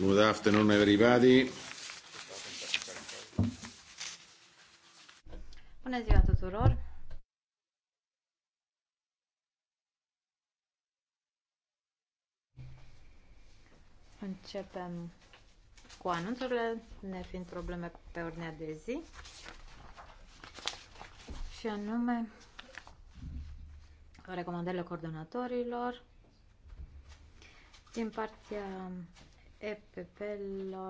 Good afternoon, everybody. Bună ziua tuturor! Începem cu anunțurile, ne fiind probleme pe ordinea de zi. Și anume, recomandările coordonatorilor din partea EPP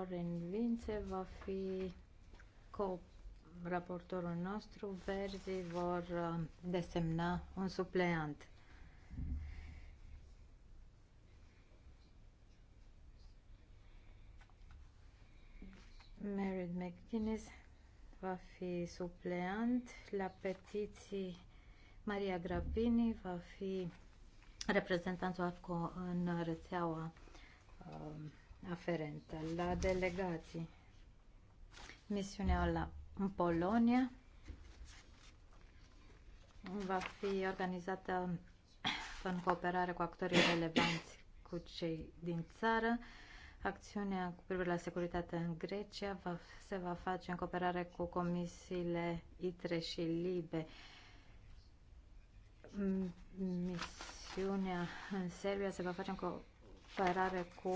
în vințe va fi co raportorul nostru. Verzii vor uh, desemna un supleant. Merit McGuinness va fi supleant la petiții Maria Drabini va fi reprezentantul AFCO în rețeaua um, aferentă, la delegații. Misiunea la în Polonia va fi organizată în cooperare cu actorii relevanți cu cei din țară. Acțiunea cu privire la securitate în Grecia va, se va face în cooperare cu comisiile ITRE și LIBE. Misiunea în Serbia se va face în cooperare cu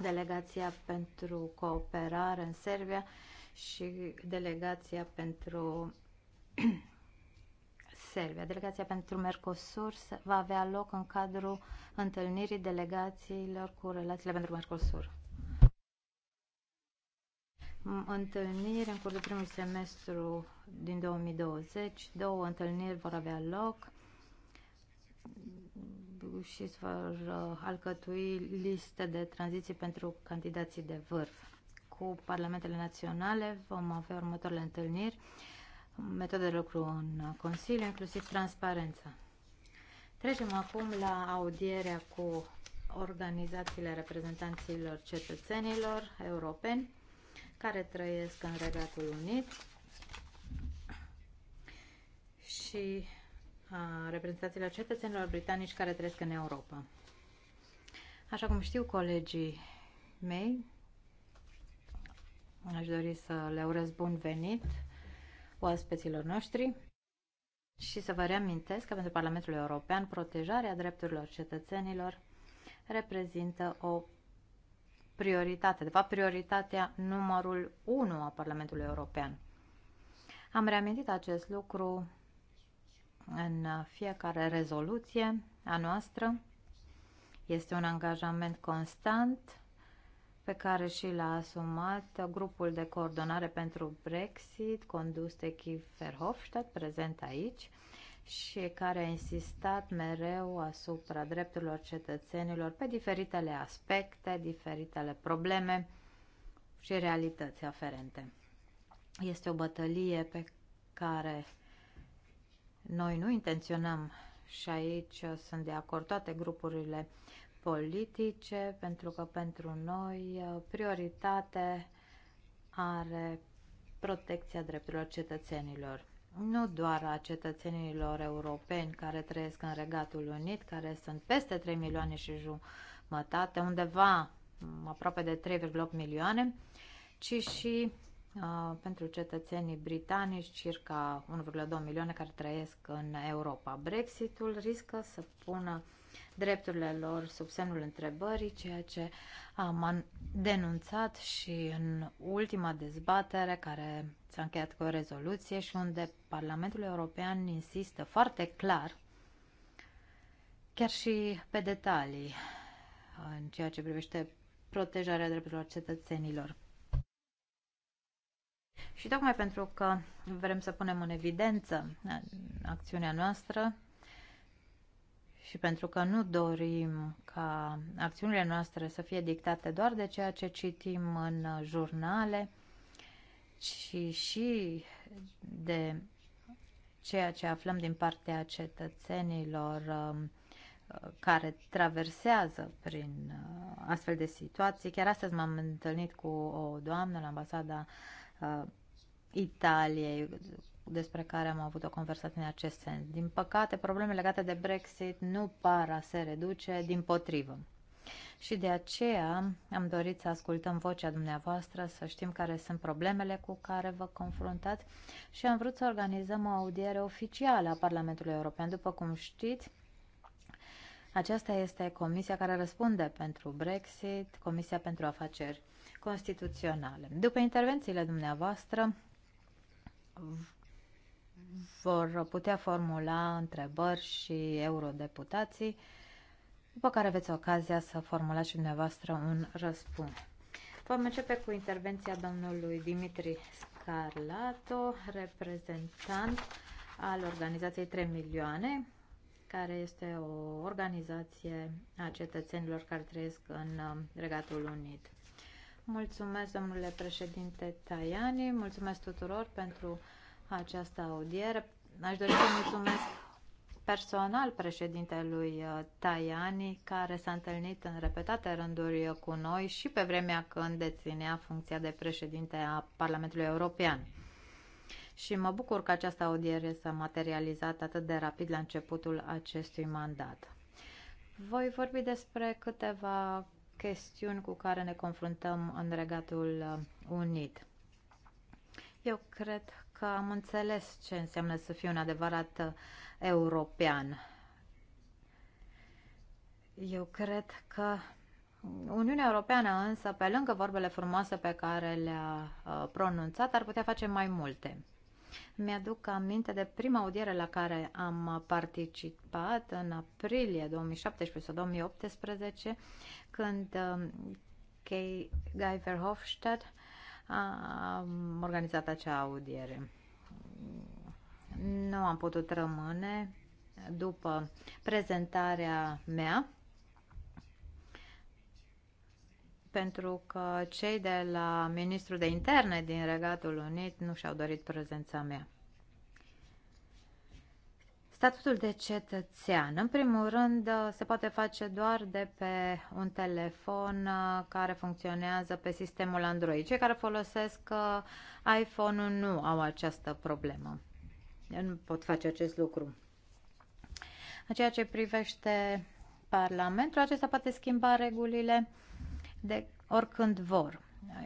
delegația pentru cooperare în Serbia și delegația pentru Serbia. Delegația pentru Mercosur va avea loc în cadrul întâlnirii delegațiilor cu relațiile pentru Mercosur. Întâlniri în cursul primului semestru din 2020, două întâlniri vor avea loc și să vor uh, alcătui liste de tranziție pentru candidații de vârf. Cu parlamentele naționale vom avea următoarele întâlniri, metode de lucru în Consiliu, inclusiv transparența. Trecem acum la audierea cu organizațiile reprezentanților cetățenilor europeni care trăiesc în Regatul Unit și a reprezentanților cetățenilor britanici care trăiesc în Europa. Așa cum știu colegii mei, aș dori să le urez bun venit oaspeților noștri și să vă reamintesc că pentru Parlamentul European protejarea drepturilor cetățenilor reprezintă o prioritate, de fapt prioritatea numărul 1 a Parlamentului European. Am reamintit acest lucru în fiecare rezoluție a noastră. Este un angajament constant pe care și l-a asumat grupul de coordonare pentru Brexit, condus de Guy Verhofstadt, prezent aici, și care a insistat mereu asupra drepturilor cetățenilor pe diferitele aspecte, diferitele probleme și realități aferente. Este o bătălie pe care noi nu intenționăm și aici sunt de acord toate grupurile politice, pentru că pentru noi uh, prioritate are protecția drepturilor cetățenilor. Nu doar a cetățenilor europeni care trăiesc în Regatul Unit, care sunt peste 3 milioane și jumătate, undeva mm, aproape de 3,8 milioane, ci și Uh, pentru cetățenii britanici, circa 1,2 milioane care trăiesc în Europa. Brexitul riscă să pună drepturile lor sub semnul întrebării, ceea ce am denunțat și în ultima dezbatere care s-a încheiat cu o rezoluție și unde Parlamentul European insistă foarte clar, chiar și pe detalii, în ceea ce privește protejarea drepturilor cetățenilor. Și tocmai pentru că vrem să punem în evidență uh, acțiunea noastră și pentru că nu dorim ca acțiunile noastre să fie dictate doar de ceea ce citim în jurnale, ci și de ceea ce aflăm din partea cetățenilor uh, care traversează prin uh, astfel de situații. Chiar astăzi m-am întâlnit cu o doamnă la ambasada Italiei, despre care am avut o conversație în acest sens. Din păcate, problemele legate de Brexit nu par a se reduce, din potrivă. Și de aceea am dorit să ascultăm vocea dumneavoastră, să știm care sunt problemele cu care vă confruntați și am vrut să organizăm o audiere oficială a Parlamentului European. După cum știți, aceasta este comisia care răspunde pentru Brexit, Comisia pentru Afaceri Constituționale. După intervențiile dumneavoastră, vor putea formula întrebări și eurodeputații, după care aveți ocazia să formulați și dumneavoastră un răspuns. Vom începe cu intervenția domnului Dimitri Scarlato, reprezentant al organizației 3 milioane, care este o organizație a cetățenilor care trăiesc în um, Regatul Unit. Mulțumesc, domnule președinte Tajani, mulțumesc tuturor pentru această audiere. Aș dori să mulțumesc personal președintelui uh, Tajani, care s-a întâlnit în repetate rânduri cu noi și pe vremea când deținea funcția de președinte a Parlamentului European. Și mă bucur că această audiere s-a materializat atât de rapid la începutul acestui mandat. Voi vorbi despre câteva chestiuni cu care ne confruntăm în Regatul uh, Unit. Eu cred că am înțeles ce înseamnă să fiu un adevărat uh, european. Eu cred că Uniunea Europeană însă, pe lângă vorbele frumoase pe care le-a uh, pronunțat, ar putea face mai multe. Mi-aduc aminte de prima audiere la care am participat în aprilie 2017 sau 2018, când Guy um, Verhofstadt a organizat acea audiere. Nu am putut rămâne după prezentarea mea pentru că cei de la Ministrul de Interne din Regatul Unit nu și-au dorit prezența mea. Statutul de cetățean. În primul rând, se poate face doar de pe un telefon uh, care funcționează pe sistemul Android. Cei care folosesc uh, iPhone-ul nu au această problemă. Nu pot face acest lucru. În ceea ce privește Parlamentul, acesta poate schimba regulile de oricând vor.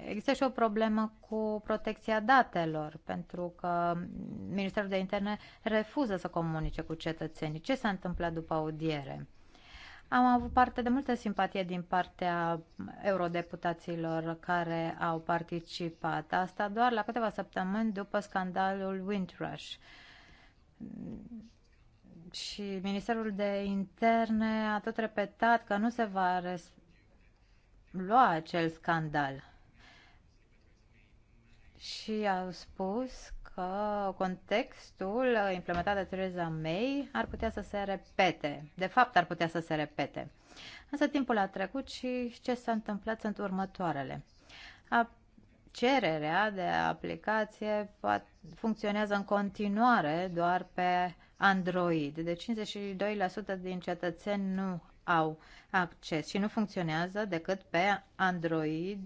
Există și o problemă cu protecția datelor, pentru că Ministerul de Interne refuză să comunice cu cetățenii. Ce s-a întâmplat după audiere? Am avut parte de multă simpatie din partea eurodeputaților care au participat. Asta doar la câteva săptămâni după scandalul Windrush. Și Ministerul de Interne a tot repetat că nu se va respecta lua acel scandal și au spus că contextul implementat de Theresa May ar putea să se repete. De fapt, ar putea să se repete. Însă timpul a trecut și ce s-a întâmplat sunt următoarele. A cererea de aplicație funcționează în continuare doar pe Android. De 52% din cetățeni nu au acces și nu funcționează decât pe Android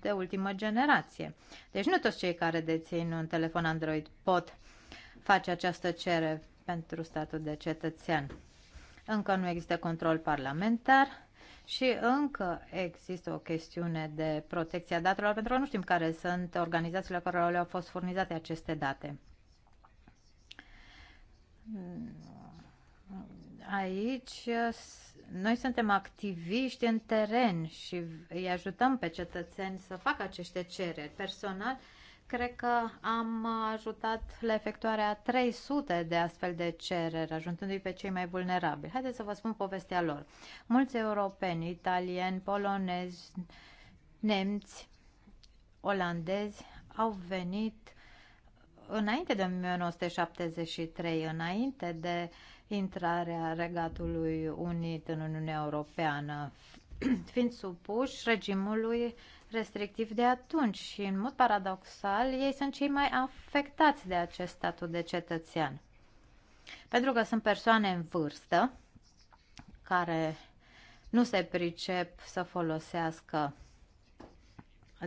de ultimă generație. Deci nu toți cei care dețin un telefon Android pot face această cerere pentru statul de cetățean. Încă nu există control parlamentar și încă există o chestiune de protecție a datelor, pentru că nu știm care sunt organizațiile care le-au fost furnizate aceste date. Aici noi suntem activiști în teren și îi ajutăm pe cetățeni să facă aceste cereri. Personal, cred că am ajutat la efectuarea 300 de astfel de cereri, ajutându-i pe cei mai vulnerabili. Haideți să vă spun povestea lor. Mulți europeni, italieni, polonezi, nemți, olandezi au venit înainte de 1973, înainte de intrarea Regatului Unit în Uniunea Europeană, fiind supuși regimului restrictiv de atunci și, în mod paradoxal, ei sunt cei mai afectați de acest statut de cetățean. Pentru că sunt persoane în vârstă care nu se pricep să folosească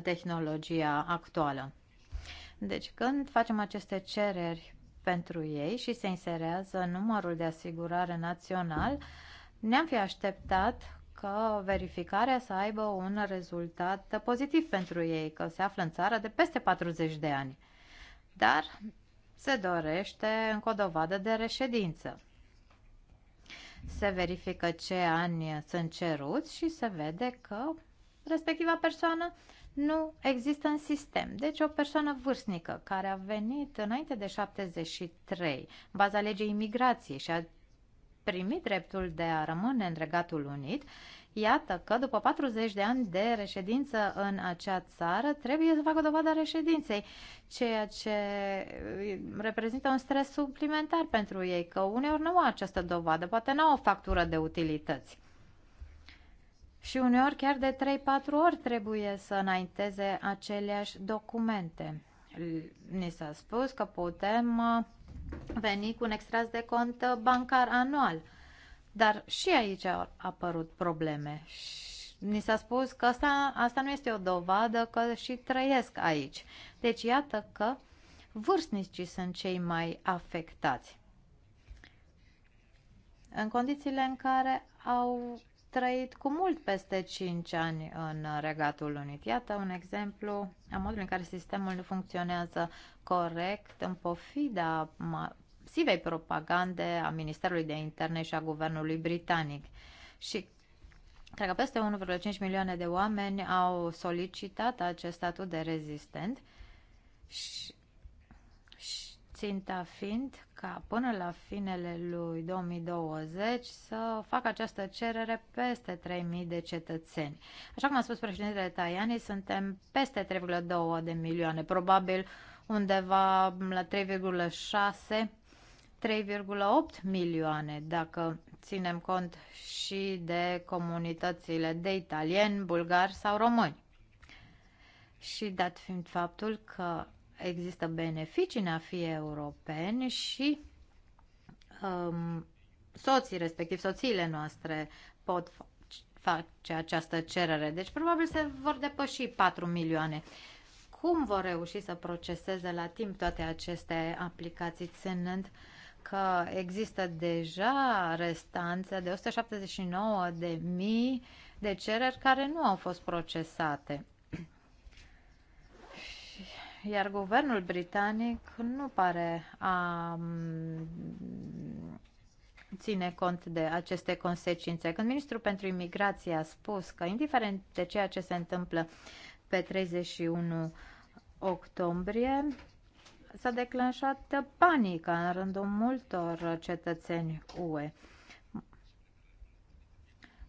tehnologia actuală. Deci, când facem aceste cereri pentru ei și se inserează numărul de asigurare național, ne-am fi așteptat că verificarea să aibă un rezultat pozitiv pentru ei, că se află în țară de peste 40 de ani. Dar se dorește încă o dovadă de reședință. Se verifică ce ani sunt ceruți și se vede că respectiva persoană nu există în sistem. Deci o persoană vârstnică care a venit înainte de 73, în baza legei imigrației și a primit dreptul de a rămâne în Regatul Unit, iată că după 40 de ani de reședință în acea țară trebuie să facă dovada reședinței, ceea ce uh, reprezintă un stres suplimentar pentru ei, că uneori nu au această dovadă, poate nu au o factură de utilități și uneori chiar de 3-4 ori trebuie să înainteze aceleași documente. Ni s-a spus că putem uh, veni cu un extras de cont uh, bancar anual, dar și aici au apărut probleme. Ni s-a spus că asta, asta nu este o dovadă că și trăiesc aici. Deci iată că vârstnicii sunt cei mai afectați. În condițiile în care au trăit cu mult peste 5 ani în Regatul Unit. Iată un exemplu a modului în care sistemul nu funcționează corect în pofida masivei propagande a Ministerului de Interne și a Guvernului Britanic. Și cred că peste 1,5 milioane de oameni au solicitat acest statut de rezistent și, și ținta fiind ca până la finele lui 2020 să facă această cerere peste 3.000 de cetățeni. Așa cum a spus președintele Tajani, suntem peste 3,2 de milioane, probabil undeva la 3,6 3,8 milioane, dacă ținem cont și de comunitățile de italieni, bulgari sau români. Și dat fiind faptul că există beneficii în a fi europeni și um, soții, respectiv soțiile noastre, pot face această cerere. Deci probabil se vor depăși 4 milioane. Cum vor reuși să proceseze la timp toate aceste aplicații, ținând că există deja restanțe de 179 de mii de cereri care nu au fost procesate? iar guvernul britanic nu pare a ține cont de aceste consecințe. Când ministrul pentru imigrație a spus că, indiferent de ceea ce se întâmplă pe 31 octombrie, s-a declanșat panică în rândul multor cetățeni UE.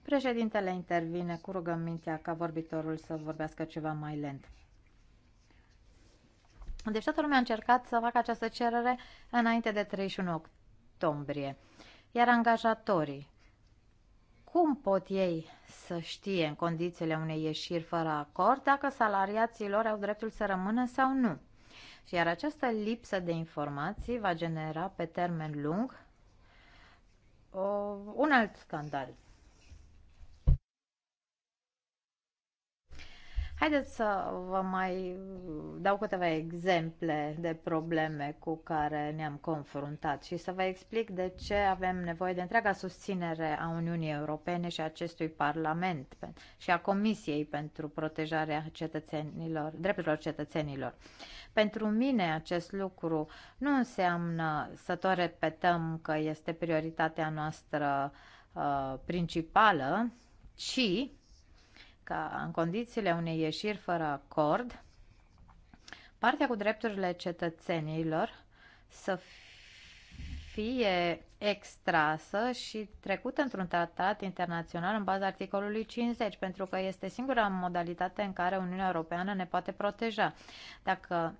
Președintele intervine cu rugămintea ca vorbitorul să vorbească ceva mai lent. Deci toată lumea a încercat să facă această cerere înainte de 31 octombrie. Iar angajatorii, cum pot ei să știe în condițiile unei ieșiri fără acord dacă salariații lor au dreptul să rămână sau nu? Și iar această lipsă de informații va genera pe termen lung o, un alt scandal. Haideți să vă mai dau câteva exemple de probleme cu care ne-am confruntat și să vă explic de ce avem nevoie de întreaga susținere a Uniunii Europene și a acestui Parlament și a Comisiei pentru protejarea cetățenilor, drepturilor cetățenilor. Pentru mine acest lucru nu înseamnă să tot repetăm că este prioritatea noastră uh, principală, ci ca în condițiile unei ieșiri fără acord, partea cu drepturile cetățenilor să fie extrasă și trecută într-un tratat internațional în baza articolului 50, pentru că este singura modalitate în care Uniunea Europeană ne poate proteja. Dacă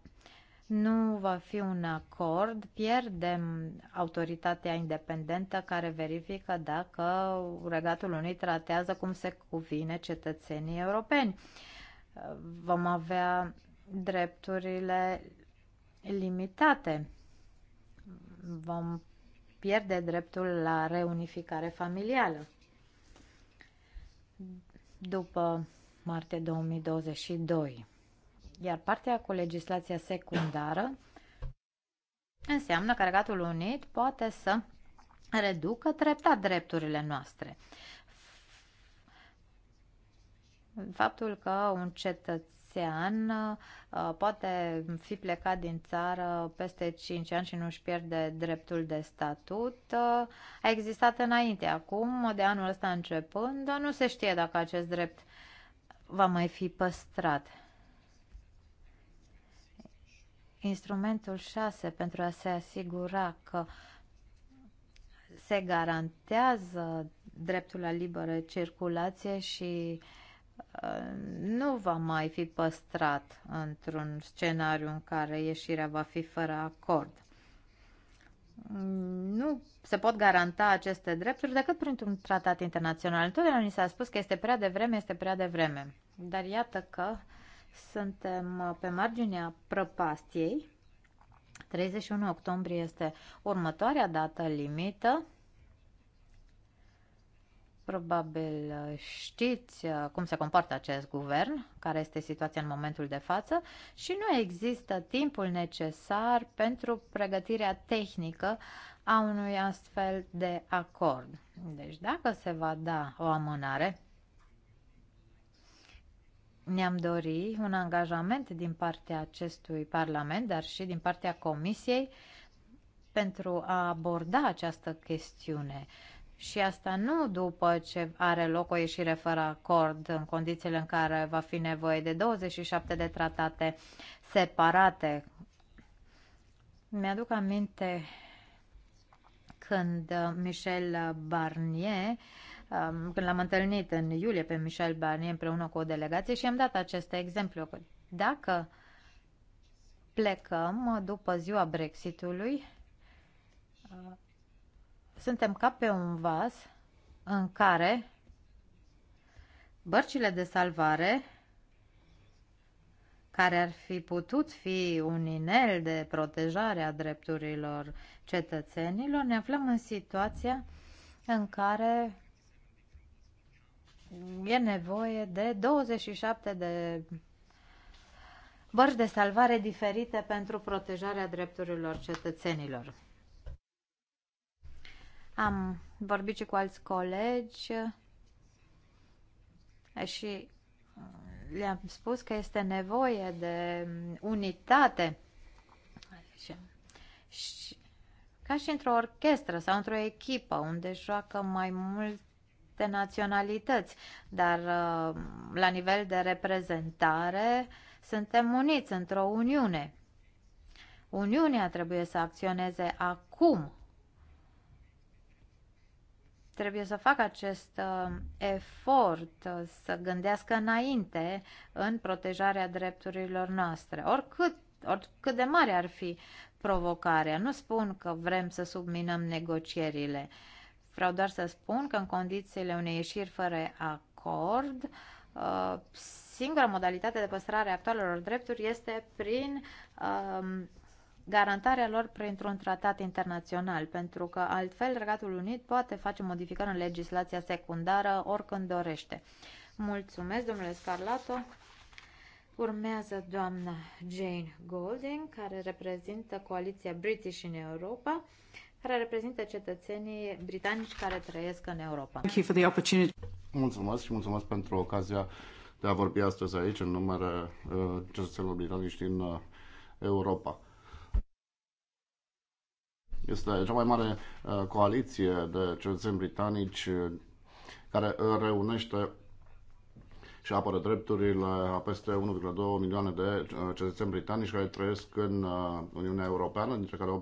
nu va fi un acord, pierdem autoritatea independentă care verifică dacă Regatul Unit tratează cum se cuvine cetățenii europeni. Vom avea drepturile limitate. Vom pierde dreptul la reunificare familială. După martie 2022. Iar partea cu legislația secundară înseamnă că Regatul Unit poate să reducă treptat drepturile noastre. Faptul că un cetățean uh, poate fi plecat din țară peste 5 ani și nu își pierde dreptul de statut uh, a existat înainte. Acum, de anul ăsta începând, nu se știe dacă acest drept va mai fi păstrat instrumentul 6 pentru a se asigura că se garantează dreptul la liberă circulație și uh, nu va mai fi păstrat într-un scenariu în care ieșirea va fi fără acord. Nu se pot garanta aceste drepturi decât printr-un tratat internațional. Întotdeauna ni s-a spus că este prea devreme, este prea devreme. Dar iată că uh, suntem uh, pe marginea prăpastiei. 31 octombrie este următoarea dată limită. Probabil uh, știți uh, cum se comportă acest guvern, care este situația în momentul de față și nu există timpul necesar pentru pregătirea tehnică a unui astfel de acord. Deci dacă se va da o amânare, ne-am dori un angajament din partea acestui Parlament, dar și din partea Comisiei, pentru a aborda această chestiune. Și asta nu după ce are loc o ieșire fără acord, în condițiile în care va fi nevoie de 27 de tratate separate. Mi-aduc aminte când uh, Michel Barnier Um, când l-am întâlnit în iulie pe Michel Barnier împreună cu o delegație și am dat aceste exemplu. Dacă plecăm după ziua Brexitului, uh, suntem ca pe un vas în care bărcile de salvare care ar fi putut fi un inel de protejare a drepturilor cetățenilor, ne aflăm în situația în care e nevoie de 27 de bărci de salvare diferite pentru protejarea drepturilor cetățenilor. Am vorbit și cu alți colegi și le-am spus că este nevoie de unitate ca și într-o orchestră sau într-o echipă unde joacă mai mulți de naționalități, dar uh, la nivel de reprezentare suntem uniți într-o uniune. Uniunea trebuie să acționeze acum. Trebuie să facă acest uh, efort, uh, să gândească înainte în protejarea drepturilor noastre. Oricât, oricât de mare ar fi provocarea, nu spun că vrem să subminăm negocierile, uh, Vreau doar să spun că în condițiile unei ieșiri fără acord, uh, singura modalitate de păstrare a actualelor drepturi este prin um, garantarea lor printr-un tratat internațional, pentru că altfel Regatul Unit poate face modificări în legislația secundară oricând dorește. Mulțumesc, domnule Scarlato. Urmează doamna Jane Golding, care reprezintă coaliția British în Europa care reprezintă cetățenii britanici care trăiesc în Europa. Mulțumesc și mulțumesc pentru ocazia de a vorbi astăzi aici în numele uh, cetățenilor britanici din uh, Europa. Este cea mai mare uh, coaliție de cetățeni britanici care reunește și apără drepturile a peste 1,2 milioane de uh, cetățeni britanici care trăiesc în uh, Uniunea Europeană, dintre care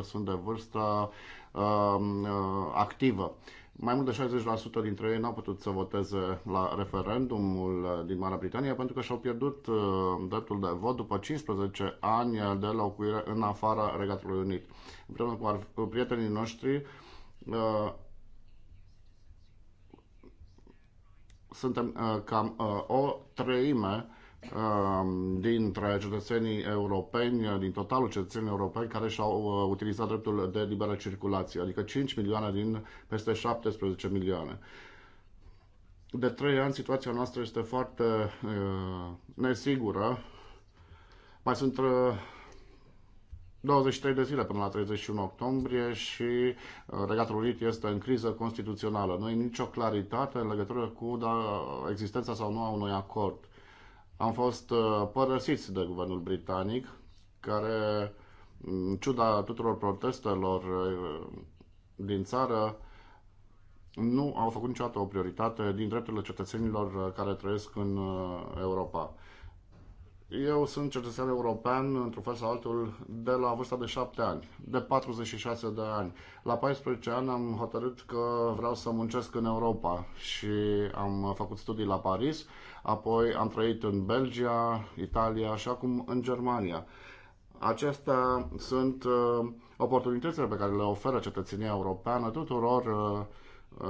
80% sunt de vârstă um, uh, activă. Mai mult de 60% dintre ei n-au putut să voteze la referendumul din Marea Britanie pentru că și-au pierdut dreptul de vot după 15 ani de locuire în afara Regatului Unit. Împreună cu prietenii noștri, suntem uh, cam uh, o treime um, dintre cetățenii europeni, uh, din totalul cetățenilor europeni care și-au utilizat dreptul de liberă circulație, adică 5 milioane din peste 17 milioane. De trei ani situația noastră este foarte nesigură. Mai sunt 23 de zile până la 31 octombrie și uh, Regatul Unit este în criză constituțională. Nu e nicio claritate în legătură cu da, existența sau nu a unui acord. Am fost uh, părăsiți de guvernul britanic, care, în ciuda tuturor protestelor uh, din țară, nu au făcut niciodată o prioritate din drepturile cetățenilor care trăiesc în Europa. Eu sunt cetățean european, într-un fel sau altul, de la vârsta de 7 ani, de 46 de ani. La 14 ani am hotărât că vreau să muncesc în Europa și am făcut studii la Paris, apoi am trăit în Belgia, Italia și acum în Germania. Acestea sunt uh, oportunitățile pe care le oferă cetățenia europeană tuturor uh,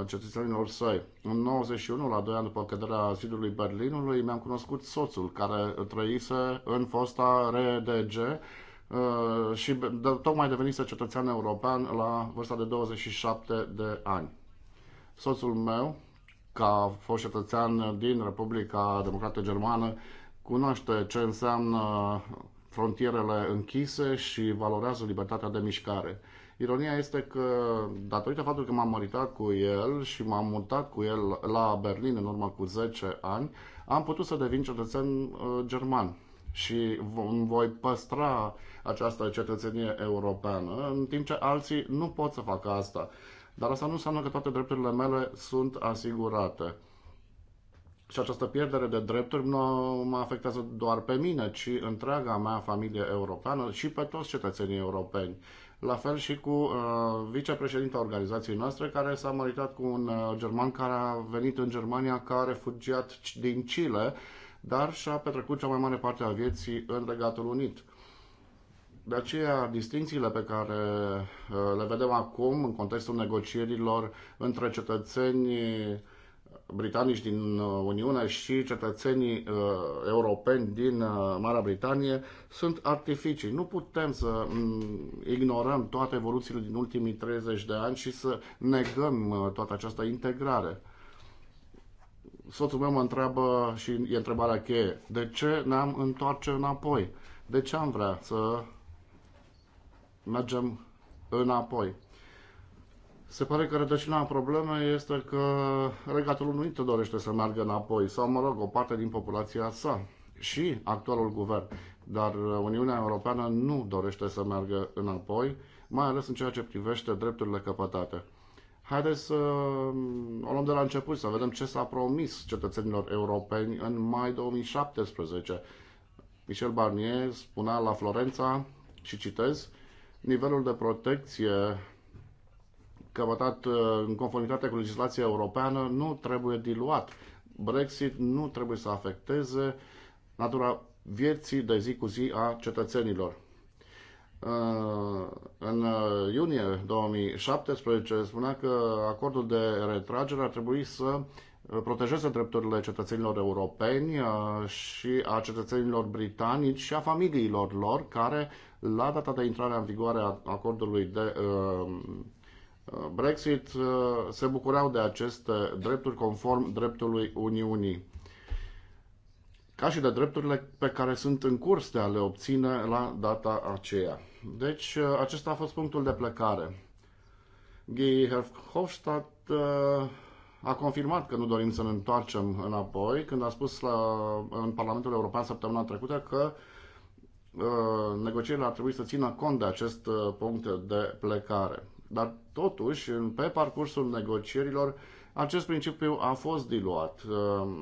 cetățenilor săi. În 91, la 2 ani după căderea zidului Berlinului, mi-am cunoscut soțul care trăise în fosta RDG uh, și tocmai devenise cetățean european la vârsta de 27 de ani. Soțul meu, ca fost cetățean din Republica Democrată Germană, cunoaște ce înseamnă frontierele închise și valorează libertatea de mișcare. Ironia este că, datorită faptului că m-am măritat cu el și m-am mutat cu el la Berlin în urmă cu 10 ani, am putut să devin cetățean uh, german și voi păstra această cetățenie europeană, în timp ce alții nu pot să facă asta. Dar asta nu înseamnă că toate drepturile mele sunt asigurate. Și această pierdere de drepturi nu mă afectează doar pe mine, ci întreaga mea familie europeană și pe toți cetățenii europeni la fel și cu uh, vicepreședinta organizației noastre, care s-a maritat cu un uh, german care a venit în Germania ca refugiat din Chile, dar și-a petrecut cea mai mare parte a vieții în Regatul Unit. De aceea, distințiile pe care uh, le vedem acum în contextul negocierilor între cetățenii britanici din uh, Uniune și cetățenii uh, europeni din uh, Marea Britanie sunt artificii. Nu putem să mm, ignorăm toate evoluțiile din ultimii 30 de ani și să negăm toată această integrare. Soțul meu mă întreabă și e întrebarea cheie. De ce ne-am întoarce înapoi? De ce am vrea să mergem înapoi? Se pare că rădăcina problemei este că Regatul Unit dorește să meargă înapoi, sau, mă rog, o parte din populația sa și actualul guvern. Dar Uniunea Europeană nu dorește să meargă înapoi, mai ales în ceea ce privește drepturile căpătate. Haideți să mm, o luăm de la început, să vedem ce s-a promis cetățenilor europeni în mai 2017. Michel Barnier spunea la Florența, și citez, nivelul de protecție căpătat uh, în conformitate cu legislația europeană nu trebuie diluat. Brexit nu trebuie să afecteze natura vieții de zi cu zi a cetățenilor. Uh, în uh, iunie 2017 spunea că acordul de retragere ar trebui să protejeze drepturile cetățenilor europeni și a cetățenilor britanici și a familiilor lor care la data de intrare în vigoare a acordului de Uh, Brexit uh, se bucurau de aceste drepturi conform dreptului Uniunii, ca și de drepturile pe care sunt în curs de a le obține la data aceea. Deci uh, acesta a fost punctul de plecare. Guy Hofstadt a confirmat că nu dorim să ne întoarcem înapoi când a spus la, în Parlamentul European săptămâna trecută că negocierile ar trebui să țină cont de acest punct de plecare. Dar totuși, pe parcursul negocierilor, acest principiu a fost diluat um,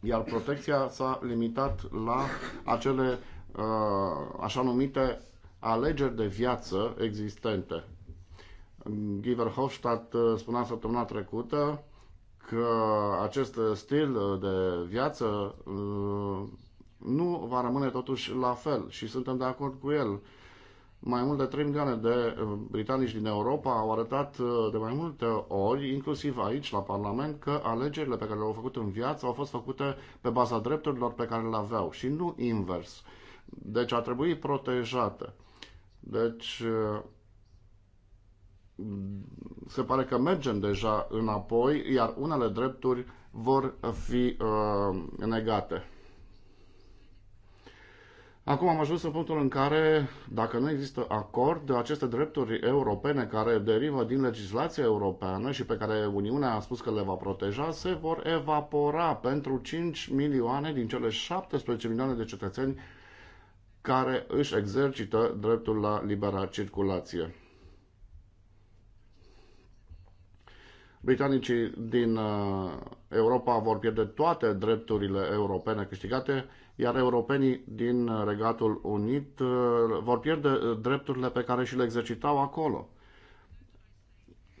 iar protecția s-a limitat la acele uh, așa numite alegeri de viață existente. Giver Hofstadt uh, spunea săptămâna trecută că acest stil de viață uh, nu va rămâne totuși la fel și suntem de acord cu el. Mai mult de 3 milioane de uh, britanici din Europa au arătat uh, de mai multe ori, inclusiv aici la Parlament, că alegerile pe care le-au făcut în viață au fost făcute pe baza drepturilor pe care le aveau și nu invers. Deci ar trebui protejate. Deci uh, se pare că mergem deja înapoi, iar unele drepturi vor fi uh, negate. Acum am ajuns în punctul în care, dacă nu există acord, aceste drepturi europene care derivă din legislația europeană și pe care Uniunea a spus că le va proteja, se vor evapora pentru 5 milioane din cele 17 milioane de cetățeni care își exercită dreptul la libera circulație. Britanicii din uh, Europa vor pierde toate drepturile europene câștigate iar europenii din Regatul Unit uh, vor pierde uh, drepturile pe care și le exercitau acolo.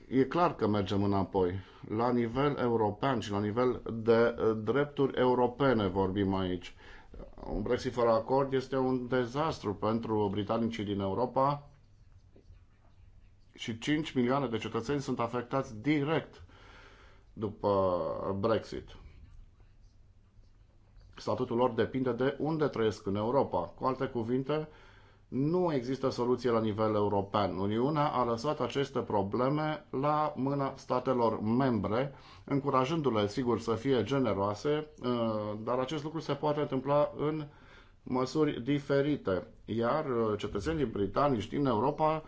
E clar că mergem înapoi. La nivel european și la nivel de uh, drepturi europene vorbim aici. Un Brexit fără acord este un dezastru pentru britanicii din Europa și 5 milioane de cetățeni sunt afectați direct după Brexit statutul lor depinde de unde trăiesc în Europa. Cu alte cuvinte, nu există soluție la nivel european. Uniunea a lăsat aceste probleme la mâna statelor membre, încurajându-le, sigur, să fie generoase, uh, dar acest lucru se poate întâmpla în măsuri diferite. Iar uh, cetățenii britanici din Europa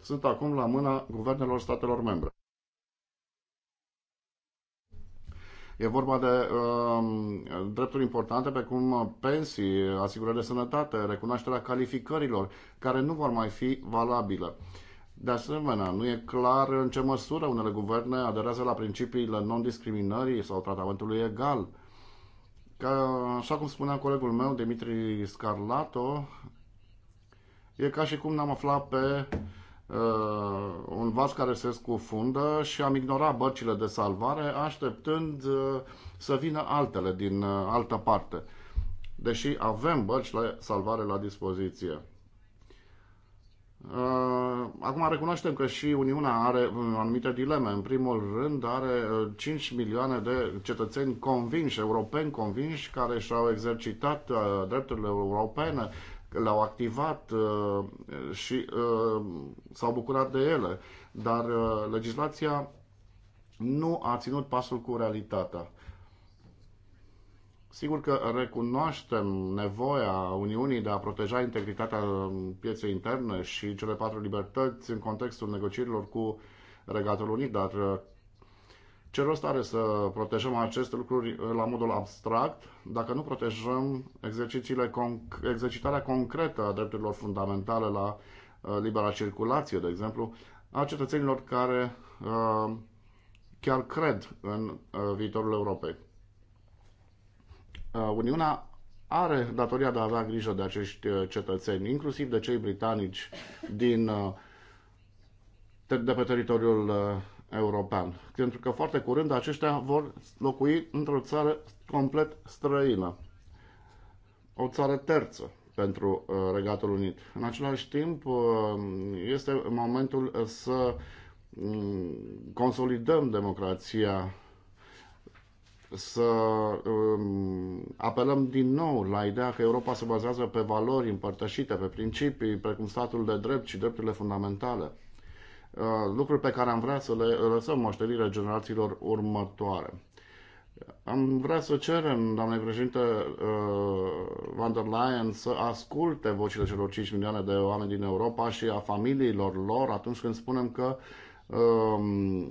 sunt acum la mâna guvernelor statelor membre. E vorba de uh, drepturi importante precum pensii, asigurări de sănătate, recunoașterea calificărilor, care nu vor mai fi valabile. De asemenea, nu e clar în ce măsură unele guverne aderează la principiile non-discriminării sau tratamentului egal. Ca, așa cum spunea colegul meu, Dimitri Scarlato, e ca și cum n-am aflat pe Uh, un vas care se scufundă și am ignorat bărcile de salvare așteptând uh, să vină altele din uh, altă parte. Deși avem bărci de salvare la dispoziție. Acum recunoaștem că și Uniunea are anumite dileme. În primul rând are 5 milioane de cetățeni convinși, europeni convinși, care și-au exercitat drepturile europene l au activat uh, și uh, s-au bucurat de ele, dar uh, legislația nu a ținut pasul cu realitatea. Sigur că recunoaștem nevoia Uniunii de a proteja integritatea pieței interne și cele patru libertăți în contextul negocierilor cu Regatul Unit, dar ce rost are să protejăm aceste lucruri la modul abstract dacă nu protejăm exercițiile conc- exercitarea concretă a drepturilor fundamentale la uh, libera circulație, de exemplu, a cetățenilor care uh, chiar cred în uh, viitorul Europei. Uh, Uniunea are datoria de a avea grijă de acești uh, cetățeni, inclusiv de cei britanici din, uh, de pe teritoriul uh, european. Pentru că foarte curând aceștia vor locui într-o țară complet străină. O țară terță pentru uh, Regatul Unit. În același timp, uh, este momentul să mm, consolidăm democrația, să um, apelăm din nou la ideea că Europa se bazează pe valori împărtășite, pe principii, precum statul de drept și drepturile fundamentale. Uh, lucruri pe care am vrea să le lăsăm moștenire generațiilor următoare. Am vrea să cerem, doamne președinte uh, van der Leyen, să asculte vocile celor 5 milioane de oameni din Europa și a familiilor lor atunci când spunem că um,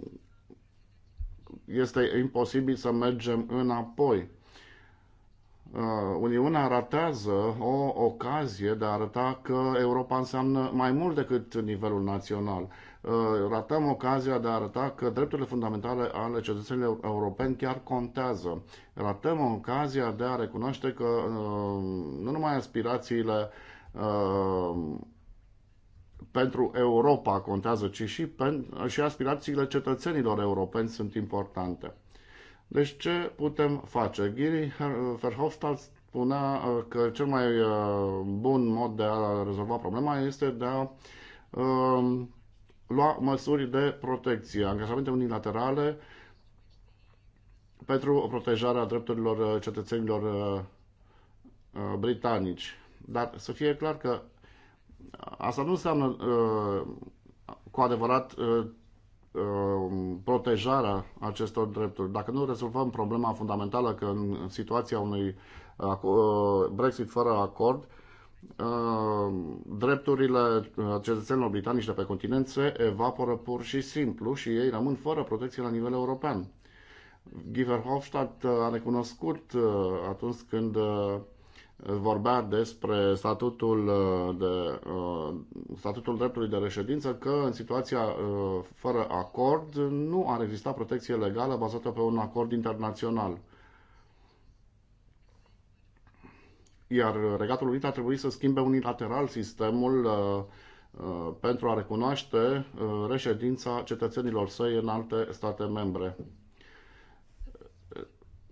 este imposibil să mergem înapoi. Uh, Uniunea ratează o ocazie de a arăta că Europa înseamnă mai mult decât nivelul național. Uh, ratăm ocazia de a arăta că drepturile fundamentale ale cetățenilor europeni chiar contează. Ratăm ocazia de a recunoaște că uh, nu numai aspirațiile uh, pentru Europa contează, ci și, pen, și aspirațiile cetățenilor europeni sunt importante. Deci ce putem face? Giri Verhofstadt spunea că cel mai bun mod de a rezolva problema este de a lua măsuri de protecție, angajamente unilaterale pentru protejarea drepturilor uh, cetățenilor uh, uh, britanici. Dar să fie clar că asta nu înseamnă cu adevărat um, protejarea acestor drepturi. Dacă nu rezolvăm problema fundamentală că în situația unui Brexit fără acord, Ehm, drepturile uh, cetățenilor britanici de pe continent se evaporă pur și simplu și ei rămân fără protecție la nivel european. Giver Hofstadt uh, a recunoscut uh, atunci când vorbea despre statutul, de, statutul dreptului de reședință că în situația fără acord nu ar exista protecție legală bazată pe un acord internațional. iar uh, Regatul Unit a trebuit să schimbe unilateral sistemul uh, uh, pentru a recunoaște reședința cetățenilor săi în alte state membre.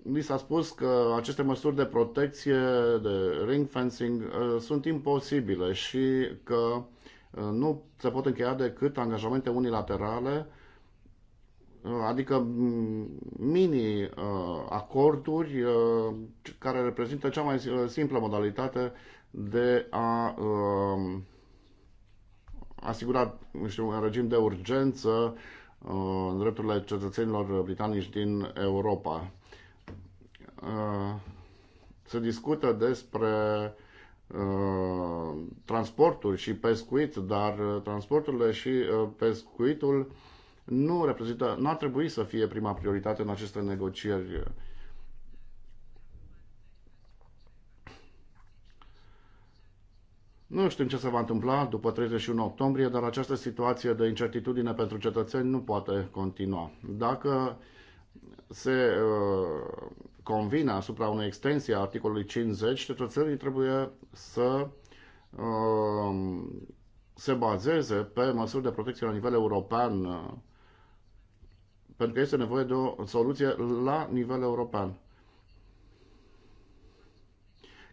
Ni s-a spus că aceste măsuri de protecție, de ring fencing, sunt imposibile și că nu se pot încheia decât angajamente unilaterale adică mini-acorduri uh, uh, care reprezintă cea mai uh, simplă modalitate de a um, asigura, nu știu, un regim de urgență în drepturile cetățenilor britanici din Europa. Se discută despre transportul și pescuit, dar transporturile și pescuitul nu reprezintă, nu ar trebui să fie prima prioritate în aceste negocieri. Nu știm ce se va întâmpla după 31 octombrie, dar această situație de incertitudine pentru cetățeni nu poate continua. Dacă se uh, convine asupra unei extensii a articolului 50, cetățenii trebuie să uh, se bazeze pe măsuri de protecție la nivel european uh, pentru că este nevoie de o soluție la nivel european.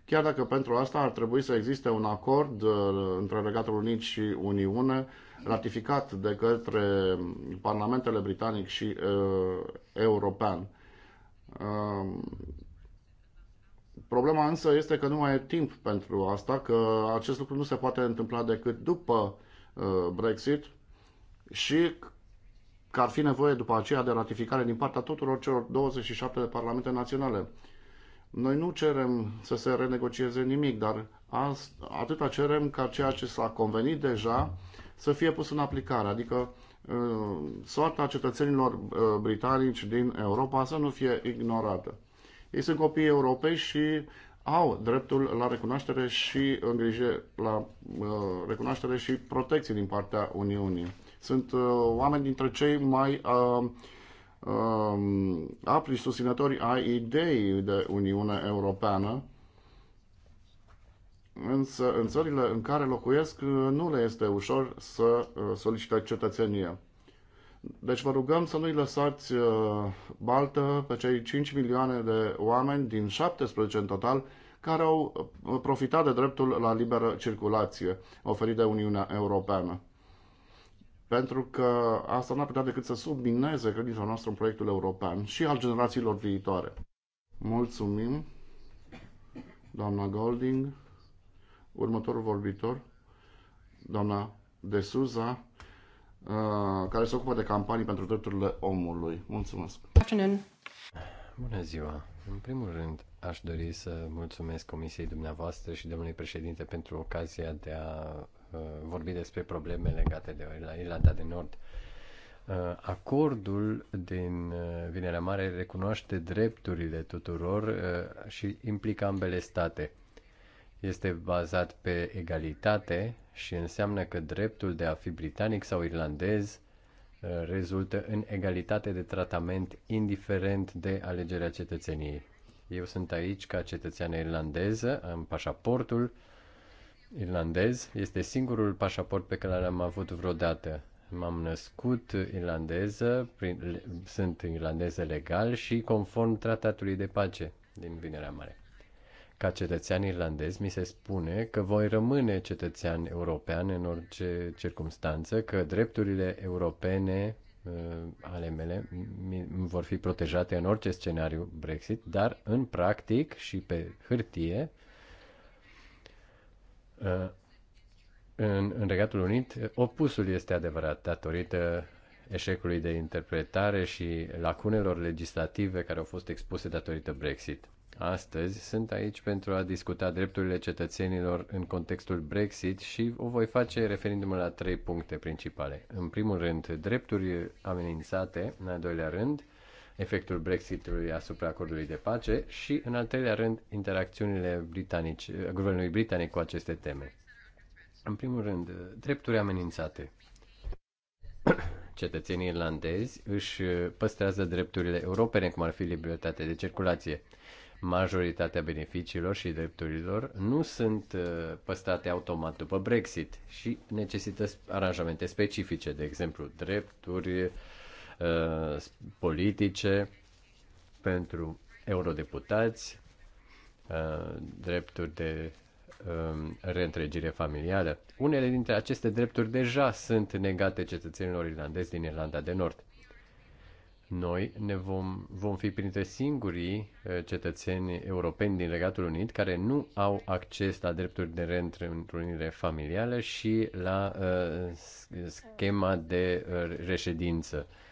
Chiar dacă pentru asta ar trebui să existe un acord uh, între Regatul Unit și Uniune, ratificat de către parlamentele britanic și uh, european. Uh, problema însă este că nu mai e timp pentru asta, că acest lucru nu se poate întâmpla decât după uh, Brexit și că ar fi nevoie după aceea de ratificare din partea tuturor celor 27 de parlamente naționale. Noi nu cerem să se renegocieze nimic, dar atâta cerem ca ceea ce s-a convenit deja să fie pus în aplicare, adică uh, soarta cetățenilor uh, britanici din Europa să nu fie ignorată. Ei sunt copii europei și au dreptul la recunoaștere și îngrijire, la uh, recunoaștere și protecție din partea Uniunii sunt uh, oameni dintre cei mai uh, um, apri susținători ai ideii de Uniune Europeană, însă în țările în care locuiesc uh, nu le este ușor să solicite cetățenie. Deci vă rugăm să nu-i lăsați baltă pe cei 5 milioane de oameni din 17 în total care au profitat de dreptul la liberă circulație oferit de Uniunea Europeană pentru că asta n-ar putea decât să submineze credința noastră în proiectul european și al generațiilor viitoare. Mulțumim, doamna Golding. Următorul vorbitor, doamna De Suza, uh, care se ocupă de campanii pentru drepturile omului. Mulțumesc! Bună ziua! În primul rând, aș dori să mulțumesc Comisiei dumneavoastră și domnului președinte pentru ocazia de a Uh, vorbit despre probleme legate de Irlanda de Nord. Uh, acordul din uh, Vinerea Mare recunoaște drepturile tuturor și implică ambele state. Este bazat pe egalitate și înseamnă că dreptul de a fi britanic sau irlandez rezultă în egalitate de tratament indiferent de alegerea cetățeniei. Eu sunt aici ca cetățeană irlandeză, am pașaportul irlandez este singurul pașaport pe care l-am avut vreodată. M-am născut irlandeză, prin, sunt irlandeză legal și conform tratatului de pace din Vinerea Mare. Ca cetățean irlandez mi se spune că voi rămâne cetățean european în orice circunstanță, că drepturile europene uh, ale mele vor fi protejate în orice scenariu Brexit, dar în practic și pe hârtie Uh, în, în Regatul Unit, opusul este adevărat, datorită eșecului de interpretare și lacunelor legislative care au fost expuse datorită Brexit. Astăzi sunt aici pentru a discuta drepturile cetățenilor în contextul Brexit și o voi face referindu-mă la trei puncte principale. În primul rând, drepturi amenințate, în al doilea rând, efectul Brexitului asupra acordului de pace și, în al treilea rând, interacțiunile britanici, guvernului britanic cu aceste teme. În primul rând, drepturi amenințate. Cetățenii irlandezi își păstrează drepturile europene, cum ar fi libertatea de circulație. Majoritatea beneficiilor și drepturilor nu sunt uh, păstrate automat după Brexit și necesită aranjamente specifice, de exemplu, drepturi uh, politice pentru eurodeputați, uh, drepturi de uh, reîntregire familială. Unele dintre aceste drepturi deja sunt negate cetățenilor irlandezi din Irlanda de Nord. Noi ne vom, vom fi printre singurii uh, cetățeni europeni din Regatul Unit care nu au acces la drepturi de reîntrunire familială și la uh, schema de uh, reședință. Uh,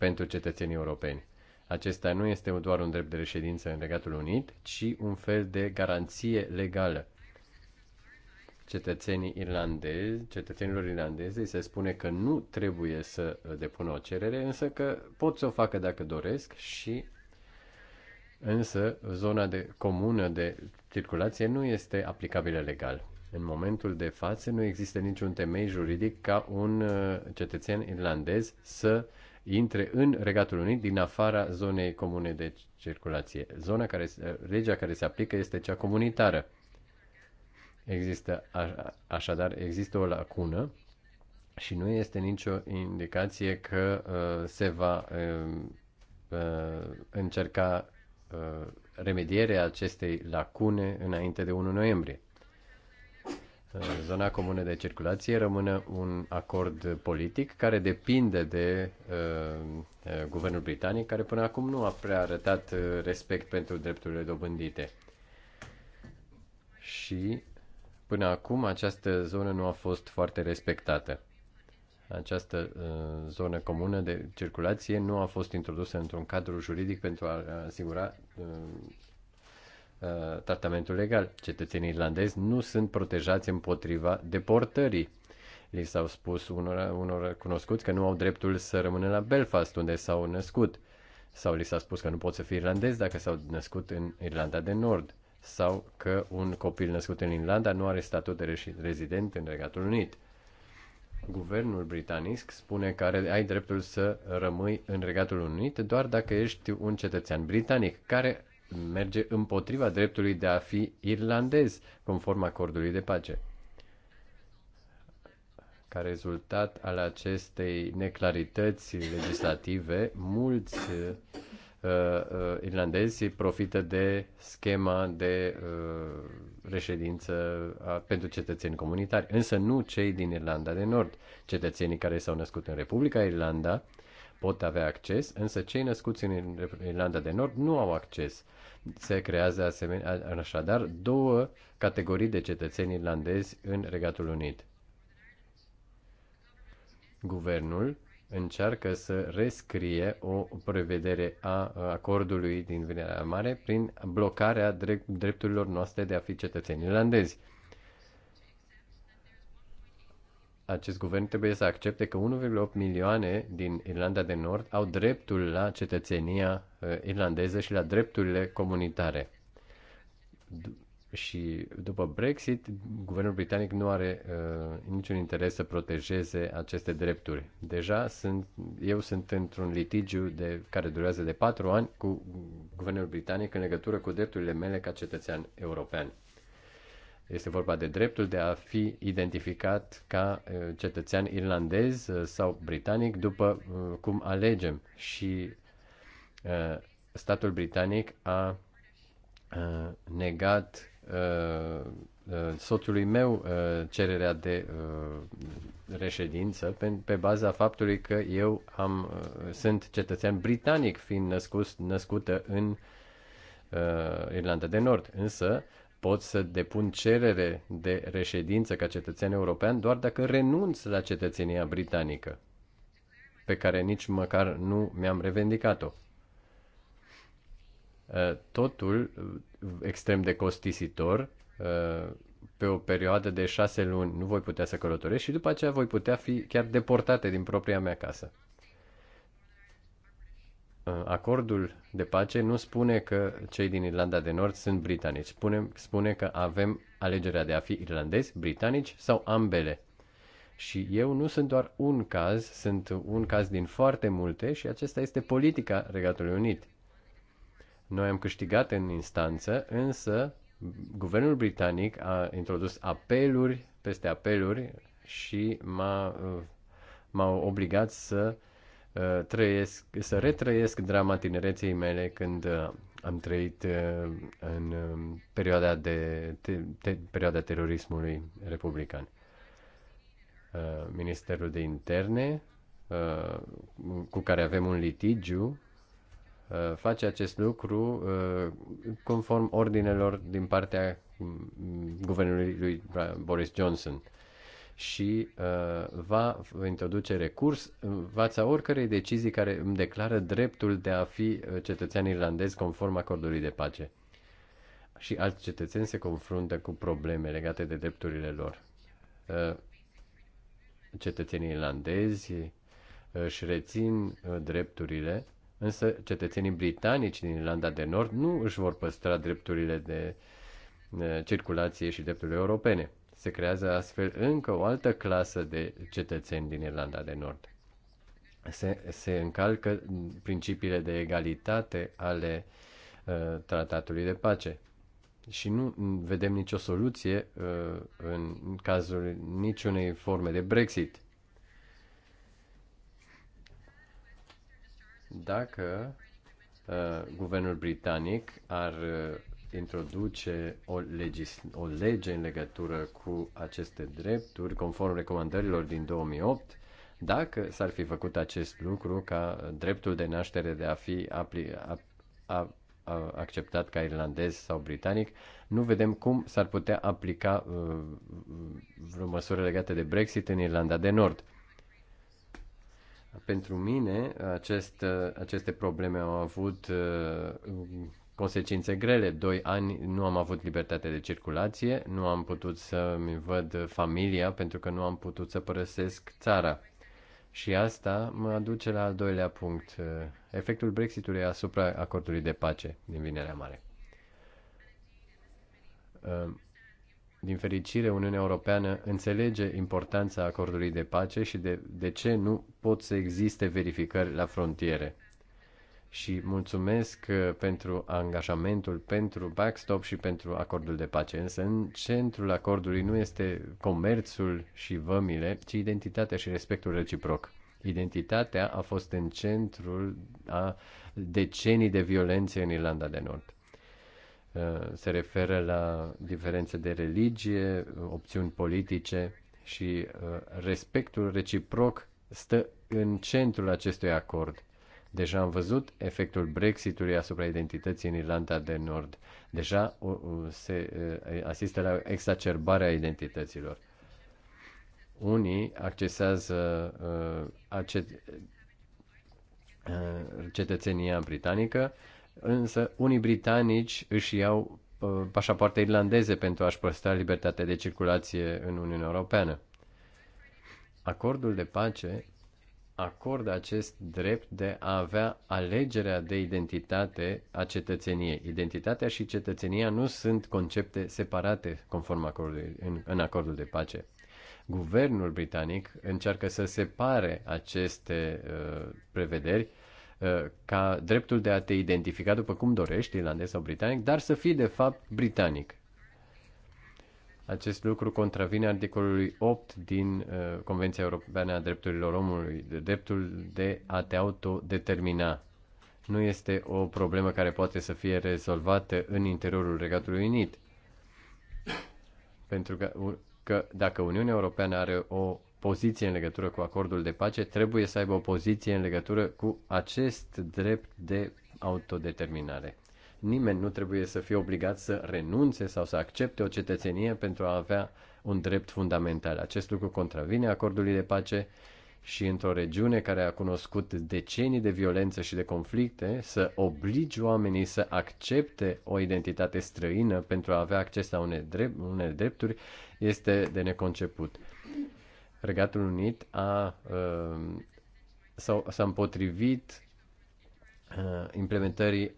pentru cetățenii europeni. Acesta nu este doar un drept de reședință în Regatul Unit, ci un fel de garanție legală. Cetățenii irlandezi, cetățenilor irlandezi se spune că nu trebuie să depună o cerere, însă că pot să o facă dacă doresc și însă zona de comună de circulație nu este aplicabilă legal. În momentul de față nu există niciun temei juridic ca un uh, cetățean irlandez să uh, intre în Regatul Unit din afara zonei comune de circulație. Zona care, legea care se aplică este cea comunitară. Există, așadar, există o lacună și nu este nicio indicație că uh, se va uh, uh, încerca uh, remedierea acestei lacune înainte de 1 noiembrie zona comună de circulație rămâne un acord politic care depinde de uh, uh guvernul britanic, care până acum nu a prea arătat uh, respect pentru drepturile dobândite. Și până acum această zonă nu a fost foarte respectată. Această uh, zonă comună de circulație nu a fost introdusă într-un cadru juridic pentru a asigura uh, Uh, tratamentul legal. Cetățenii irlandezi nu sunt protejați împotriva deportării. Li s-au spus unor, unor cunoscuți că nu au dreptul să rămână la Belfast, unde s-au născut. Sau li s-a spus că nu pot să fie irlandezi dacă s-au născut în Irlanda de Nord. Sau că un copil născut în Irlanda nu are statut de rezident în Regatul Unit. Guvernul britanic spune că are, ai dreptul să rămâi în Regatul Unit doar dacă ești un cetățean britanic, care merge împotriva dreptului de a fi irlandez, conform acordului de pace. Ca rezultat al acestei neclarități legislative, mulți uh, uh, irlandezi profită de schema de uh, reședință a, pentru cetățeni comunitari, însă nu cei din Irlanda de Nord. Cetățenii care s-au născut în Republica Irlanda pot avea acces, însă cei născuți în Irlanda de Nord nu au acces. Uh, se creează asemenea, așadar două categorii de cetățeni irlandezi în Regatul Unit. Guvernul încearcă să rescrie o prevedere a acordului din Vinerea Mare prin blocarea drepturilor noastre de a fi cetățeni irlandezi. acest guvern trebuie să accepte că 1,8 milioane din Irlanda de Nord au dreptul la cetățenia uh, irlandeză și la drepturile comunitare. și după Brexit, guvernul britanic nu are uh, niciun interes să protejeze aceste drepturi. Deja sunt, eu sunt într-un litigiu de, care durează de patru ani cu guvernul britanic în legătură cu drepturile mele ca cetățean european. Este vorba de dreptul de a fi identificat ca uh, cetățean irlandez uh, sau britanic după uh, cum alegem. Și statul britanic a negat soțului meu cererea de reședință pe, baza faptului că eu am, sunt cetățean britanic fiind născut, născută în Irlanda de Nord. Însă, pot să depun cerere de reședință ca cetățean european doar dacă renunț la cetățenia britanică, pe care nici măcar nu mi-am revendicat-o. Uh, totul uh, extrem de costisitor, uh, pe o perioadă de șase luni nu voi putea să călătoresc și după aceea voi putea fi chiar deportate din propria mea casă. Uh, acordul de pace nu spune că cei din Irlanda de Nord sunt britanici. Spune, spune că avem alegerea de a fi irlandezi, britanici sau ambele. Și eu nu sunt doar un caz, sunt un caz din foarte multe și acesta este politica Regatului Unit. Noi am câștigat în instanță, însă guvernul britanic a introdus apeluri peste apeluri și m-a, uh, obligat să uh, Uh, trăiesc, să retrăiesc drama tinereței mele când uh, am trăit uh, în um, perioada, de, te, te, perioada terorismului republican. Ministerul de Interne, cu care avem un litigiu, face acest lucru conform ordinelor din partea um, guvernului lui Boris Johnson și uh, va introduce recurs în fața oricărei decizii care îmi declară dreptul de a fi uh, cetățean irlandez conform acordului de pace. Și alți cetățeni se confruntă cu probleme legate de drepturile lor. Uh, cetățenii irlandezi uh, își rețin uh, drepturile, însă cetățenii britanici din Irlanda de Nord nu își vor păstra drepturile de circulație și drepturile europene se creează astfel încă o altă clasă de cetățeni din Irlanda de Nord. Se, se încalcă principiile de egalitate ale uh, tratatului de pace și nu vedem nicio soluție uh, în cazul niciunei forme de Brexit. Dacă uh, guvernul britanic ar uh, introduce o, legis- o lege în legătură cu aceste drepturi, conform recomandărilor din 2008, dacă s-ar fi făcut acest lucru ca dreptul de naștere de a fi apli- a, a, a, acceptat ca irlandez sau britanic, nu vedem cum s-ar putea aplica uh, vreo măsură legată de Brexit în Irlanda de Nord. Pentru mine, acest, uh, aceste probleme au avut uh, consecințe grele. Doi ani nu am avut libertate de circulație, nu am putut să-mi văd familia pentru că nu am putut să părăsesc țara. Și asta mă aduce la al doilea punct, eh, efectul Brexitului asupra acordului de pace din Vinerea Mare. Eh, din fericire, Uniunea Europeană înțelege importanța acordului de pace și de, de ce nu pot să existe verificări la frontiere și mulțumesc uh, pentru angajamentul pentru backstop și pentru acordul de pace. Însă în centrul acordului nu este comerțul și vămile, ci identitatea și respectul reciproc. Identitatea a fost în centrul a decenii de violențe în Irlanda de Nord. Uh, se referă la diferențe de religie, opțiuni politice și uh, respectul reciproc stă în centrul acestui acord Deja am văzut efectul Brexitului asupra identității în Irlanda de Nord. Deja se asistă la exacerbarea identităților. Unii accesează cetățenia britanică, însă unii britanici își iau pașapoarte irlandeze pentru a-și păstra libertatea de circulație în Uniunea Europeană. Acordul de pace acordă acest drept de a avea alegerea de identitate a cetățeniei. Identitatea și cetățenia nu sunt concepte separate conform acordului, în, în acordul de pace. Guvernul britanic încearcă să separe aceste uh, prevederi uh, ca dreptul de a te identifica după cum dorești, irlandez sau britanic, dar să fii de fapt britanic. Acest lucru contravine articolului 8 din uh, Convenția Europeană a Drepturilor Omului, de dreptul de a te autodetermina. Nu este o problemă care poate să fie rezolvată în interiorul Regatului Unit. Pentru că, că dacă Uniunea Europeană are o poziție în legătură cu acordul de pace, trebuie să aibă o poziție în legătură cu acest drept de autodeterminare. Nimeni nu trebuie să fie obligat să renunțe sau să accepte o cetățenie pentru a avea un drept fundamental. Acest lucru contravine acordului de pace și într-o regiune care a cunoscut decenii de violență și de conflicte, să obligi oamenii să accepte o identitate străină pentru a avea acces la unele, drept, unele drepturi este de neconceput. Regatul Unit a, uh, s-a, împotrivit Uh, implementării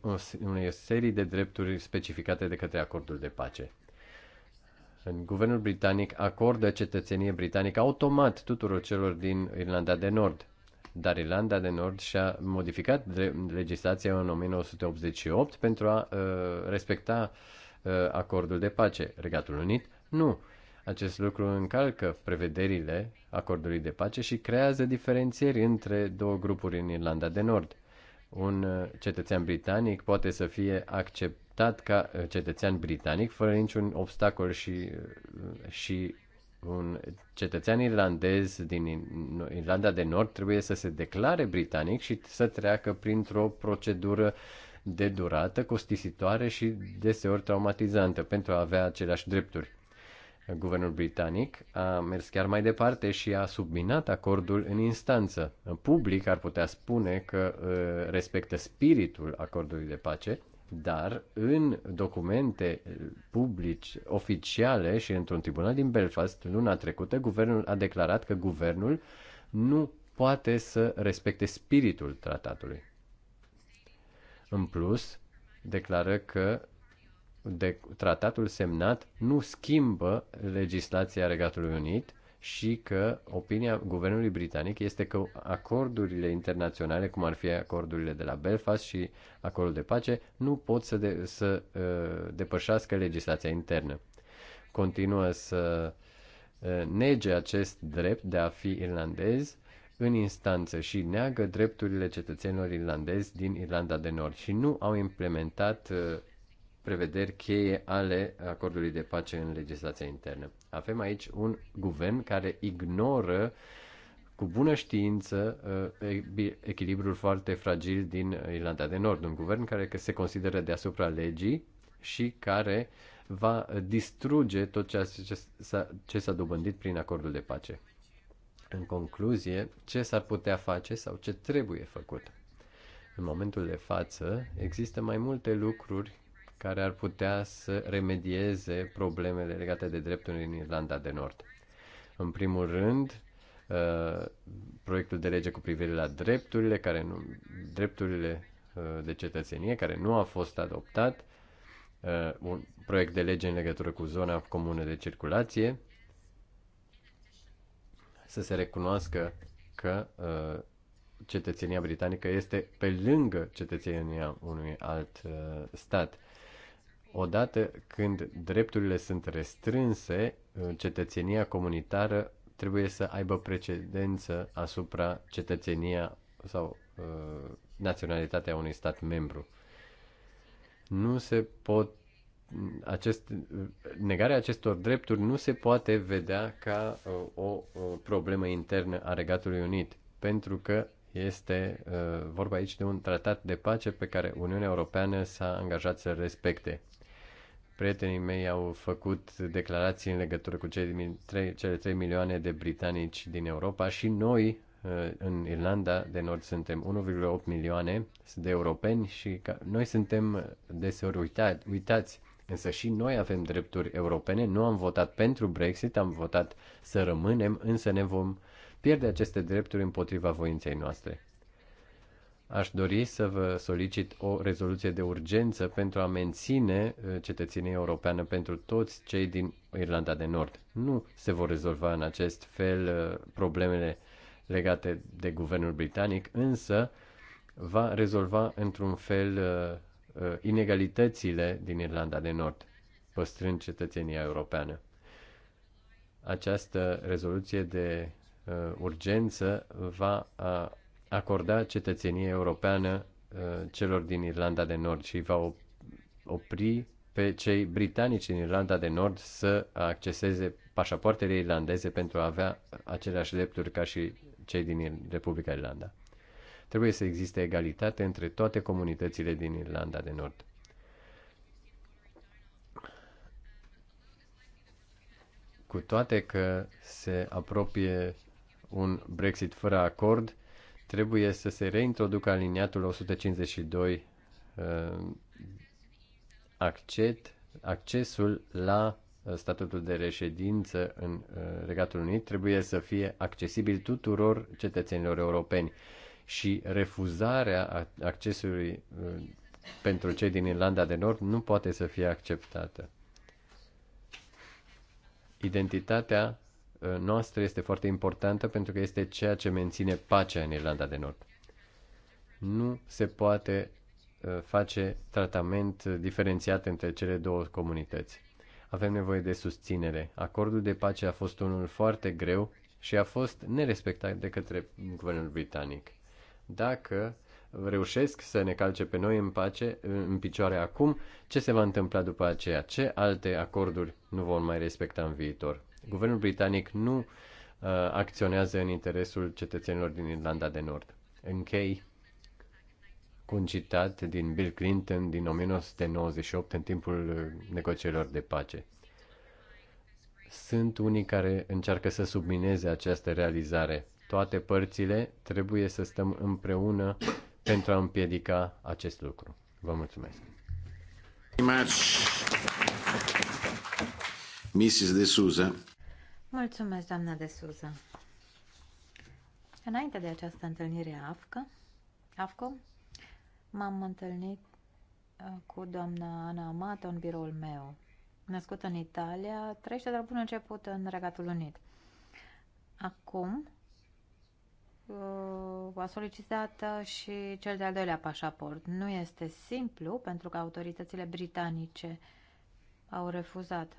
unei serii de drepturi specificate de către acordul de pace. În guvernul britanic acordă cetățenie britanică automat tuturor celor din Irlanda de Nord, dar Irlanda de Nord și-a modificat legislația în 1988 pentru a uh, respecta uh, acordul de pace. Regatul Unit nu. Acest lucru încalcă prevederile acordului de pace și creează diferențieri între două grupuri în Irlanda de Nord un uh, cetățean britanic poate să fie acceptat ca uh, cetățean britanic fără niciun obstacol și, uh, și un cetățean irlandez din Irlanda de Nord trebuie să se declare britanic și să treacă printr-o procedură de durată, costisitoare și deseori traumatizantă pentru a avea aceleași drepturi. Guvernul britanic a mers chiar mai departe și a subminat acordul în instanță. Public ar putea spune că uh, respectă spiritul acordului de pace, dar în documente uh, publici oficiale și într-un tribunal din Belfast luna trecută, guvernul a declarat că guvernul nu poate să respecte spiritul tratatului. În plus, declară că de tratatul semnat nu schimbă legislația Regatului Unit și că opinia guvernului britanic este că acordurile internaționale, cum ar fi acordurile de la Belfast și acordul de pace, nu pot să, de, să uh, depășească legislația internă. Continuă să uh, nege acest drept de a fi irlandez în instanță și neagă drepturile cetățenilor irlandezi din Irlanda de Nord și nu au implementat uh, prevederi cheie ale acordului de pace în legislația internă. Avem aici un guvern care ignoră cu bună știință uh, echilibrul foarte fragil din Irlanda de Nord, un guvern care se consideră deasupra legii și care va distruge tot ceea ce s-a dobândit prin acordul de pace. În concluzie, ce s-ar putea face sau ce trebuie făcut? În momentul de față există mai multe lucruri care ar putea să remedieze problemele legate de dreptul în Irlanda de Nord. În primul rând, uh, proiectul de lege cu privire la drepturile, care nu, drepturile uh, de cetățenie, care nu a fost adoptat, uh, un proiect de lege în legătură cu zona comună de circulație, să se recunoască că cetățenia britanică este pe lângă cetățenia unui alt stat. Odată când drepturile sunt restrânse, uh, cetățenia comunitară trebuie să aibă precedență asupra cetățenia sau uh, naționalitatea unui stat membru. Nu se pot acest, uh, negarea acestor drepturi nu se poate vedea ca uh, o uh, problemă internă a Regatului Unit, pentru că este uh, vorba aici de un tratat de pace pe care Uniunea Europeană s-a angajat să respecte prietenii mei au făcut declarații în legătură cu cele 3, cele 3 milioane de britanici din Europa și noi uh, în Irlanda de Nord suntem 1,8 milioane de europeni și noi suntem deseori uitați, uitați, însă și noi avem drepturi europene, nu am votat pentru Brexit, am votat să rămânem, însă ne vom pierde aceste drepturi împotriva voinței noastre. Aș dori să vă solicit o rezoluție de urgență pentru a menține uh, cetățenia europeană pentru toți cei din Irlanda de Nord. Nu se vor rezolva în acest fel uh, problemele legate de guvernul britanic, însă va rezolva într-un fel uh, inegalitățile din Irlanda de Nord, păstrând cetățenia europeană. Această rezoluție de urgență va acorda cetățenie europeană uh, celor din Irlanda de Nord și va opri pe cei britanici din Irlanda de Nord să acceseze pașapoartele irlandeze pentru a avea aceleași drepturi ca și cei din Republica Irlanda. Trebuie să existe egalitate între toate comunitățile din Irlanda de Nord. Cu toate că se apropie un Brexit fără acord, Trebuie să se reintroducă aliniatul 152 uh, accept, accesul la uh, statutul de reședință în uh, Regatul Unit trebuie să fie accesibil tuturor cetățenilor europeni și refuzarea accesului pentru cei din Irlanda de Nord nu poate să fie acceptată. Identitatea noastră este foarte importantă pentru că este ceea ce menține pacea în Irlanda de Nord. Nu se poate uh, face tratament diferențiat între cele două comunități. Avem nevoie de susținere. Acordul de pace a fost unul foarte greu și a fost nerespectat de către guvernul britanic. Dacă reușesc să ne calce pe noi în pace, în picioare acum, ce se va întâmpla după aceea? Ce alte acorduri nu vor mai respecta în viitor? Guvernul britanic nu uh, acționează în interesul cetățenilor din Irlanda de Nord. Închei cu un citat din Bill Clinton din 1998 în timpul uh, negocierilor de pace. Sunt unii care încearcă să submineze această realizare. Toate părțile trebuie să stăm împreună pentru a împiedica acest lucru. Vă mulțumesc. Mrs. De Souza. Mulțumesc, doamna de Suza. Înainte de această întâlnire AFCO, AFCO m-am întâlnit uh, cu doamna Ana Amato în biroul meu. născut în Italia, trăiește de la bun început în Regatul Unit. Acum uh, a solicitat uh, și cel de-al doilea pașaport. Nu este simplu pentru că autoritățile britanice au refuzat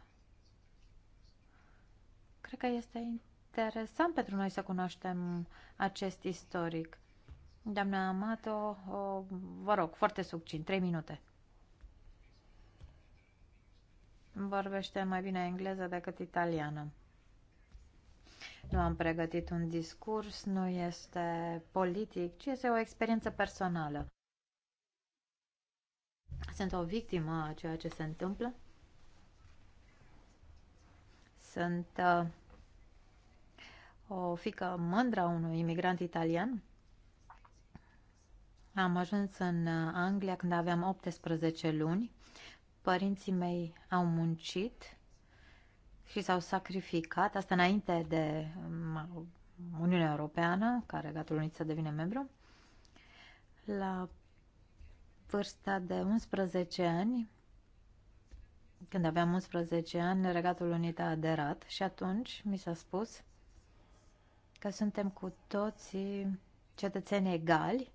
Cred că este interesant pentru noi să cunoaștem acest istoric. Doamna Amato, o, vă rog, foarte succint, trei minute. Vorbește mai bine engleză decât italiană. Nu am pregătit un discurs, nu este politic, ci este o experiență personală. Sunt o victimă a ceea ce se întâmplă. Sunt uh, o fică mândră a unui imigrant italian. Am ajuns în Anglia când aveam 18 luni. Părinții mei au muncit și s-au sacrificat, asta înainte de Uniunea Europeană, care Regatul Unit să devină membru. La vârsta de 11 ani, când aveam 11 ani, Regatul Unit a aderat și atunci mi s-a spus că suntem cu toții cetățeni egali,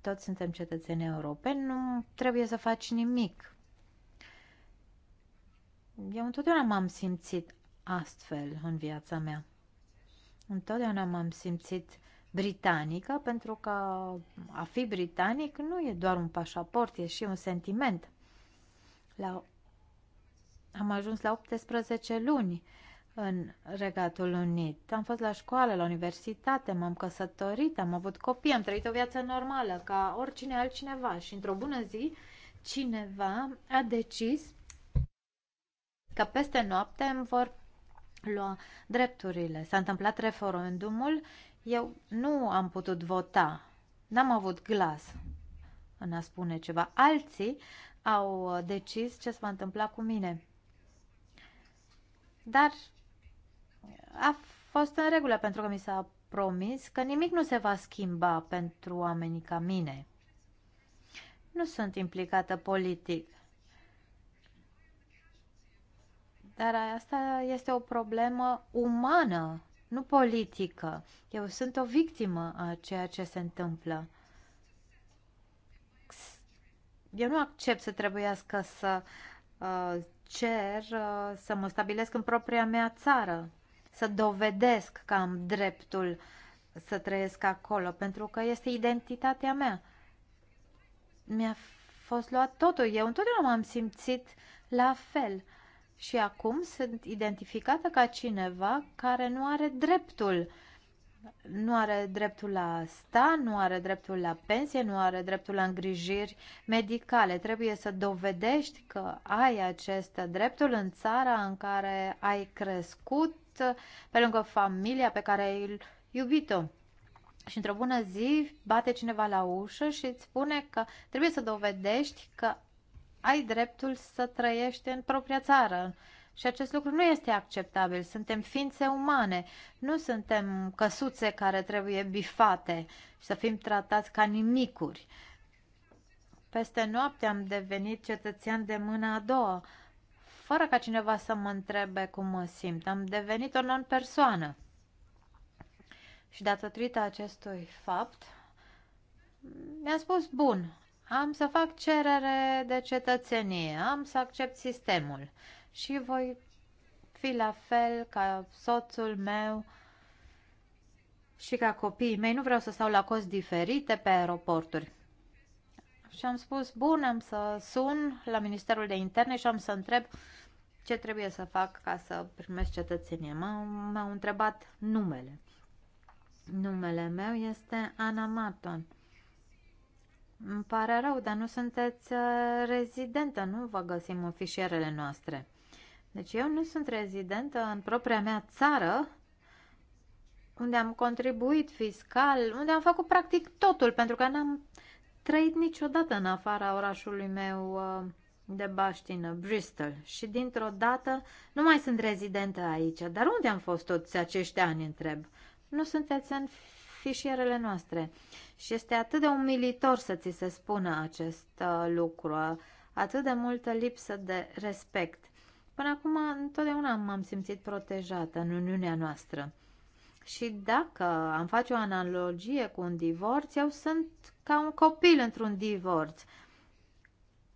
toți suntem cetățeni europeni, nu trebuie să faci nimic. Eu întotdeauna m-am simțit astfel în viața mea. Întotdeauna m-am simțit britanică, pentru că a fi britanic nu e doar un pașaport, e și un sentiment. La... Am ajuns la 18 luni în Regatul Unit. Am fost la școală, la universitate, m-am căsătorit, am avut copii, am trăit o viață normală ca oricine altcineva și într-o bună zi cineva a decis că peste noapte îmi vor lua drepturile. S-a întâmplat referendumul, eu nu am putut vota, n-am avut glas în a spune ceva. Alții au decis ce se va întâmpla cu mine. Dar a fost în regulă pentru că mi s-a promis că nimic nu se va schimba pentru oamenii ca mine. Nu sunt implicată politic. Dar asta este o problemă umană, nu politică. Eu sunt o victimă a ceea ce se întâmplă. Eu nu accept să trebuiască să uh, cer uh, să mă stabilesc în propria mea țară să dovedesc că am dreptul să trăiesc acolo, pentru că este identitatea mea. Mi-a fost luat totul. Eu întotdeauna m-am simțit la fel. Și acum sunt identificată ca cineva care nu are dreptul. Nu are dreptul la sta, nu are dreptul la pensie, nu are dreptul la îngrijiri medicale. Trebuie să dovedești că ai acest dreptul în țara în care ai crescut, pe lângă familia pe care ai iubit-o. Și într-o bună zi bate cineva la ușă și îți spune că trebuie să dovedești că ai dreptul să trăiești în propria țară. Și acest lucru nu este acceptabil. Suntem ființe umane, nu suntem căsuțe care trebuie bifate și să fim tratați ca nimicuri. Peste noapte am devenit cetățean de mâna a doua fără ca cineva să mă întrebe cum mă simt. Am devenit o non-persoană. Și datorită acestui fapt, mi-a spus, bun, am să fac cerere de cetățenie, am să accept sistemul și voi fi la fel ca soțul meu și ca copiii mei. Nu vreau să stau la cozi diferite pe aeroporturi. Și am spus, bun, am să sun la Ministerul de Interne și am să întreb ce trebuie să fac ca să primesc cetățenie. M-au întrebat numele. Numele meu este Ana Maton Îmi pare rău, dar nu sunteți uh, rezidentă, nu vă găsim în fișierele noastre. Deci eu nu sunt rezidentă în propria mea țară, unde am contribuit fiscal, unde am făcut practic totul, pentru că n-am trăit niciodată în afara orașului meu uh, de baștină, Bristol, și dintr-o dată nu mai sunt rezidentă aici. Dar unde am fost toți acești ani, întreb? Nu sunteți în fișierele noastre. Și este atât de umilitor să ți se spună acest uh, lucru, atât de multă lipsă de respect. Până acum, întotdeauna m-am simțit protejată în Uniunea noastră. Și dacă am face o analogie cu un divorț, eu sunt ca un copil într-un divorț.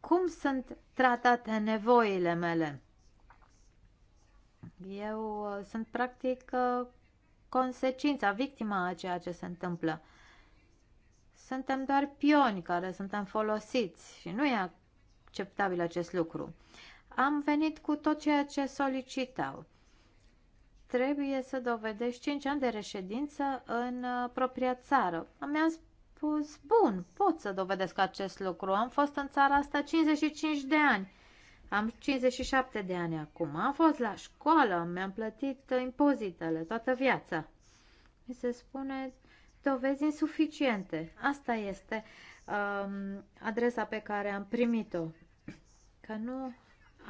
Cum sunt tratate nevoile mele. Eu uh, sunt practic uh, consecința, victima a ceea ce se întâmplă. Suntem doar pioni care suntem folosiți și nu e acceptabil acest lucru. Am venit cu tot ceea ce solicitau. Trebuie să dovedești 5 ani de reședință în uh, propria țară. Mi-am spus, bun, pot să dovedesc acest lucru, am fost în țara asta 55 de ani, am 57 de ani acum, am fost la școală, mi-am plătit impozitele toată viața. Mi se spune dovezi insuficiente. Asta este um, adresa pe care am primit-o. Că nu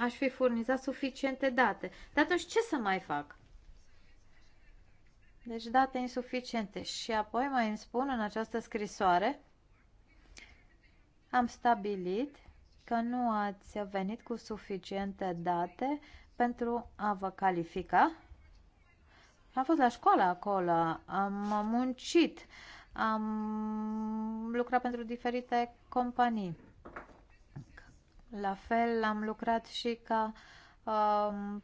aș fi furnizat suficiente date. Dar atunci ce să mai fac? Deci date insuficiente. Și apoi mai îmi spun în această scrisoare, am stabilit că nu ați venit cu suficiente date pentru a vă califica. Am fost la școală acolo, am muncit, am lucrat pentru diferite companii. La fel am lucrat și ca um,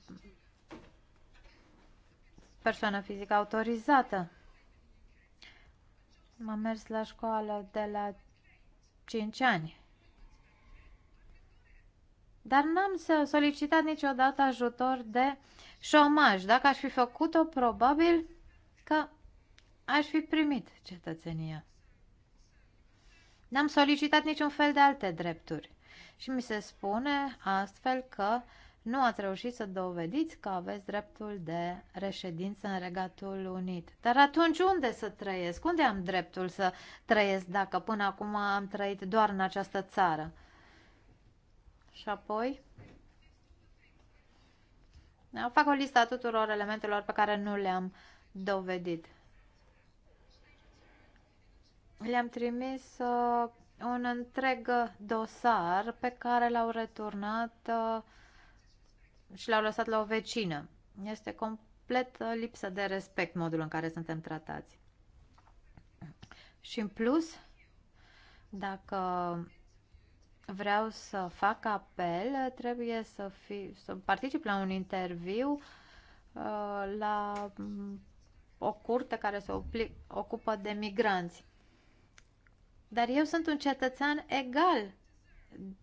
persoană fizică autorizată. M-am mers la școală de la 5 ani. Dar n-am solicitat niciodată ajutor de șomaj. Dacă aș fi făcut-o, probabil că aș fi primit cetățenia. N-am solicitat niciun fel de alte drepturi. Și mi se spune astfel că nu ați reușit să dovediți că aveți dreptul de reședință în Regatul Unit. Dar atunci unde să trăiesc? Unde am dreptul să trăiesc dacă până acum am trăit doar în această țară? Și apoi fac o listă a tuturor elementelor pe care nu le-am dovedit. Le-am trimis uh, un întreg dosar pe care l-au returnat uh, și l-au lăsat la o vecină. Este complet uh, lipsă de respect modul în care suntem tratați. Și în plus, dacă vreau să fac apel, trebuie să, fi, să particip la un interviu uh, la mm, o curte care se ocupă de migranți. Dar eu sunt un cetățean egal.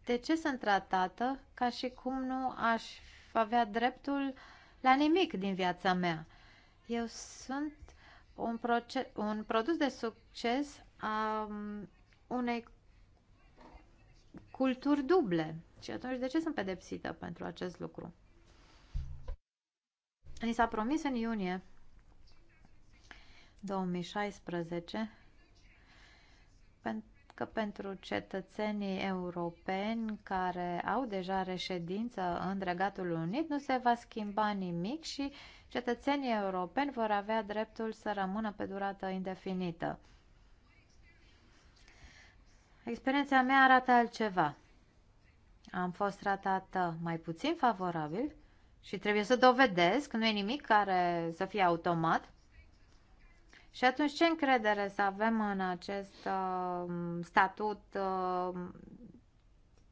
De ce sunt tratată ca și cum nu aș va avea dreptul la nimic din viața mea. Eu sunt un, proces, un produs de succes a um, unei culturi duble. Și atunci de ce sunt pedepsită pentru acest lucru? Ni s-a promis în iunie 2016 pentru că pentru cetățenii europeni care au deja reședință în Regatul Unit nu se va schimba nimic și cetățenii europeni vor avea dreptul să rămână pe durată indefinită. Experiența mea arată altceva. Am fost tratată mai puțin favorabil și trebuie să dovedesc, nu e nimic care să fie automat, și atunci ce încredere să avem în acest uh, statut uh,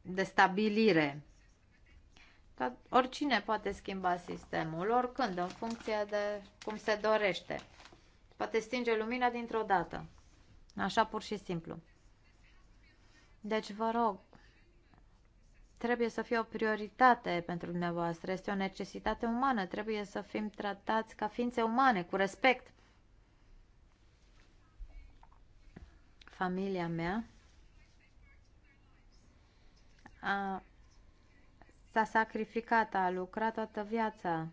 de stabilire? Tot, oricine poate schimba sistemul, oricând, în funcție de cum se dorește. Poate stinge lumina dintr-o dată. Așa pur și simplu. Deci vă rog, trebuie să fie o prioritate pentru dumneavoastră, este o necesitate umană, trebuie să fim tratați ca ființe umane, cu respect. familia mea a, s-a sacrificat, a lucrat toată viața,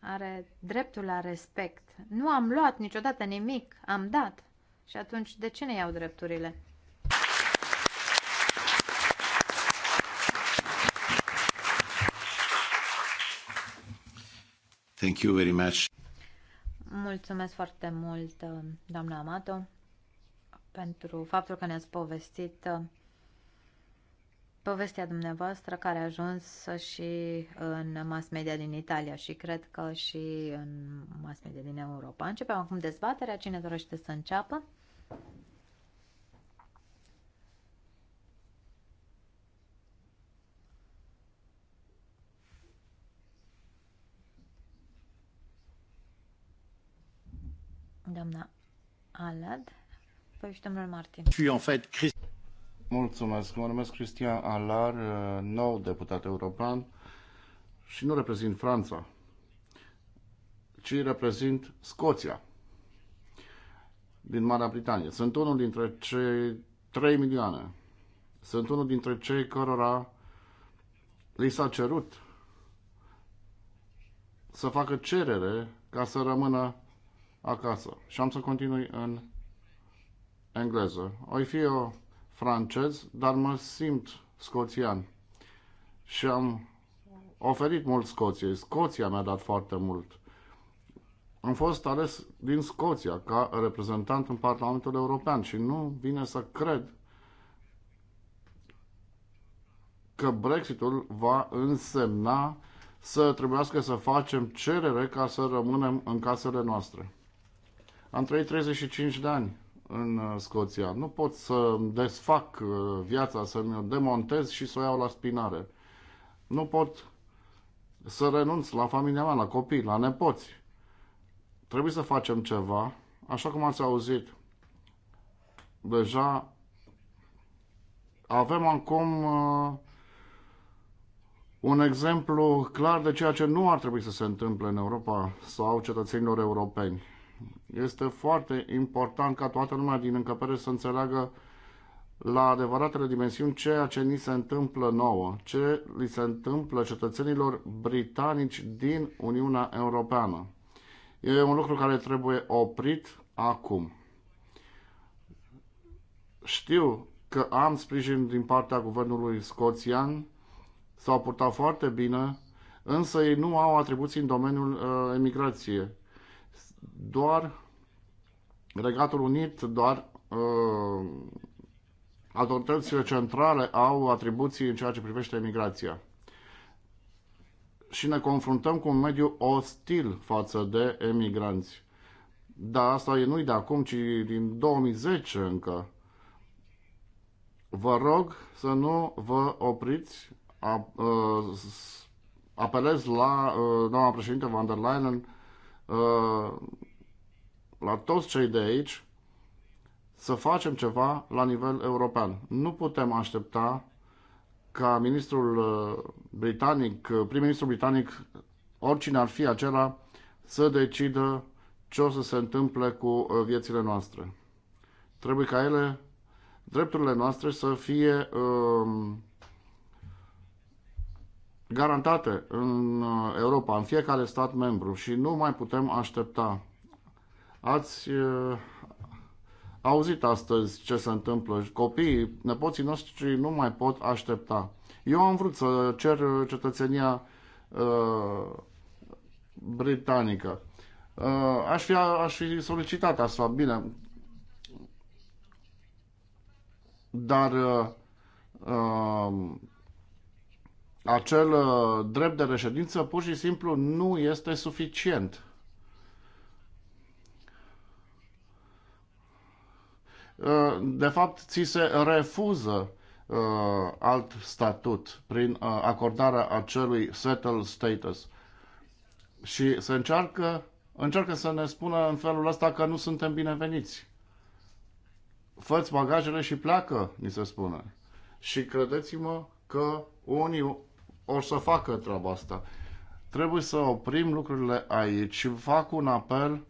are dreptul la respect. Nu am luat niciodată nimic, am dat. Și atunci de ce ne iau drepturile? Thank you very much. Mulțumesc foarte mult, doamna Amato pentru faptul că ne-ați povestit uh, povestea dumneavoastră care a ajuns și în mass media din Italia și cred că și în mass media din Europa. Începem acum dezbaterea. Cine dorește să înceapă? Doamna Alad. Păi Mulțumesc. Mă numesc Cristian Alar, nou deputat european și nu reprezint Franța, ci reprezint Scoția din Marea Britanie. Sunt unul dintre cei 3 milioane. Sunt unul dintre cei cărora li s-a cerut să facă cerere ca să rămână acasă. Și am să continui în engleză. Oi fi eu francez, dar mă simt scoțian. Și am oferit mult Scoției. Scoția mi-a dat foarte mult. Am fost ales din Scoția ca reprezentant în Parlamentul European și nu vine să cred că Brexitul va însemna să trebuiască să facem cerere ca să rămânem în casele noastre. Am trăit 35 de ani în uh, Scoția. Nu pot să desfac uh, viața, să-mi o demontez și să o iau la spinare. Nu pot să renunț la familia mea, la copii, la nepoți. Trebuie să facem ceva, așa cum ați auzit. Deja avem acum uh, un exemplu clar de ceea ce nu ar trebui să se întâmple în Europa sau cetățenilor europeni. Este foarte important ca toată lumea din încăpere să înțeleagă la adevăratele dimensiuni ceea ce ni se întâmplă nouă, ce li se întâmplă cetățenilor britanici din Uniunea Europeană. E un lucru care trebuie oprit acum. Știu că am sprijin din partea guvernului scoțian, s-au purtat foarte bine, însă ei nu au atribuții în domeniul uh, emigrație doar Regatul Unit, doar uh, autoritățile centrale au atribuții în ceea ce privește emigrația. Și ne confruntăm cu un mediu ostil față de emigranți. Dar asta e nu de acum, ci din 2010 încă. Vă rog să nu vă opriți. Uh, apelez la uh, doamna președinte van der Leyen Uh, la toți cei de aici să facem ceva la nivel european. Nu putem aștepta ca ministrul uh, britanic, uh, prim-ministrul britanic, oricine ar fi acela, să decidă ce o să se întâmple cu viețile noastre. Trebuie ca ele, drepturile noastre, să fie uh, garantate în uh, Europa, în fiecare stat membru și nu mai putem aștepta. Ați uh, auzit astăzi ce se întâmplă. Copiii, nepoții noștri nu mai pot aștepta. Eu am vrut să cer cetățenia uh, britanică. Uh, aș, fi, aș fi solicitat asta, bine. Dar uh, uh, acel uh, drept de reședință pur și simplu nu este suficient. Uh, de fapt, ți se refuză uh, alt statut prin acordarea acelui settled status. Și se încearcă, încearcă să ne spună în felul ăsta că nu suntem bineveniți. Făți bagajele și pleacă, ni se spune. Și credeți-mă că unii or să facă treaba asta. Trebuie să oprim lucrurile aici și fac un apel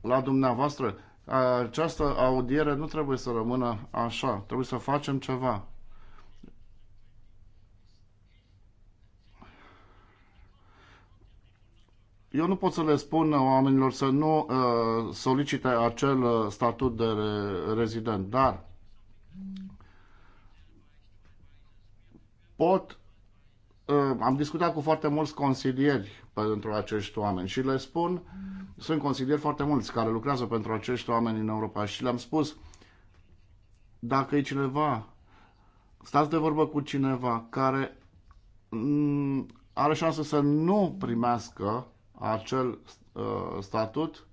la dumneavoastră. Această audiere nu trebuie să rămână așa, trebuie să facem ceva. Eu nu pot să le spun oamenilor să nu uh, solicite acel uh, statut de re- rezident, dar pot am discutat cu foarte mulți consilieri pentru acești oameni și le spun, sunt consilieri foarte mulți care lucrează pentru acești oameni în Europa și le-am spus, dacă e cineva, stați de vorbă cu cineva care mm, are șansă să nu primească acel uh, statut,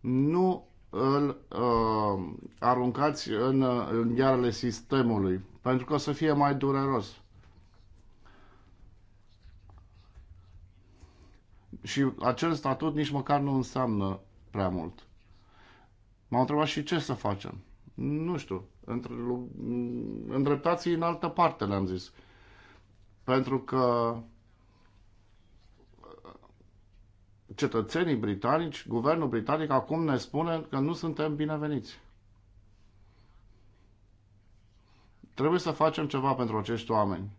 nu îl uh, aruncați în, uh, în ghearele sistemului, pentru că o să fie mai dureros și acel statut nici măcar nu înseamnă prea mult. M-au întrebat și ce să facem. Nu știu. Între, îndreptați în altă parte, le-am zis. Pentru că cetățenii britanici, guvernul britanic acum ne spune că nu suntem bineveniți. Trebuie să facem ceva pentru acești oameni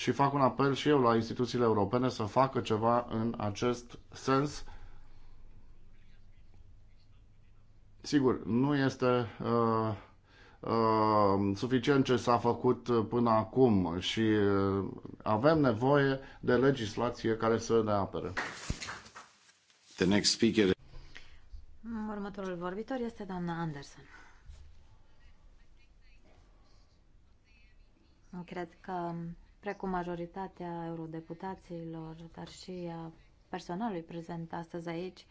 și fac un apel și eu la instituțiile europene să facă ceva în acest sens. Sigur, nu este uh, uh, suficient ce s-a făcut până acum și uh, avem nevoie de legislație care să ne apere. The next speaker... Următorul vorbitor este doamna Anderson. Cred că precum majoritatea eurodeputaților, dar și a personalului prezent astăzi aici,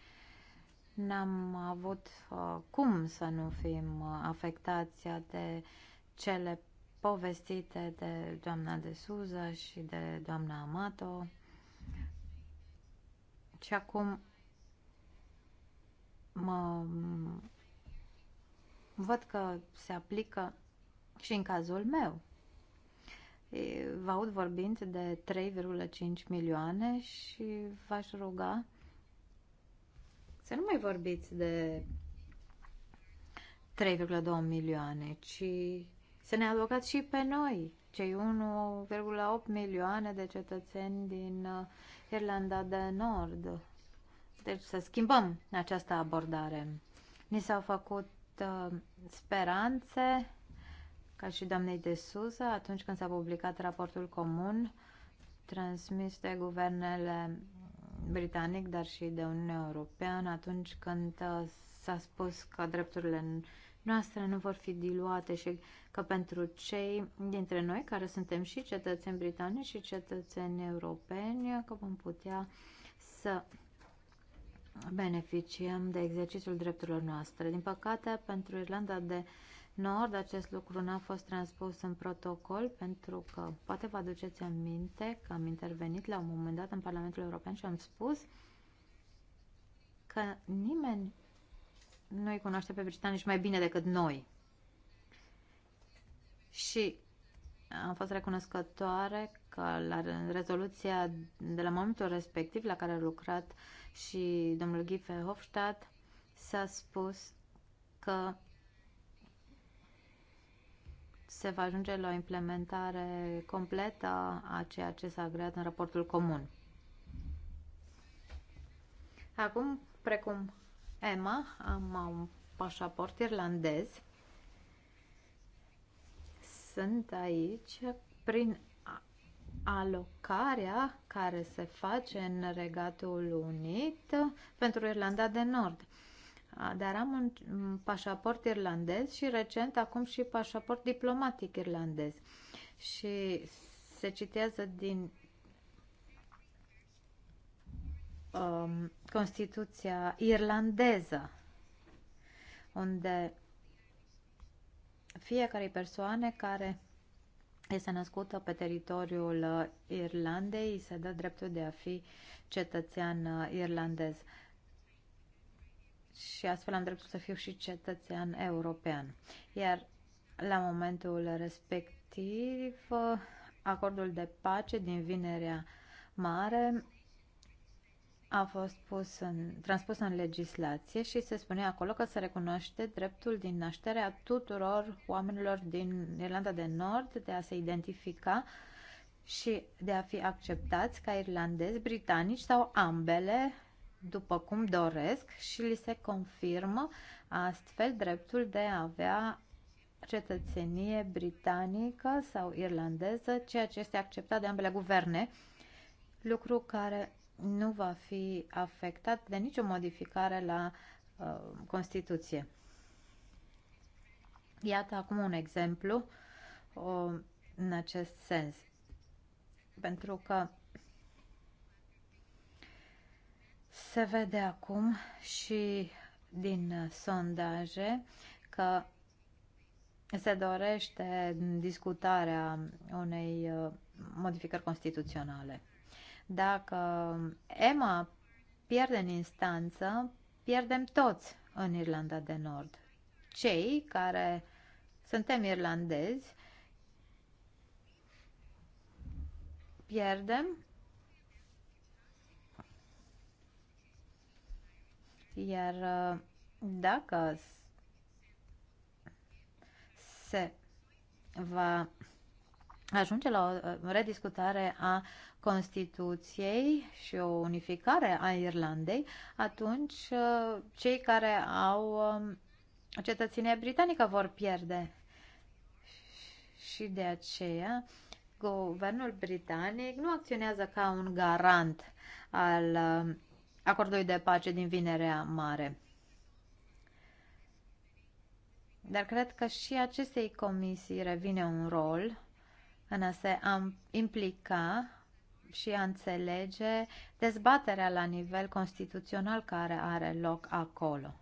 n-am avut uh, cum să nu fim uh, afectați de cele povestite de doamna de Suza și de doamna Amato. Și acum mă văd că se aplică și în cazul meu vă aud vorbind de 3,5 milioane și v-aș ruga să nu mai vorbiți de 3,2 milioane, ci să ne alocați și pe noi, cei 1,8 milioane de cetățeni din uh, Irlanda de Nord. Deci să schimbăm această abordare. Ni s-au făcut uh, speranțe ca și doamnei de Suza, atunci când s-a publicat raportul comun transmis de guvernele britanic, dar și de Uniunea Europeană, atunci când uh, s-a spus că drepturile noastre nu vor fi diluate și că pentru cei dintre noi care suntem și cetățeni britanici și cetățeni europeni, că vom putea să beneficiem de exercițiul drepturilor noastre. Din păcate, pentru Irlanda de Nord. Acest lucru n-a fost transpus în protocol pentru că poate vă aduceți aminte că am intervenit la un moment dat în Parlamentul European și am spus că nimeni nu îi cunoaște pe britanici mai bine decât noi. Și am fost recunoscătoare că la rezoluția de la momentul respectiv la care a lucrat și domnul Guy Hofstadt s-a spus că se va ajunge la o implementare completă a ceea ce s-a creat în raportul comun. Acum, precum Emma, am un pașaport irlandez. Sunt aici prin alocarea care se face în Regatul Unit pentru Irlanda de Nord dar am un pașaport irlandez și recent acum și pașaport diplomatic irlandez. Și se citează din um, Constituția irlandeză, unde fiecare persoane care este născută pe teritoriul uh, Irlandei, se dă dreptul de a fi cetățean uh, irlandez și astfel am dreptul să fiu și cetățean european. Iar la momentul respectiv, acordul de pace din Vinerea Mare a fost pus în, transpus în legislație și se spune acolo că se recunoaște dreptul din naștere a tuturor oamenilor din Irlanda de Nord de a se identifica și de a fi acceptați ca irlandezi, britanici sau ambele după cum doresc și li se confirmă astfel dreptul de a avea cetățenie britanică sau irlandeză, ceea ce este acceptat de ambele guverne, lucru care nu va fi afectat de nicio modificare la uh, Constituție. Iată acum un exemplu uh, în acest sens. Pentru că Se vede acum și din sondaje că se dorește discutarea unei uh, modificări constituționale. Dacă Emma pierde în instanță, pierdem toți în Irlanda de Nord. Cei care suntem irlandezi pierdem Iar uh, dacă se va ajunge la o uh, rediscutare a Constituției și o unificare a Irlandei, atunci uh, cei care au um, cetățenia britanică vor pierde. Și de aceea guvernul britanic nu acționează ca un garant al um, acordului de pace din Vinerea Mare. Dar cred că și acestei comisii revine un rol în a se implica și a înțelege dezbaterea la nivel constituțional care are loc acolo.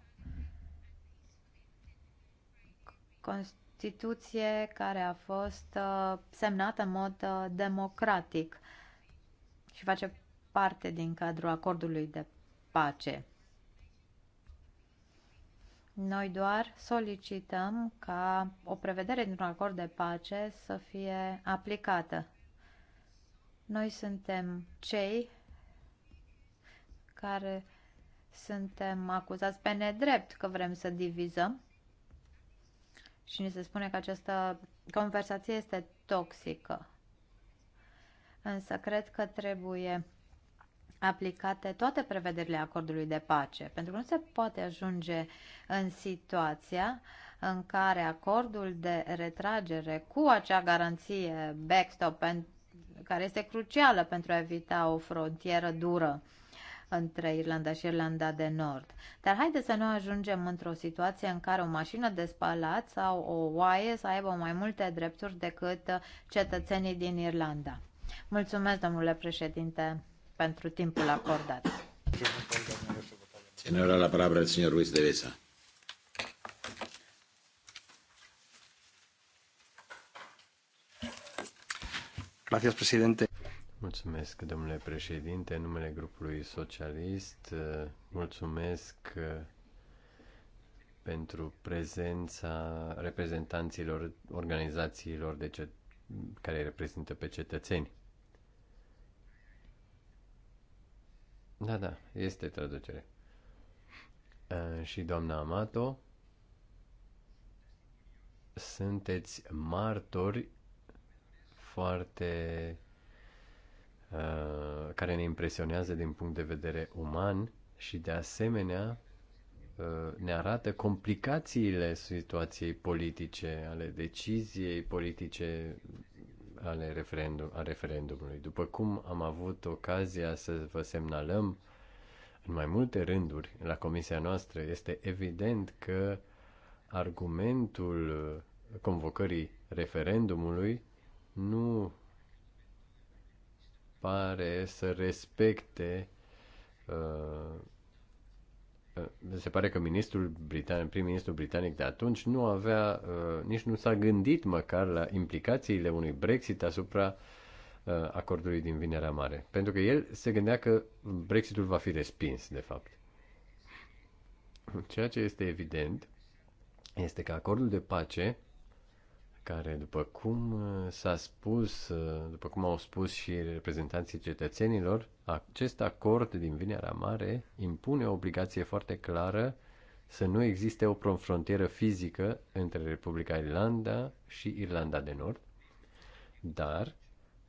Constituție care a fost uh, semnată în mod uh, democratic și face parte din cadrul acordului de pace. Noi doar solicităm ca o prevedere dintr-un acord de pace să fie aplicată. Noi suntem cei care suntem acuzați pe nedrept că vrem să divizăm și ni se spune că această conversație este toxică. Însă cred că trebuie aplicate toate prevederile acordului de pace, pentru că nu se poate ajunge în situația în care acordul de retragere cu acea garanție backstop care este crucială pentru a evita o frontieră dură între Irlanda și Irlanda de Nord. Dar haideți să nu ajungem într-o situație în care o mașină de spălat sau o oaie să aibă mai multe drepturi decât cetățenii din Irlanda. Mulțumesc, domnule președinte pentru timpul acordat. Senora, la palabra el señor Ruiz de Besa. Gracias, presidente. Mulțumesc, domnule președinte, în numele grupului socialist. Mulțumesc uh, pentru prezența reprezentanților organizațiilor de ce, care reprezintă pe cetățeni. Da, da, este traducere. Uh, și doamna Amato, sunteți martori foarte uh, care ne impresionează din punct de vedere uman și de asemenea uh, ne arată complicațiile situației politice, ale deciziei politice ale referendum, a referendumului. După cum am avut ocazia să vă semnalăm în mai multe rânduri la comisia noastră, este evident că argumentul convocării referendumului nu pare să respecte uh, Uh, se pare că ministrul britanic, prim-ministrul britanic de atunci nu avea, uh, nici nu s-a gândit măcar la implicațiile unui Brexit asupra uh, acordului din Vinerea Mare. Pentru că el se gândea că Brexitul va fi respins, de fapt. Ceea ce este evident este că acordul de pace care, după cum uh, s-a spus, uh, după cum au spus și reprezentanții cetățenilor, acest acord din Vinerea Mare impune o obligație foarte clară să nu existe o frontieră fizică între Republica Irlanda și Irlanda de Nord, dar,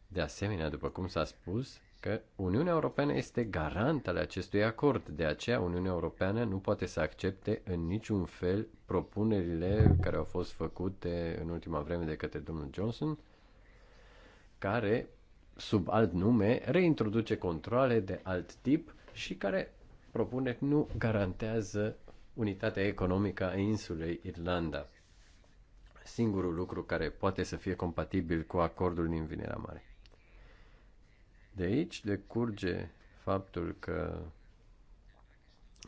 de asemenea, după cum s-a spus, că Uniunea Europeană este garant al acestui acord, de aceea Uniunea Europeană nu poate să accepte în niciun fel propunerile care au fost făcute în ultima vreme de către domnul Johnson, care, sub alt nume, reintroduce controle de alt tip și care propune nu garantează unitatea economică a insulei Irlanda. Singurul lucru care poate să fie compatibil cu acordul din Vinerea Mare. De aici decurge faptul că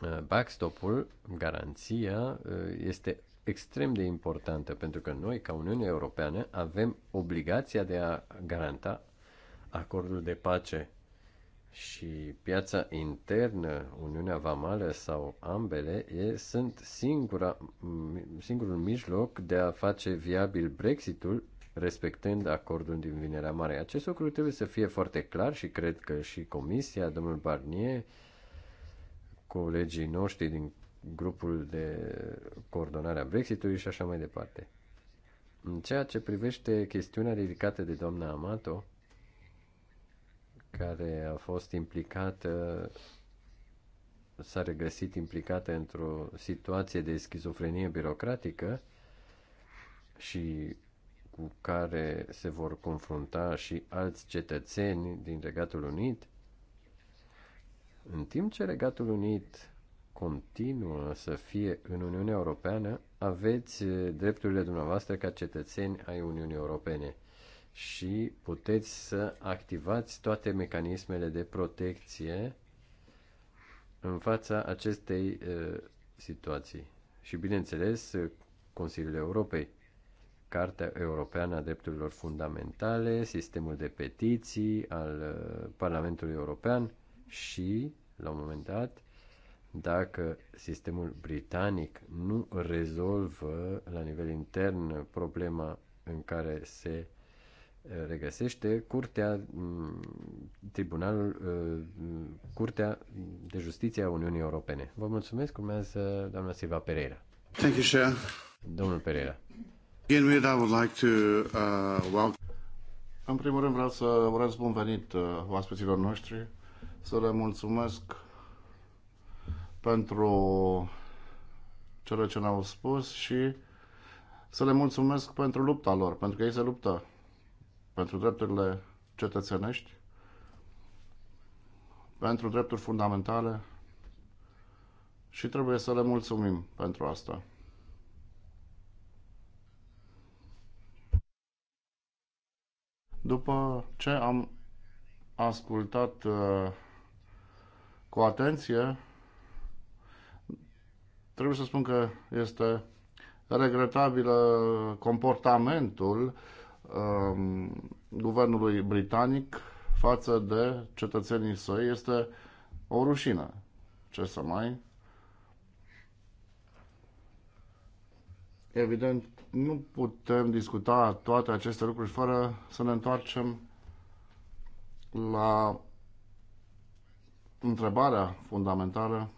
uh, backstop-ul, garanția, uh, este extrem de importantă pentru că noi, ca Uniune Europeană, avem obligația de a garanta acordul de pace și piața internă, Uniunea Vamală sau ambele, e, sunt singura, singurul mijloc de a face viabil Brexitul respectând acordul din Vinerea Mare. Acest lucru trebuie să fie foarte clar și cred că și Comisia, domnul Barnier, colegii noștri din grupul de coordonare a Brexitului și așa mai departe. În ceea ce privește chestiunea ridicată de doamna Amato, care a fost implicată, s-a regăsit implicată într-o situație de schizofrenie birocratică și cu care se vor confrunta și alți cetățeni din Regatul Unit, în timp ce Regatul Unit continuă să fie în Uniunea Europeană, aveți eh, drepturile dumneavoastră ca cetățeni ai Uniunii Europene și puteți să activați toate mecanismele de protecție în fața acestei uh, situații. Și bineînțeles, eh, Consiliul Europei. Cartea Europeană a Drepturilor Fundamentale, sistemul de petiții al uh, Parlamentului European și, la un moment dat, dacă sistemul britanic nu rezolvă la nivel intern problema în care se uh, regăsește, curtea, mm, tribunalul, uh, mm, curtea de justiție a Uniunii Europene. Vă mulțumesc, urmează doamna Silva Pereira. Thank you, sir. Domnul Pereira. Uh, În primul rând vreau să urez bun venit uh, oaspeților noștri, să le mulțumesc pentru cele ce ne-au spus și să le mulțumesc pentru lupta lor, pentru că ei se luptă pentru drepturile cetățenești, pentru drepturi fundamentale și trebuie să le mulțumim pentru asta. După ce am ascultat uh, cu atenție, trebuie să spun că este regretabil uh, comportamentul um, guvernului britanic față de cetățenii săi. Este o rușină. Ce să mai? Evident, nu putem discuta toate aceste lucruri fără să ne întoarcem la întrebarea fundamentală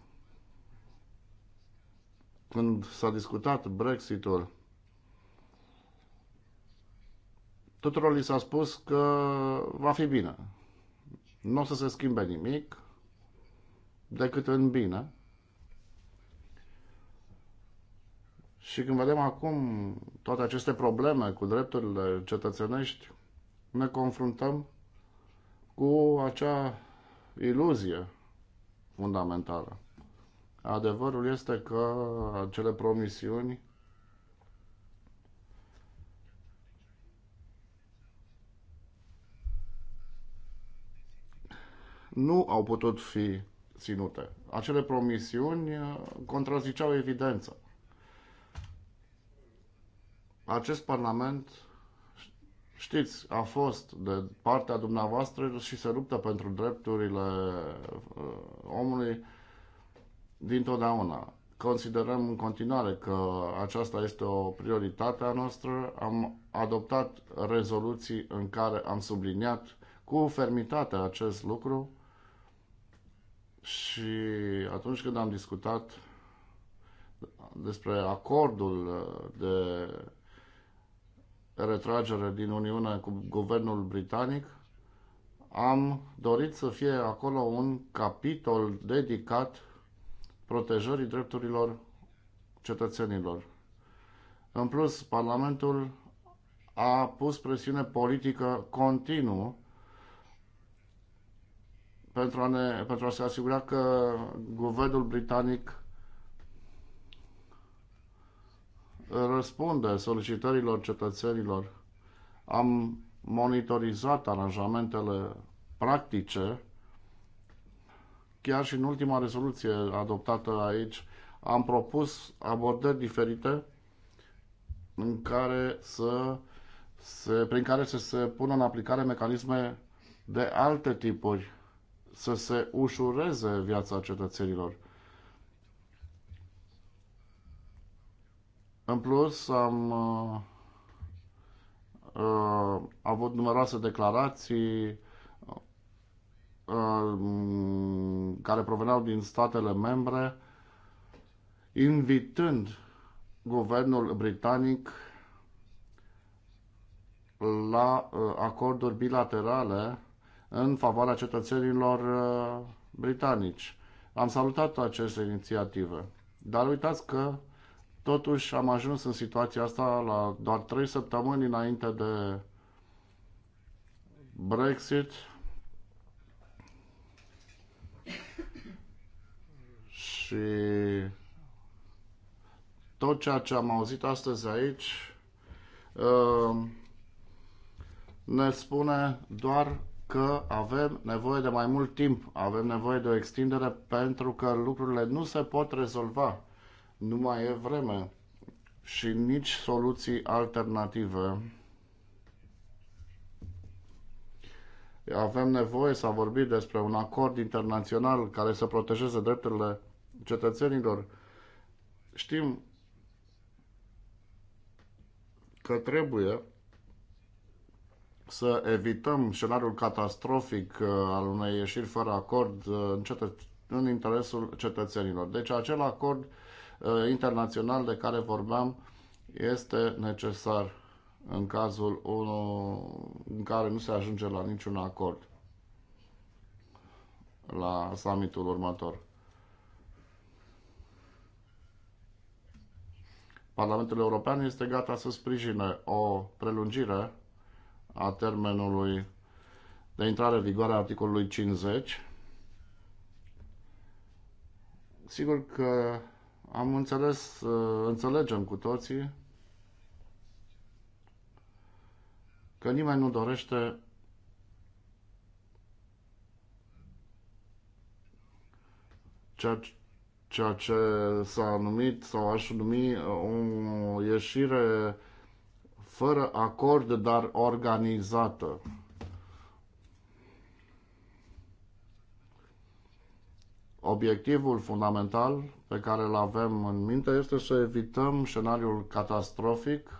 când s-a discutat Brexitul tuturor li s-a spus că va fi bine. Nu o să se schimbe nimic decât în bine. Și când vedem acum toate aceste probleme cu drepturile cetățenești, ne confruntăm cu acea iluzie fundamentală. Adevărul este că acele promisiuni nu au putut fi ținute. Acele promisiuni contraziceau evidența. Acest Parlament, știți, a fost de partea dumneavoastră și se luptă pentru drepturile uh, omului dintotdeauna. Considerăm în continuare că aceasta este o prioritate a noastră. Am adoptat rezoluții în care am subliniat cu fermitate acest lucru și atunci când am discutat despre acordul uh, de retragere din Uniune cu guvernul britanic, am dorit să fie acolo un capitol dedicat protejării drepturilor cetățenilor. În plus, Parlamentul a pus presiune politică continuă pentru a, ne, pentru a se asigura că guvernul britanic răspunde solicitărilor cetățenilor. Am monitorizat aranjamentele practice. Chiar și în ultima rezoluție adoptată aici am propus abordări diferite în care să se, prin care să se pună în aplicare mecanisme de alte tipuri, să se ușureze viața cetățenilor. În plus, am uh, avut numeroase declarații uh, care proveneau din statele membre, invitând guvernul britanic la uh, acorduri bilaterale în favoarea cetățenilor uh, britanici. Am salutat aceste inițiative, dar uitați că Totuși am ajuns în situația asta la doar 3 săptămâni înainte de Brexit și tot ceea ce am auzit astăzi aici uh, ne spune doar că avem nevoie de mai mult timp, avem nevoie de o extindere pentru că lucrurile nu se pot rezolva nu mai e vreme și nici soluții alternative. Avem nevoie să vorbim despre un acord internațional care să protejeze drepturile cetățenilor. Știm că trebuie să evităm scenariul catastrofic uh, al unei ieșiri fără acord uh, în, cetă- în interesul cetățenilor. Deci acel acord Uh, internațional de care vorbeam este necesar în cazul unul în care nu se ajunge la niciun acord la summitul următor. Parlamentul European este gata să sprijine o prelungire a termenului de intrare în vigoare a articolului 50. Sigur că am înțeles, ă, înțelegem cu toții că nimeni nu dorește ceea ce ceea ce s-a numit sau aș numi o ieșire fără acord, dar organizată. Obiectivul fundamental pe care îl avem în minte este să evităm scenariul catastrofic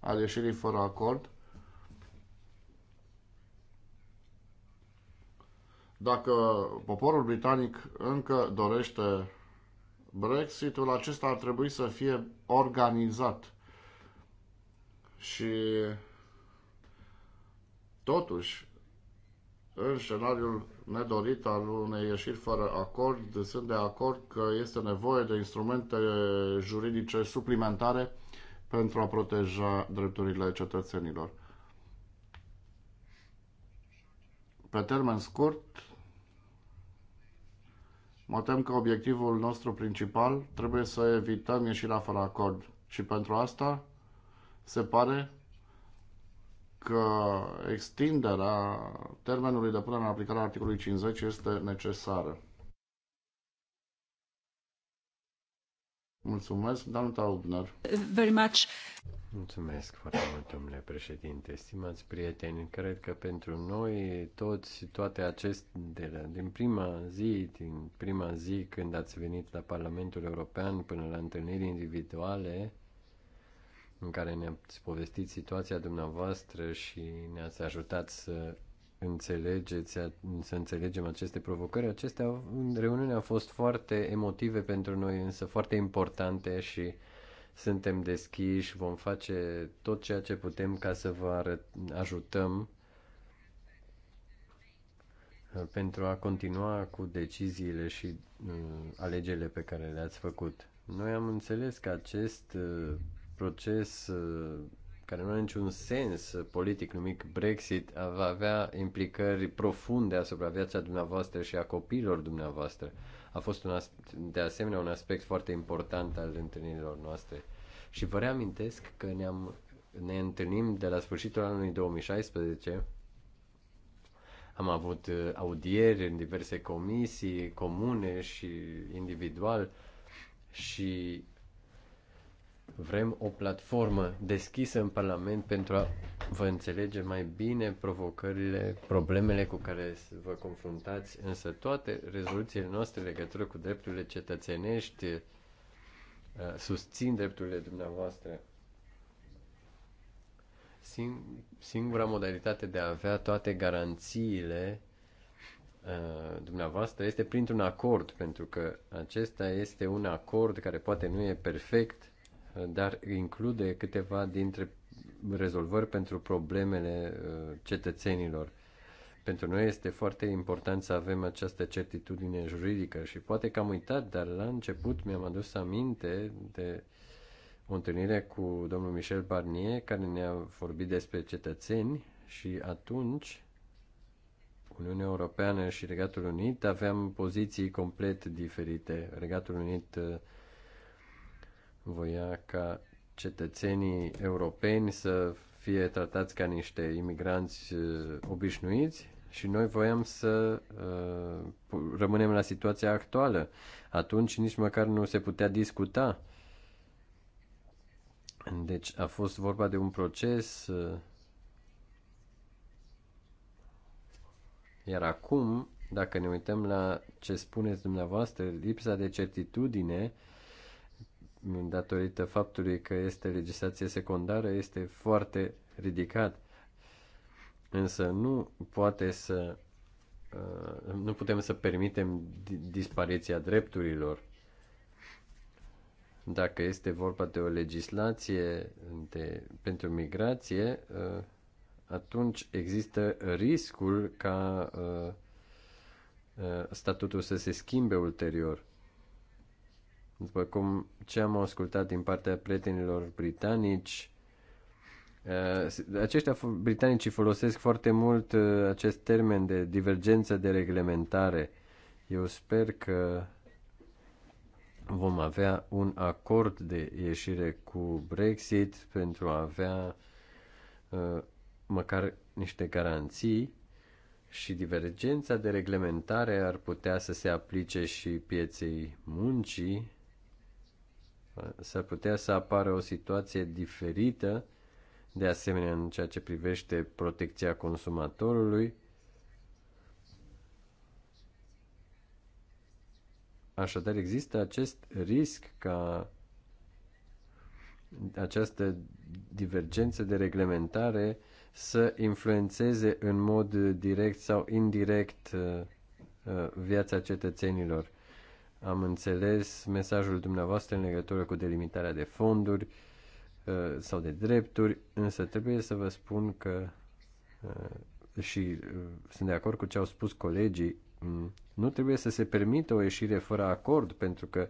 al ieșirii fără acord. Dacă poporul britanic încă dorește Brexitul, acesta ar trebui să fie organizat. Și totuși, în scenariul nedorit al unei ieșiri fără acord, sunt de acord că este nevoie de instrumente juridice suplimentare pentru a proteja drepturile cetățenilor. Pe termen scurt, mă tem că obiectivul nostru principal trebuie să evităm ieșirea fără acord și pentru asta se pare că extinderea termenului de punere în aplicare a articolului 50 este necesară. Mulțumesc, doamna Taubner. Very much. Mulțumesc foarte mult, domnule președinte. Stimați prieteni, cred că pentru noi toți, toate acestele, din prima zi, din prima zi când ați venit la Parlamentul European până la întâlniri individuale, în care ne-ați povestit situația dumneavoastră și ne-ați ajutat să înțelegeți, să înțelegem aceste provocări. Acestea, reuniunea a fost foarte emotive pentru noi, însă foarte importante și suntem deschiși, vom face tot ceea ce putem ca să vă ajutăm uh, pentru a continua cu deciziile și uh, alegerile pe care le-ați făcut. Noi am înțeles că acest uh, proces uh, care nu are niciun sens politic numit Brexit va avea implicări profunde asupra viața dumneavoastră și a copiilor dumneavoastră. A fost un de asemenea un aspect foarte important al întâlnirilor noastre. Și vă reamintesc că ne-am, ne întâlnim de la sfârșitul anului 2016 am avut uh, audieri în diverse comisii comune și individual și Vrem o platformă deschisă în Parlament pentru a vă înțelege mai bine provocările, problemele cu care vă confruntați, însă toate rezoluțiile noastre legătură cu drepturile cetățenești uh, susțin drepturile dumneavoastră. Singura modalitate de a avea toate garanțiile uh, dumneavoastră este printr-un acord, pentru că acesta este un acord care poate nu e perfect, dar include câteva dintre rezolvări pentru problemele uh, cetățenilor. Pentru noi este foarte important să avem această certitudine juridică și poate că am uitat, dar la început mi-am adus aminte de o întâlnire cu domnul Michel Barnier care ne-a vorbit despre cetățeni și atunci Uniunea Europeană și Regatul Unit aveam poziții complet diferite. Regatul Unit uh, voia ca cetățenii europeni să fie tratați ca niște imigranți uh, obișnuiți și noi voiam să uh, rămânem la situația actuală. Atunci nici măcar nu se putea discuta. Deci a fost vorba de un proces. Uh, iar acum, dacă ne uităm la ce spuneți dumneavoastră, lipsa de certitudine uh, datorită faptului că este legislație secundară, este foarte ridicat. Însă nu poate să uh, nu putem să permitem dispariția drepturilor. Dacă este vorba de o legislație de, pentru migrație, uh, atunci există riscul ca uh, statutul să se schimbe ulterior. După cum ce am ascultat din partea prietenilor britanici, eh, aceștia britanicii folosesc foarte mult eh, acest termen de divergență de reglementare. Eu sper că vom avea un acord de ieșire cu Brexit pentru a avea eh, măcar niște garanții și divergența de reglementare ar putea să se aplice și pieței muncii s-ar putea să apară o situație diferită, de asemenea în ceea ce privește protecția consumatorului. Așadar, există acest risc ca această divergență de reglementare să influențeze în mod direct sau indirect uh, uh, viața cetățenilor. Am înțeles mesajul dumneavoastră în legătură cu delimitarea de fonduri uh, sau de drepturi, însă trebuie să vă spun că uh, și uh, sunt de acord cu ce au spus colegii, mm, nu trebuie să se permită o ieșire fără acord, pentru că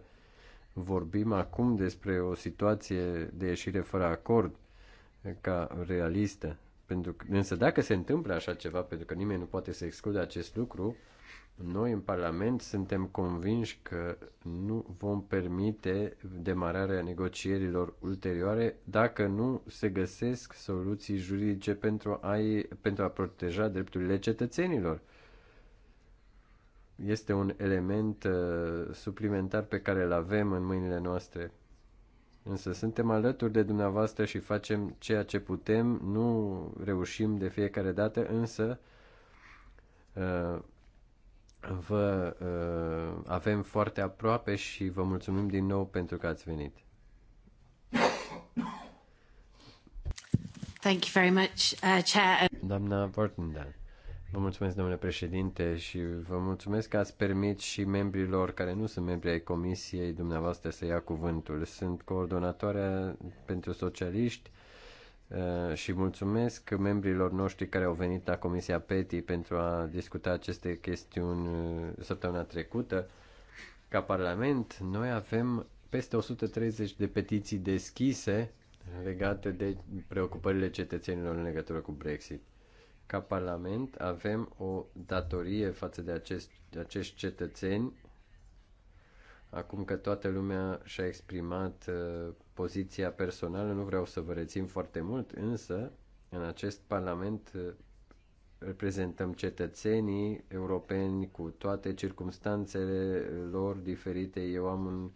vorbim acum despre o situație de ieșire fără acord ca realistă. Pentru că, însă dacă se întâmplă așa ceva, pentru că nimeni nu poate să exclude acest lucru, noi în Parlament suntem convinși că nu vom permite demararea negocierilor ulterioare dacă nu se găsesc soluții juridice pentru a, pentru a proteja drepturile cetățenilor. Este un element uh, suplimentar pe care îl avem în mâinile noastre. Însă suntem alături de dumneavoastră și facem ceea ce putem, nu reușim de fiecare dată, însă uh, vă uh, avem foarte aproape și vă mulțumim din nou pentru că ați venit. Thank you very much, uh, Chair. Doamna Vortendan, vă mulțumesc, domnule președinte, și vă mulțumesc că ați permit și membrilor care nu sunt membri ai comisiei dumneavoastră să ia cuvântul. Sunt coordonatoarea pentru socialiști Uh, și mulțumesc membrilor noștri care au venit la Comisia PETI pentru a discuta aceste chestiuni uh, săptămâna trecută. Ca Parlament, noi avem peste 130 de petiții deschise legate de preocupările cetățenilor în legătură cu Brexit. Ca Parlament avem o datorie față de acest, acești cetățeni Acum că toată lumea și-a exprimat uh, poziția personală, nu vreau să vă rețin foarte mult, însă în acest Parlament uh, reprezentăm cetățenii europeni cu toate circumstanțele lor diferite. Eu am un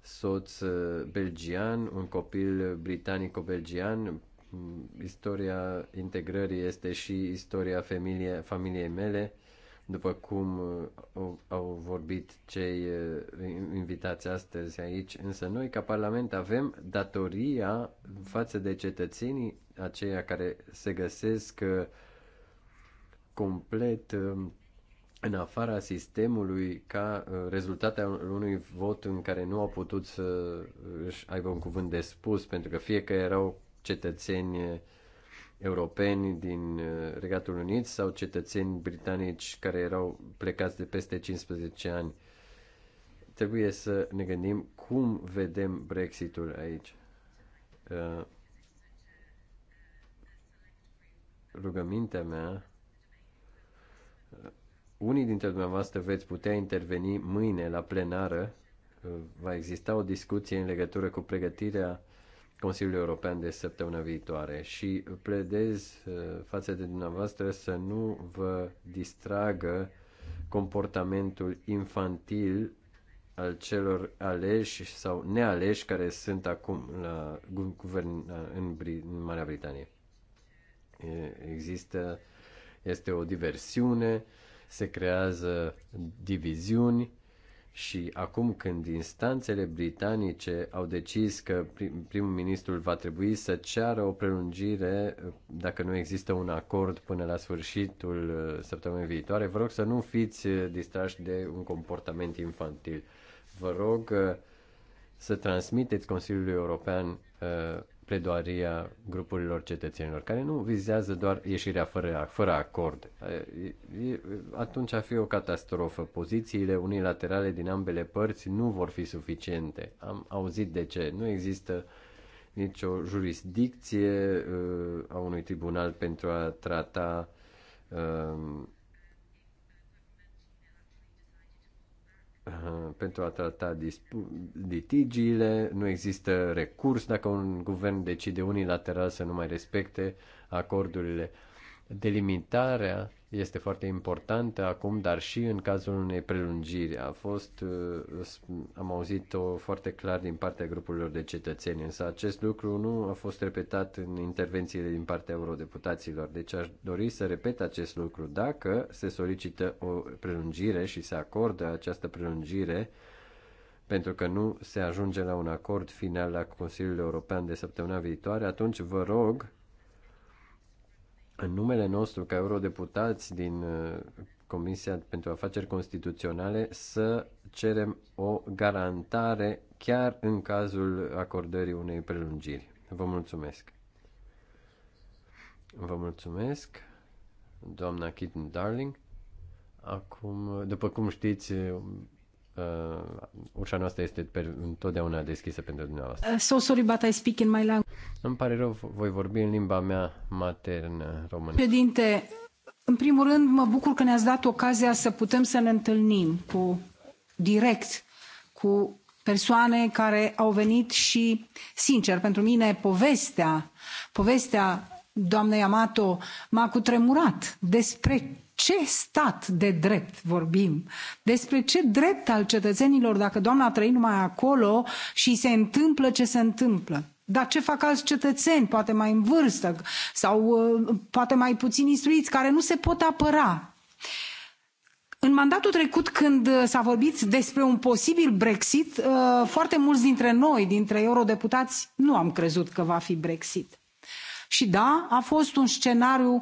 soț uh, belgian, un copil britanico-belgian. Istoria integrării este și istoria familie, familiei mele după cum uh, au vorbit cei uh, invitați astăzi aici, însă noi ca Parlament avem datoria față de cetățenii aceia care se găsesc uh, complet în afara sistemului ca rezultat unui vot în care nu au putut să își aibă un cuvânt de spus, pentru că fie că erau cetățeni europeni din uh, Regatul Unit sau cetățeni britanici care erau plecați de peste 15 ani. Trebuie să ne gândim cum vedem Brexitul aici. Uh, rugămintea mea uh, unii dintre dumneavoastră veți putea interveni mâine la plenară. Va exista o discuție în legătură cu pregătirea Consiliul European de săptămâna viitoare și pledez uh, față de dumneavoastră să nu vă distragă comportamentul infantil al celor aleși sau nealeși care sunt acum la guvern uh, în, Bri- în Marea Britanie. Există, este o diversiune, se creează diviziuni, și acum când instanțele britanice au decis că primul ministru va trebui să ceară o prelungire dacă nu există un acord până la sfârșitul uh, săptămânii viitoare, vă rog să nu fiți uh, distrași de un comportament infantil. Vă rog uh, să transmiteți Consiliului European pledoaria grupurilor cetățenilor, care nu vizează doar ieșirea fără, fără acord. Atunci ar fi o catastrofă. Pozițiile unilaterale din ambele părți nu vor fi suficiente. Am auzit de ce. Nu există nicio jurisdicție uh, a unui tribunal pentru a trata uh, pentru a trata litigiile, nu există recurs dacă un guvern decide unilateral să nu mai respecte acordurile. Delimitarea este foarte importantă acum, dar și în cazul unei prelungiri. A fost, uh, am auzit-o foarte clar din partea grupurilor de cetățeni, însă acest lucru nu a fost repetat în intervențiile din partea eurodeputaților. Deci aș dori să repet acest lucru. Dacă se solicită o prelungire și se acordă această prelungire, pentru că nu se ajunge la un acord final la Consiliul European de săptămâna viitoare, atunci vă rog în numele nostru, ca eurodeputați din uh, Comisia pentru Afaceri Constituționale, să cerem o garantare chiar în cazul acordării unei prelungiri. Vă mulțumesc. Vă mulțumesc, doamna Kitten Darling. Acum, după cum știți, uh, ușa noastră este per, întotdeauna deschisă pentru dumneavoastră. Uh, so sorry, but I speak in my language. Îmi pare rău, voi vorbi în limba mea maternă română. Președinte, în primul rând, mă bucur că ne-ați dat ocazia să putem să ne întâlnim cu direct cu persoane care au venit și, sincer, pentru mine povestea, povestea doamnei Amato m-a cutremurat despre ce stat de drept vorbim? Despre ce drept al cetățenilor dacă doamna trăit numai acolo și se întâmplă ce se întâmplă? Dar ce fac alți cetățeni, poate mai în vârstă sau uh, poate mai puțin instruiți, care nu se pot apăra? În mandatul trecut, când uh, s-a vorbit despre un posibil Brexit, uh, foarte mulți dintre noi, dintre eurodeputați, nu am crezut că va fi Brexit. Și da, a fost un scenariu uh,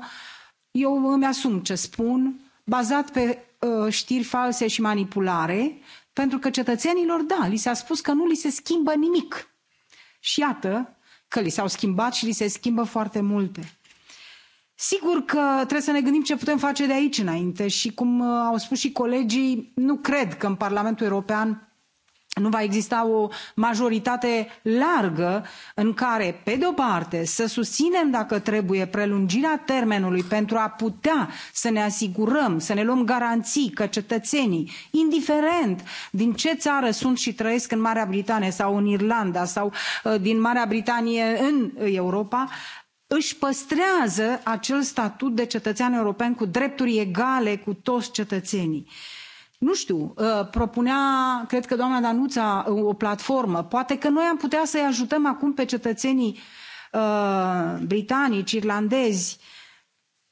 eu îmi asum ce spun bazat pe uh, știri false și manipulare pentru că cetățenilor da li s a spus că nu li se schimbă nimic și iată că li s au schimbat și li se schimbă foarte multe. Sigur că trebuie să ne gândim ce putem face de aici înainte și cum ă, au spus și colegii, nu cred că în Parlamentul European nu va exista o majoritate largă în care pe de o parte să susținem dacă trebuie prelungirea termenului pentru a putea să ne asigurăm să ne luăm garanții că cetățenii indiferent din ce țară sunt și trăiesc în marea britanie sau în irlanda sau ă, din marea britanie în europa își păstrează acel statut de cetățean european cu drepturi egale cu toți cetățenii nu știu ă, propunea cred că doamna danuța ă, o platformă poate că noi am putea să i ajutăm acum pe cetățenii ă, britanici irlandezi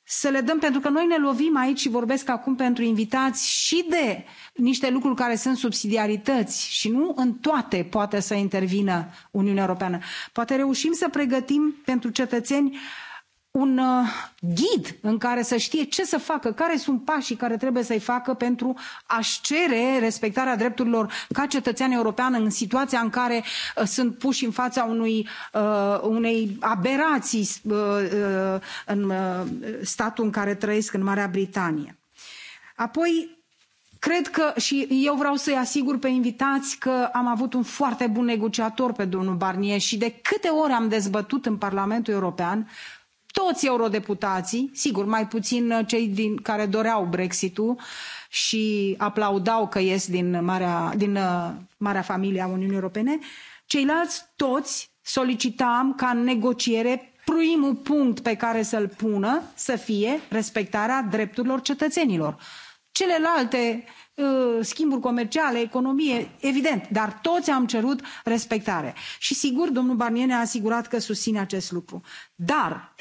să le dăm pentru că noi ne lovim aici și vorbesc acum pentru invitați și de niște lucruri care sunt subsidiarități și nu în toate poate să intervină uniunea europeană. poate reușim să pregătim pentru cetățeni un uh, ghid în care să știe ce să facă care sunt pașii care trebuie să i facă pentru a și cere respectarea drepturilor ca cetățean european în situația în care uh, sunt puși în fața unui, uh, unei aberații în statul în care trăiesc în marea britanie. apoi cred că și eu vreau să îi asigur pe invitați că am avut un foarte bun negociator pe domnul barnier și de câte ori am dezbătut în parlamentul european toți eurodeputații sigur mai puțin uh, cei din, care doreau brexit ul și aplaudau că ies din marea, din uh, marea familie a uniunii europene ceilalți toți solicitam ca în negociere primul punct pe care să l pună să fie respectarea drepturilor cetățenilor. celelalte Uh, schimburi comerciale economie evident dar toți am cerut respectare și sigur domnul barnier ne a asigurat că susține acest lucru dar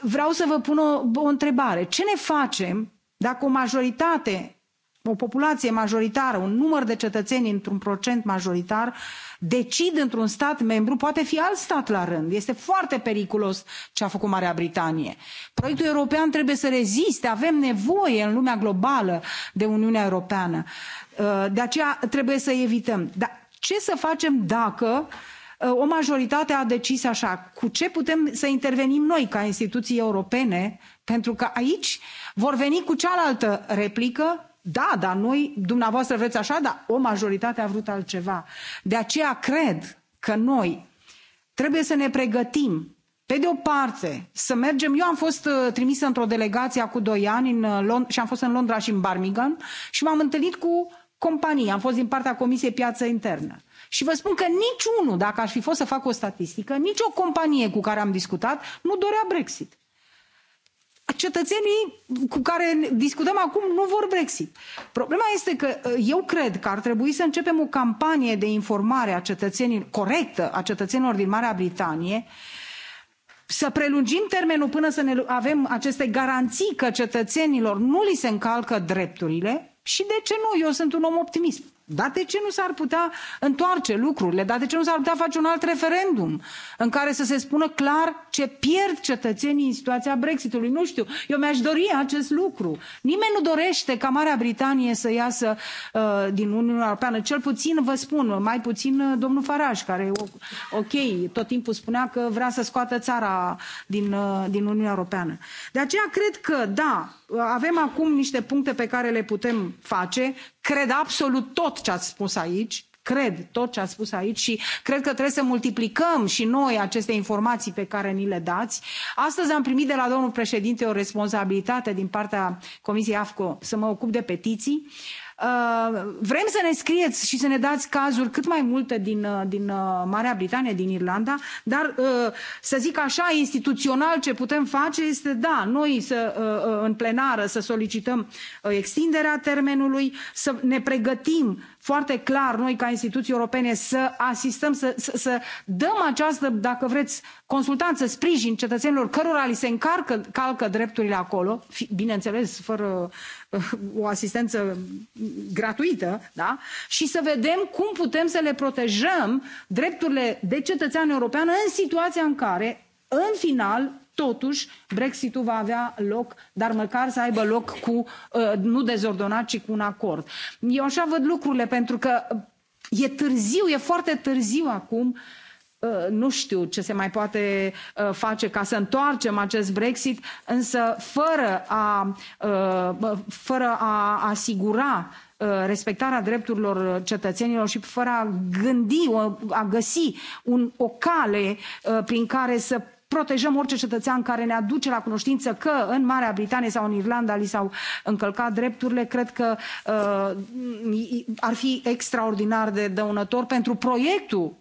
vreau să vă pun o, o întrebare ce ne facem dacă o majoritate o populație majoritară un număr de cetățeni într un procent majoritar decid într un stat membru poate fi alt stat la rând este foarte periculos ce a făcut marea britanie. proiectul european trebuie să reziste avem nevoie în lumea globală de uniunea europeană uh, de aceea trebuie să evităm. dar ce să facem dacă uh, o majoritate a decis așa cu ce putem să intervenim noi ca instituții europene pentru că aici vor veni cu cealaltă replică da, dar noi, dumneavoastră vreți așa, dar o majoritate a vrut altceva. De aceea cred că noi trebuie să ne pregătim pe de o parte, să mergem. Eu am fost uh, trimisă într-o delegație cu doi ani în uh, Lond- și am fost în Londra și în Birmingham și m-am întâlnit cu companii. Am fost din partea Comisiei Piață Internă. Și vă spun că niciunul, dacă aș fi fost să fac o statistică, nicio companie cu care am discutat nu dorea Brexit cetățenii cu care discutăm acum nu vor brexit. Problema este că uh, eu cred că ar trebui să începem o campanie de informare a cetățenilor, corectă a cetățenilor din Marea Britanie să prelungim termenul până să ne avem aceste garanții că cetățenilor nu li se încalcă drepturile și de ce nu? Eu sunt un om optimist dar de ce nu s-ar putea întoarce lucrurile? Dar de ce nu s-ar putea face un alt referendum în care să se spună clar ce pierd cetățenii în situația Brexitului? Nu știu, eu mi-aș dori acest lucru. Nimeni nu dorește ca Marea Britanie să iasă uh, din Uniunea Europeană. Cel puțin vă spun, mai puțin uh, domnul Farage, care ok, tot timpul spunea că vrea să scoată țara din, uh, din Uniunea Europeană. De aceea cred că, da, avem acum niște puncte pe care le putem face cred absolut tot ce ați spus aici cred tot ce ați spus aici și cred că trebuie să multiplicăm și noi aceste informații pe care ni le dați. Astăzi am primit de la domnul președinte o responsabilitate din partea Comisiei AFCO să mă ocup de petiții. Uh, Uh, vrem să ne scrieți și să ne dați cazuri cât mai multe din, uh, din uh, Marea Britanie, din Irlanda, dar să zic așa, instituțional ce putem face este, da, noi să, în plenară să solicităm extinderea termenului, să ne pregătim foarte clar noi ca instituții europene să asistăm să, să, să dăm această dacă vreți consultanță sprijin cetățenilor cărora li se încarcă, calcă drepturile acolo bineînțeles fără uh, o asistență gratuită da? și să vedem cum putem să le protejăm drepturile de cetățean european în situația în care în final totuși brexitul va avea loc dar măcar să aibă loc cu ă, nu dezordonat ci cu un acord. eu așa văd lucrurile pentru că ă, e târziu e foarte târziu acum ă, nu știu ce se mai poate face ca să întoarcem acest brexit însă fără a, fără a asigura respectarea drepturilor cetățenilor și fără a gândi a găsi un, o cale prin care să protejăm orice cetățean care ne aduce la cunoștință că în marea britanie sau în irlanda li s au încălcat drepturile cred că uh, ar fi extraordinar de dăunător pentru proiectul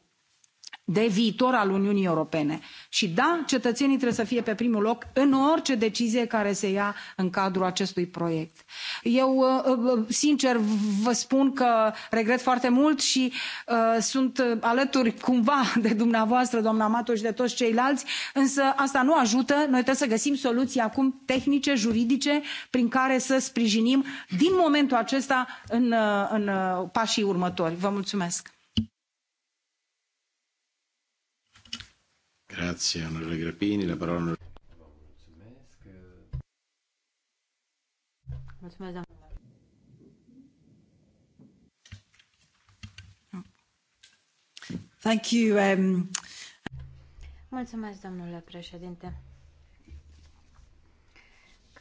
de viitor al Uniunii Europene. Și da, cetățenii trebuie să fie pe primul loc în orice decizie care se ia în cadrul acestui proiect. Eu, uh, uh, sincer, vă spun că regret foarte mult și uh, sunt alături cumva de dumneavoastră, doamna Mato și de toți ceilalți, însă asta nu ajută. Noi trebuie să găsim soluții acum tehnice, juridice, prin care să sprijinim din momentul acesta în, uh, în pașii următori. Vă mulțumesc! Grazie, onorevole La parola onorevole... Mulțumesc. Mulțumesc, doamna. Thank you. Um... Mulțumesc, domnule președinte.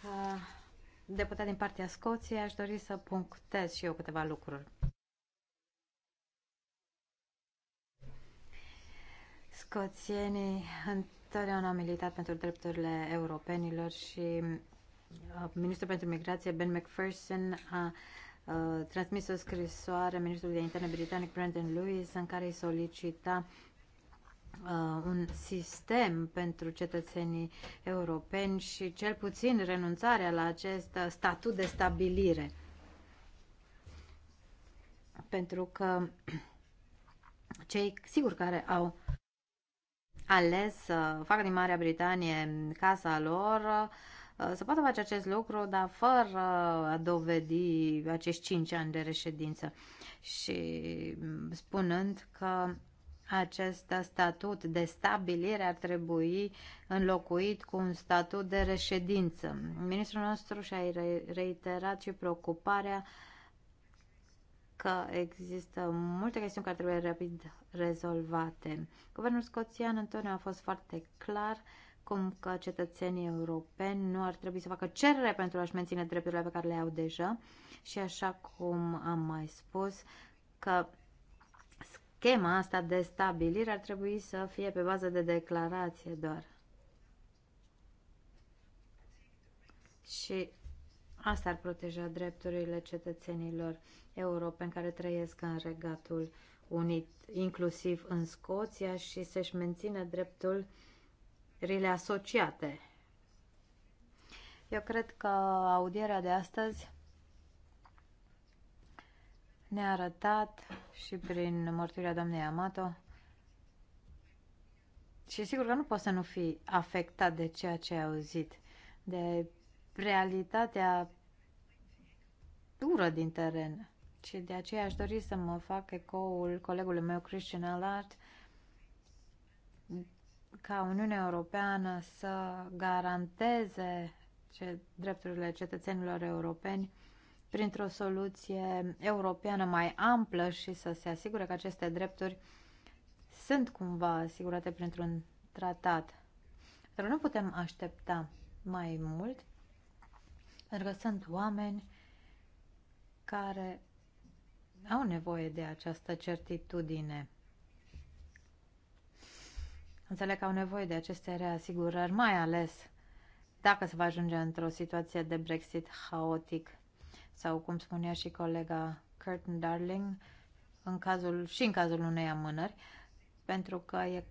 Ca deputat din partea Scoției, aș dori să punctez și eu câteva lucruri. scoțienii întotdeauna au militat pentru drepturile europenilor și uh, ministrul pentru migrație Ben McPherson a uh, transmis o scrisoare ministrului de interne britanic Brandon Lewis în care îi solicita uh, un sistem pentru cetățenii europeni și cel puțin renunțarea la acest statut de stabilire. Pentru că cei, sigur, care au ales să facă din Marea Britanie casa lor, uh, să poată face acest lucru, dar fără a dovedi acești 5 ani de reședință și mm, spunând că acest statut de stabilire ar trebui înlocuit cu un statut de reședință. Ministrul nostru și-a reiterat și preocuparea uh, că există multe chestiuni care trebuie rapid rezolvate. Guvernul scoțian întotdeauna a fost foarte clar cum că cetățenii europeni nu ar trebui să facă cerere pentru a-și menține drepturile pe care le au deja și așa cum am mai spus că schema asta de stabilire ar trebui să fie pe bază de declarație doar. Și asta ar proteja drepturile cetățenilor europeni care trăiesc în Regatul Unit, inclusiv în Scoția, și să-și mențină dreptul rile asociate. Eu cred că audierea de astăzi ne-a arătat și prin mărturia doamnei Amato și sigur că nu poți să nu fii afectat de ceea ce ai auzit, de realitatea dură din teren. Și de aceea aș dori să mă fac ecoul colegului meu Christian Allard ca Uniunea Europeană să garanteze ce, drepturile cetățenilor europeni printr-o soluție europeană mai amplă și să se asigure că aceste drepturi sunt cumva asigurate printr-un tratat. Dar nu putem aștepta mai mult, pentru că sunt oameni care au nevoie de această certitudine. Înțeleg că au nevoie de aceste reasigurări, mai ales dacă se va ajunge într-o situație de Brexit haotic sau, cum spunea și colega Curtin Darling, în cazul, și în cazul unei amânări, pentru că e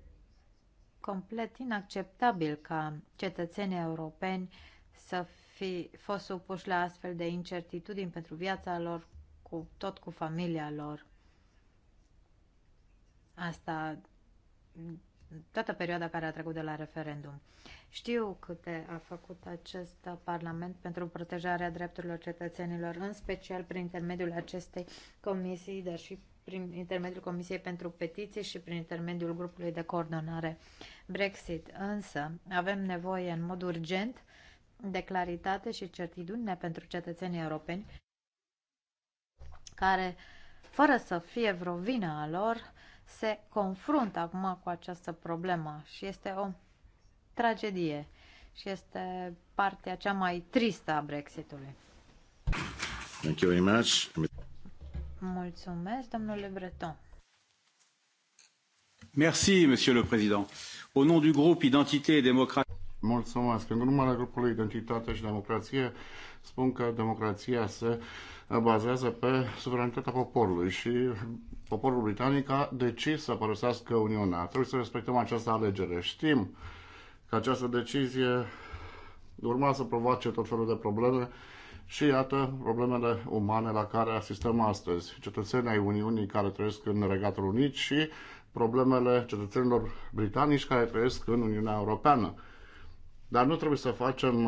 complet inacceptabil ca cetățenii europeni să fi fost supuși la astfel de incertitudini pentru viața lor, cu, tot cu familia lor. Asta toată perioada care a trecut de la referendum. Știu câte a făcut acest Parlament pentru protejarea drepturilor cetățenilor, în special prin intermediul acestei comisii, dar și prin intermediul Comisiei pentru Petiții și prin intermediul grupului de coordonare Brexit. Însă avem nevoie în mod urgent de claritate și certitudine pentru cetățenii europeni care, fără să fie vreo vină a lor, se confruntă acum cu această problemă și este o tragedie și este partea cea mai tristă a Brexitului. Thank you very much. Mulțumesc, domnule Breton. Merci, monsieur le président. Au nom du groupe Identité et Démocratie. Mulțumesc. În numele grupului Identitate și Democrație spun că democrația se bazează pe suveranitatea poporului și poporul britanic a decis să părăsească Uniunea. Trebuie să respectăm această alegere. Știm că această decizie urma să provoace tot felul de probleme și iată problemele umane la care asistăm astăzi. Cetățenii ai Uniunii care trăiesc în Regatul Unit și problemele cetățenilor britanici care trăiesc în Uniunea Europeană. Dar nu trebuie să facem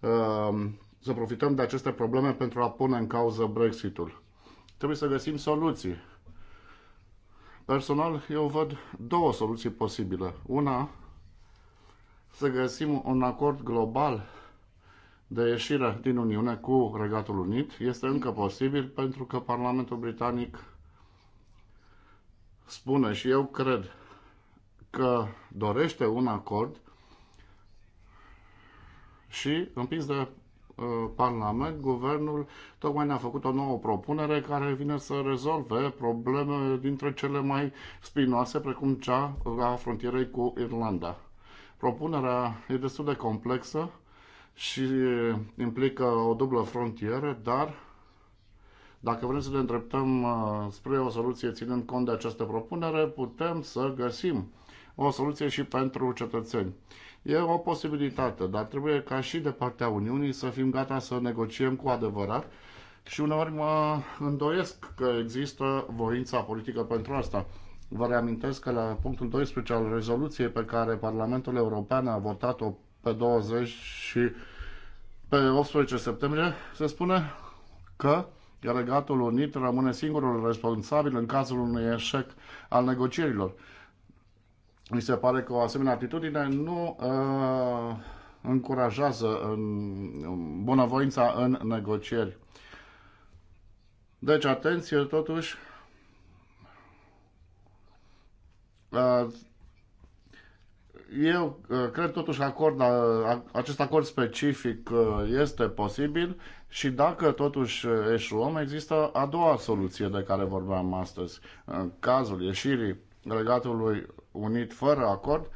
uh, să profităm de aceste probleme pentru a pune în cauză Brexitul. Trebuie să găsim soluții. Personal, eu văd două soluții posibile. Una, să găsim un acord global de ieșire din Uniune cu Regatul Unit. Este încă posibil pentru că Parlamentul Britanic spune și eu cred că dorește un acord și, împins de Uh, Parlament, guvernul tocmai ne-a făcut o nouă propunere care vine să rezolve probleme dintre cele mai spinoase, precum cea a frontierei cu Irlanda. Propunerea e destul de complexă și implică o dublă frontieră, dar dacă vrem să ne îndreptăm uh, spre o soluție ținând cont de această propunere, putem să găsim o soluție și pentru cetățeni. E o posibilitate, dar trebuie ca și de partea Uniunii să fim gata să negociem cu adevărat și uneori mă îndoiesc că există voința politică pentru asta. Vă reamintesc că la punctul 12 al rezoluției pe care Parlamentul European a votat-o pe 20 și pe 18 septembrie, se spune că Regatul Unit rămâne singurul responsabil în cazul unui eșec al negocierilor mi se pare că o asemenea atitudine nu uh, încurajează în bunăvoința în negocieri. Deci, atenție, totuși, uh, eu uh, cred totuși că acord, uh, acest acord specific uh, este posibil și dacă totuși eșuăm, există a doua soluție de care vorbeam astăzi. În cazul ieșirii Regatului Unit fără acord,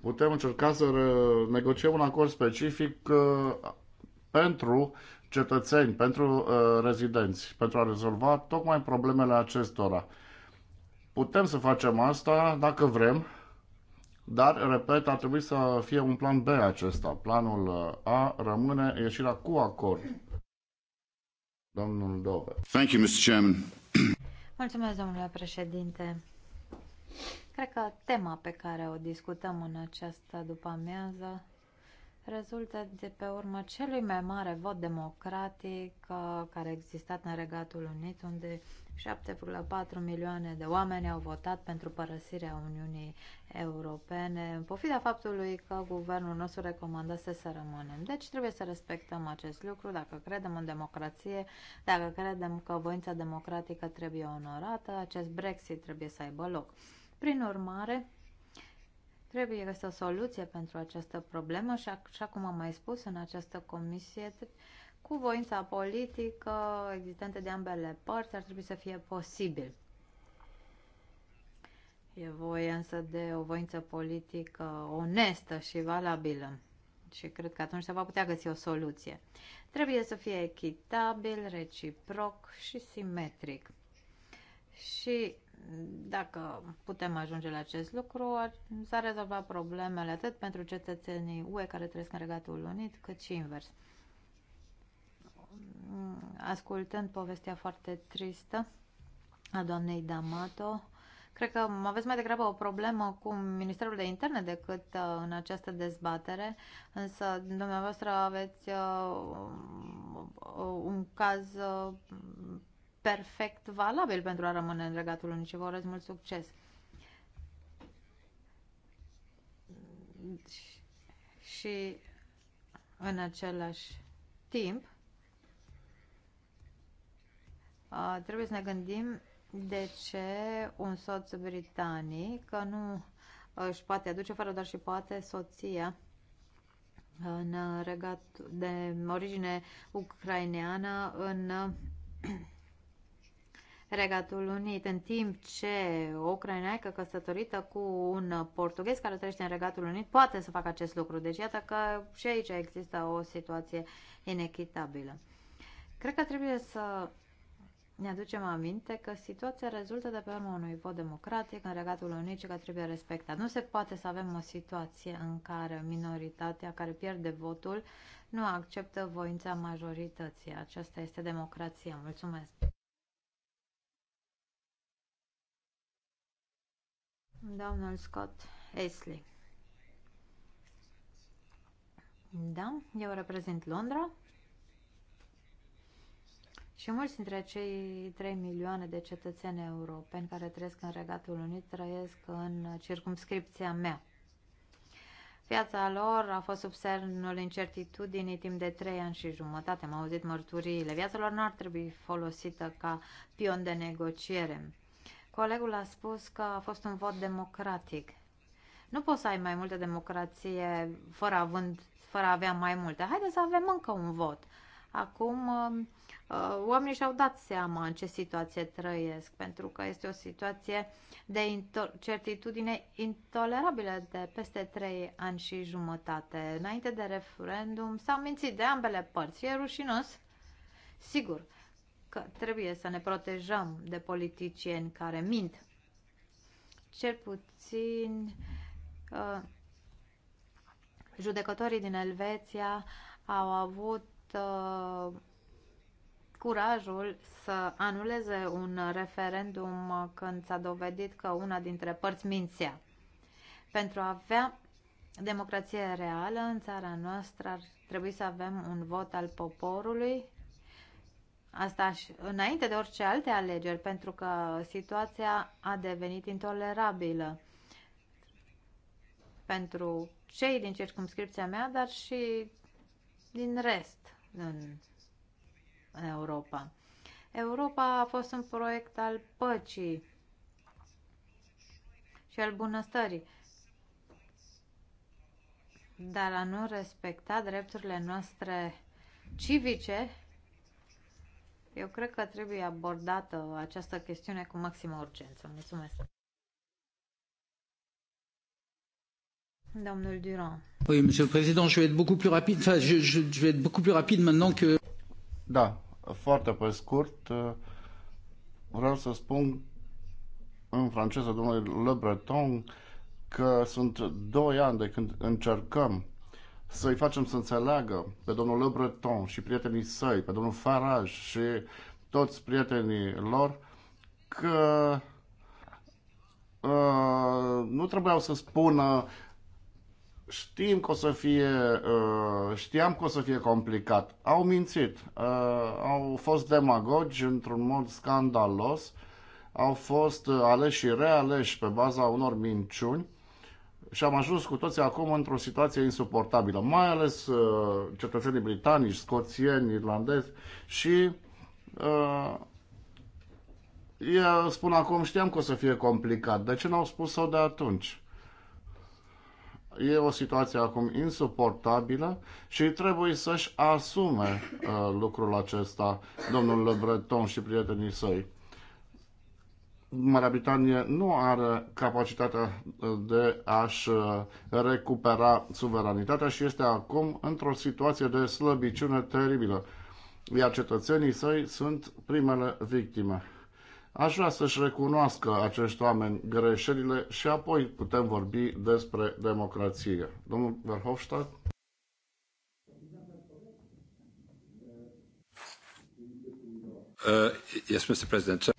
putem încerca să negociem un acord specific uh, pentru cetățeni, pentru uh, rezidenți, pentru a rezolva tocmai problemele acestora. Putem să facem asta dacă vrem, dar, repet, ar trebui să fie un plan B acesta. Planul uh, A rămâne ieșirea cu acord. Domnul Dove. Thank you, Mr. Chairman. Mulțumesc, domnule președinte. Cred că tema pe care o discutăm în această după-amiază rezultă de pe urmă celui mai mare vot democratic uh, care a existat în Regatul Unit, unde 7,4 milioane de oameni au votat pentru părăsirea Uniunii Europene, în pofida faptului că guvernul nostru recomandă să rămânem. Deci trebuie să respectăm acest lucru dacă credem în democrație, dacă credem că voința democratică trebuie onorată, acest Brexit trebuie să aibă loc. Prin urmare, Trebuie găsit o soluție pentru această problemă și, așa cum am mai spus în această comisie, cu voința politică existentă de ambele părți ar trebui să fie posibil. E voie însă de o voință politică onestă și valabilă și cred că atunci se va putea găsi o soluție. Trebuie să fie echitabil, reciproc și simetric. Și dacă putem ajunge la acest lucru, s-ar rezolva problemele atât pentru cetățenii UE care trăiesc în Regatul Unit, cât și invers. Ascultând povestea foarte tristă a doamnei D'Amato, cred că aveți mai degrabă o problemă cu Ministerul de Interne decât uh, în această dezbatere, însă dumneavoastră aveți uh, un caz uh, perfect valabil pentru a rămâne în Regatul Unic și vă urez mult succes. Și în același timp trebuie să ne gândim de ce un soț britanic nu își poate aduce fără dar și poate soția în regat de origine ucraineană în Regatul Unit, în timp ce o ucraineaică căsătorită cu un portughez care trăiește în Regatul Unit poate să facă acest lucru. Deci iată că și aici există o situație inechitabilă. Cred că trebuie să ne aducem aminte că situația rezultă de pe urma unui vot democratic în Regatul Unit și că trebuie respectat. Nu se poate să avem o situație în care minoritatea care pierde votul nu acceptă voința majorității. Aceasta este democrația. Mulțumesc! domnul Scott Esley. Da, eu reprezint Londra și mulți dintre cei 3 milioane de cetățeni europeni care trăiesc în Regatul Unit trăiesc în circumscripția mea. Viața lor a fost sub semnul incertitudinii timp de trei ani și jumătate. Am auzit mărturiile. Viața lor nu ar trebui folosită ca pion de negociere. Colegul a spus că a fost un vot democratic. Nu poți să ai mai multă democrație fără, având, fără a avea mai multe. Haideți să avem încă un vot. Acum um, uh, oamenii și-au dat seama în ce situație trăiesc, pentru că este o situație de into- certitudine intolerabilă de peste trei ani și jumătate. Înainte de referendum s-au mințit de ambele părți. E rușinos? Sigur că trebuie să ne protejăm de politicieni care mint. Cel puțin uh, judecătorii din Elveția au avut uh, curajul să anuleze un referendum când s-a dovedit că una dintre părți mințea. Pentru a avea democrație reală în țara noastră ar trebui să avem un vot al poporului Asta și înainte de orice alte alegeri, pentru că situația a devenit intolerabilă pentru cei din circumscripția mea, dar și din rest în Europa. Europa a fost un proiect al păcii și al bunăstării, dar a nu respecta drepturile noastre civice eu cred că trebuie abordată această chestiune cu maximă urgență. Mulțumesc. Domnul Duran. Oui, monsieur le président, je vais être beaucoup plus rapide. Enfin, je, je, je vais être beaucoup plus rapide maintenant que Da, foarte pe scurt. Vreau să spun în franceză domnului Le Breton că sunt doi ani de când încercăm să-i facem să înțeleagă pe domnul Le Breton și prietenii săi, pe domnul Farage și toți prietenii lor că uh, nu trebuiau să spună știm că o să fie, uh, știam că o să fie complicat. Au mințit, uh, au fost demagogi într-un mod scandalos, au fost uh, aleși și realeși pe baza unor minciuni și am ajuns cu toții acum într-o situație insuportabilă, mai ales uh, cetățenii britanici, scoțieni, irlandezi și uh, eu spun acum, știam că o să fie complicat, de ce n-au spus-o de atunci? E o situație acum insuportabilă și trebuie să-și asume uh, lucrul acesta domnul Le Breton și prietenii săi. Marea Britanie nu are capacitatea uh, de a-și uh, recupera suveranitatea și este acum într-o situație de slăbiciune teribilă, iar cetățenii săi sunt primele victime. Aș vrea să-și recunoască acești oameni greșelile și apoi putem vorbi despre democrație. Domnul Verhofstadt? Uh, yes, Mr. President.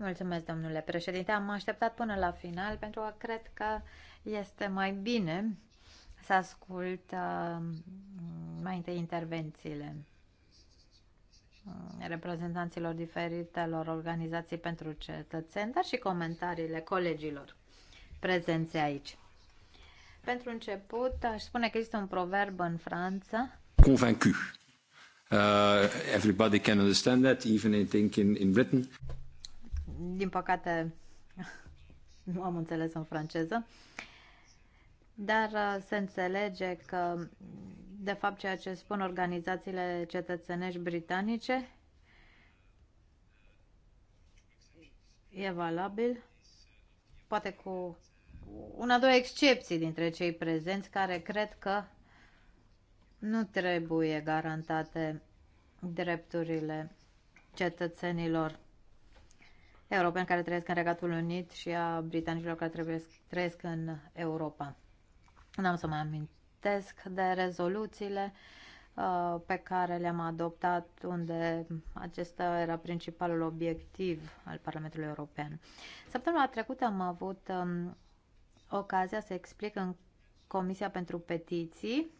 Mulțumesc, domnule președinte. Am așteptat până la final pentru că cred că este mai bine să ascult uh, mai întâi intervențiile uh, reprezentanților diferitelor organizații pentru cetățeni, dar și comentariile colegilor prezenți aici. Pentru început, aș spune că există un proverb în Franța. Convaincu. Uh, everybody can understand that, even I think in, in Britain din păcate, nu am înțeles în franceză, dar uh, se înțelege că, de fapt, ceea ce spun organizațiile cetățenești britanice e valabil, poate cu una, două excepții dintre cei prezenți care cred că nu trebuie garantate drepturile cetățenilor europeni care trăiesc în Regatul Unit și a britanicilor care trăiesc în Europa. N-am să mai amintesc de rezoluțiile uh, pe care le-am adoptat unde acesta era principalul obiectiv al Parlamentului European. Săptămâna trecută am avut um, ocazia să explic în Comisia pentru Petiții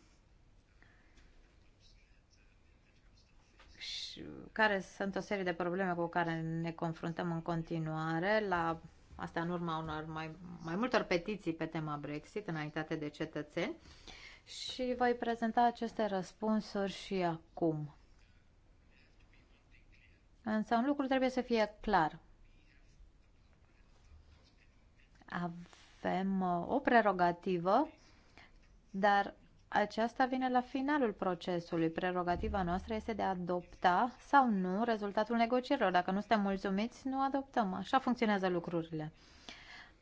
și care sunt o serie de probleme cu care ne confruntăm în continuare la asta în urma unor mai, mai multor petiții pe tema Brexit înaintate de cetățeni și voi prezenta aceste răspunsuri și acum. Însă un lucru trebuie să fie clar. Avem uh, o prerogativă, dar aceasta vine la finalul procesului. Prerogativa noastră este de a adopta sau nu rezultatul negocierilor. Dacă nu suntem mulțumiți, nu adoptăm. Așa funcționează lucrurile.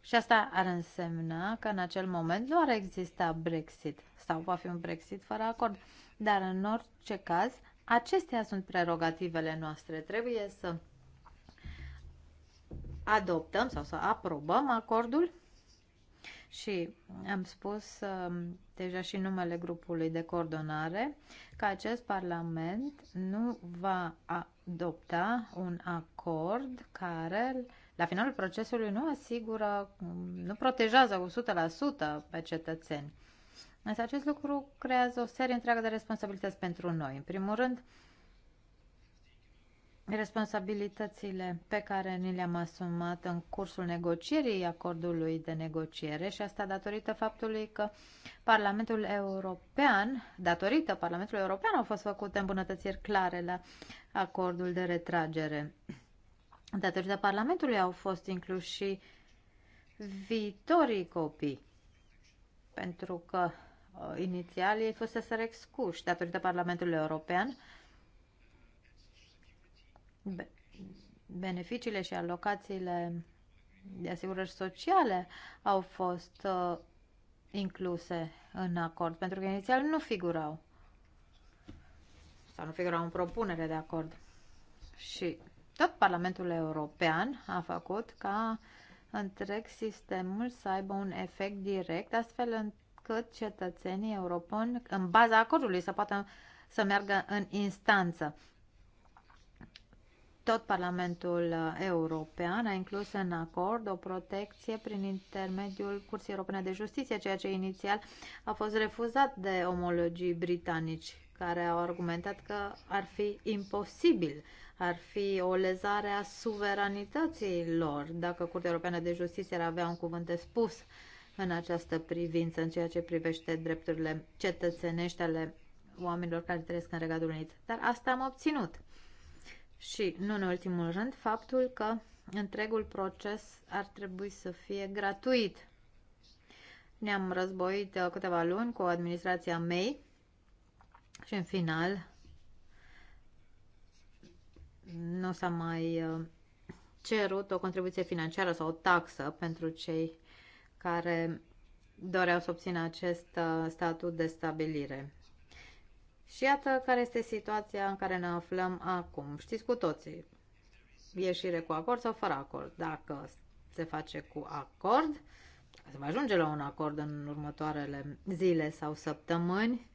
Și asta ar însemna că în acel moment nu ar exista Brexit sau va fi un Brexit fără acord. Dar în orice caz, acestea sunt prerogativele noastre. Trebuie să adoptăm sau să aprobăm acordul și am spus um, deja și numele grupului de coordonare, că acest Parlament nu va adopta un acord care, la finalul procesului, nu asigură, nu protejează 100% pe cetățeni. Însă acest lucru creează o serie întreagă de responsabilități pentru noi. În primul rând, responsabilitățile pe care ni le-am asumat în cursul negocierii acordului de negociere și asta datorită faptului că Parlamentul European, datorită Parlamentului European au fost făcute îmbunătățiri clare la acordul de retragere. Datorită Parlamentului au fost incluși și viitorii copii, pentru că uh, inițial ei fuseseră excuși datorită Parlamentului European, beneficiile și alocațiile de asigurări sociale au fost uh, incluse în acord, pentru că inițial nu figurau sau nu figurau în propunere de acord. Și tot Parlamentul European a făcut ca întreg sistemul să aibă un efect direct, astfel încât cetățenii europeni, în baza acordului, să poată să meargă în instanță. Tot Parlamentul uh, European a inclus în acord o protecție prin intermediul Curții Europene de Justiție, ceea ce inițial a fost refuzat de omologii britanici, care au argumentat că ar fi imposibil, ar fi o lezare a suveranității lor dacă Curtea Europeană de Justiție ar avea un cuvânt de spus în această privință, în ceea ce privește drepturile cetățenești ale oamenilor care trăiesc în Regatul Unit. Dar asta am obținut. Și, nu în ultimul rând, faptul că întregul proces ar trebui să fie gratuit. Ne-am războit uh, câteva luni cu administrația mei și, în final, nu s-a mai uh, cerut o contribuție financiară sau o taxă pentru cei care doreau să obțină acest uh, statut de stabilire. Și iată care este situația în care ne aflăm acum. Știți cu toții, ieșire cu acord sau fără acord. Dacă se face cu acord, se va ajunge la un acord în următoarele zile sau săptămâni,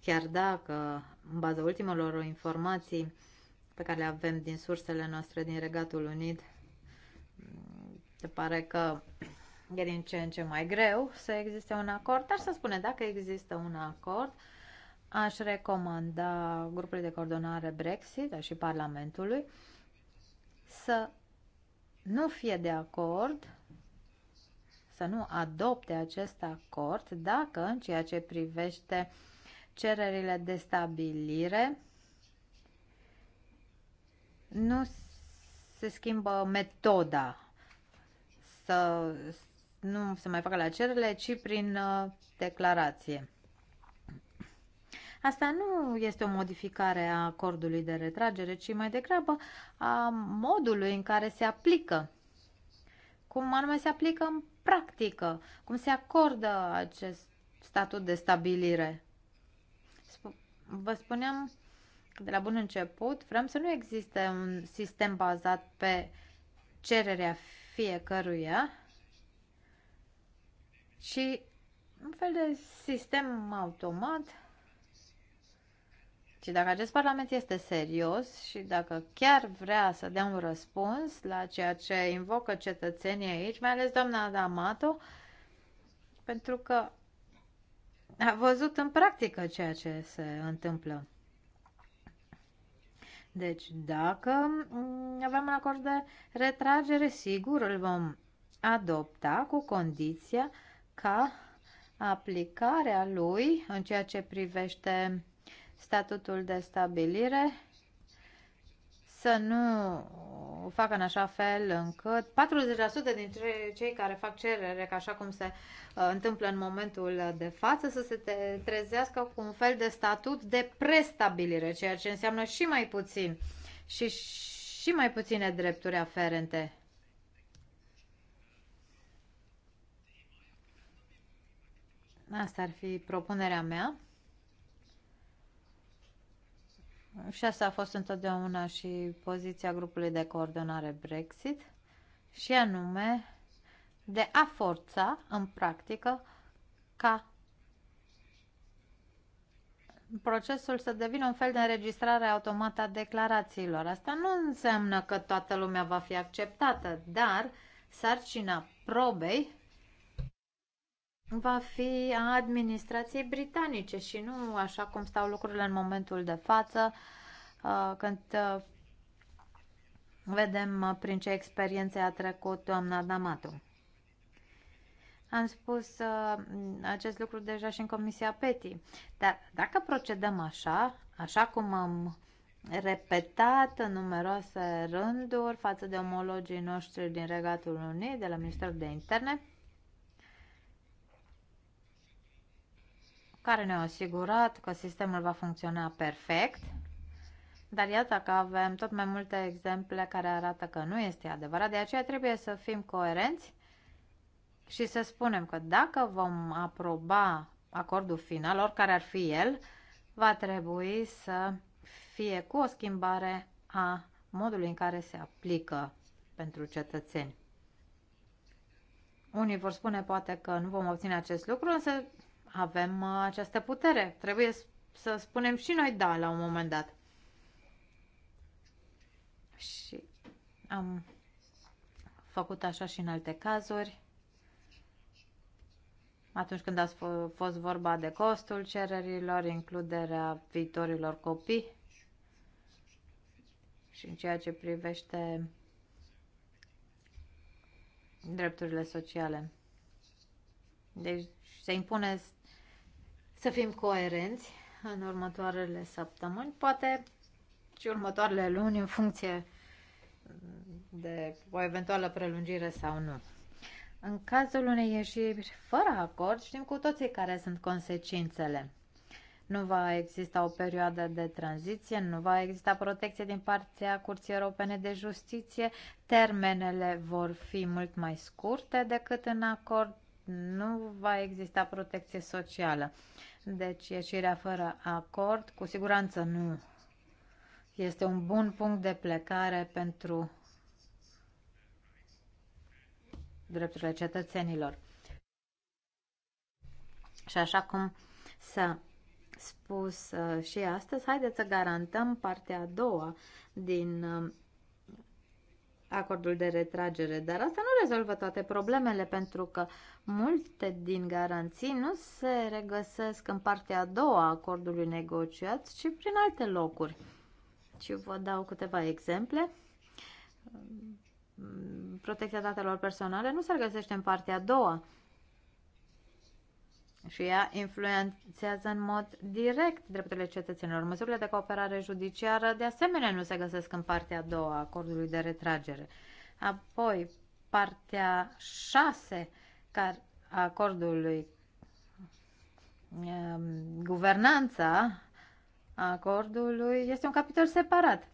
chiar dacă, în baza ultimelor informații pe care le avem din sursele noastre din Regatul Unit, se pare că e din ce în ce mai greu să existe un acord, dar să spune, dacă există un acord, aș recomanda grupului de coordonare Brexit, dar și Parlamentului, să nu fie de acord, să nu adopte acest acord dacă, în ceea ce privește cererile de stabilire, nu se schimbă metoda să nu se mai facă la cerere, ci prin uh, declarație. Asta nu este o modificare a acordului de retragere, ci mai degrabă a modului în care se aplică, cum anume se aplică în practică, cum se acordă acest statut de stabilire. Vă spuneam că de la bun început vrem să nu existe un sistem bazat pe cererea fiecăruia, ci un fel de sistem automat și dacă acest Parlament este serios și dacă chiar vrea să dea un răspuns la ceea ce invocă cetățenii aici, mai ales doamna D'Amato, pentru că a văzut în practică ceea ce se întâmplă. Deci, dacă avem un acord de retragere, sigur îl vom adopta cu condiția ca aplicarea lui în ceea ce privește statutul de stabilire să nu facă în așa fel încât 40% dintre cei care fac cerere, ca așa cum se uh, întâmplă în momentul de față, să se trezească cu un fel de statut de prestabilire, ceea ce înseamnă și mai puțin și și mai puține drepturi aferente. Asta ar fi propunerea mea. Și asta a fost întotdeauna și poziția grupului de coordonare Brexit, și anume de a forța în practică ca procesul să devină un fel de înregistrare automată a declarațiilor. Asta nu înseamnă că toată lumea va fi acceptată, dar sarcina probei va fi a administrației britanice și nu așa cum stau lucrurile în momentul de față, uh, când uh, vedem uh, prin ce experiențe a trecut doamna Damatu. Am spus acest lucru deja și în Comisia PETI. Dar dacă procedăm așa, așa cum am repetat în numeroase rânduri față de omologii noștri din Regatul Unit, de la Ministerul de Interne, care ne-au asigurat că sistemul va funcționa perfect, dar iată că avem tot mai multe exemple care arată că nu este adevărat, de aceea trebuie să fim coerenți și să spunem că dacă vom aproba acordul final, oricare ar fi el, va trebui să fie cu o schimbare a modului în care se aplică pentru cetățeni. Unii vor spune poate că nu vom obține acest lucru, însă avem uh, această putere. Trebuie să spunem și noi da la un moment dat. Și am făcut așa și în alte cazuri. Atunci când a fost vorba de costul cererilor, includerea viitorilor copii și în ceea ce privește drepturile sociale. Deci se impune să fim coerenți în următoarele săptămâni, poate și următoarele luni, în funcție de o eventuală prelungire sau nu. În cazul unei ieșiri fără acord, știm cu toții care sunt consecințele. Nu va exista o perioadă de tranziție, nu va exista protecție din partea Curții Europene de Justiție, termenele vor fi mult mai scurte decât în acord, nu va exista protecție socială. Deci ieșirea fără acord cu siguranță nu este un bun punct de plecare pentru drepturile cetățenilor. Și așa cum s-a spus uh, și astăzi, haideți să garantăm partea a doua din uh, acordul de retragere, dar asta nu rezolvă toate problemele pentru că multe din garanții nu se regăsesc în partea a doua a acordului negociat, ci prin alte locuri. Și vă dau câteva exemple. Protecția datelor personale nu se regăsește în partea a doua și ea influențează în mod direct drepturile cetățenilor. Măsurile de cooperare judiciară de asemenea nu se găsesc în partea a doua a acordului de retragere. Apoi, partea 6 a acordului um, guvernanța acordului este un capitol separat.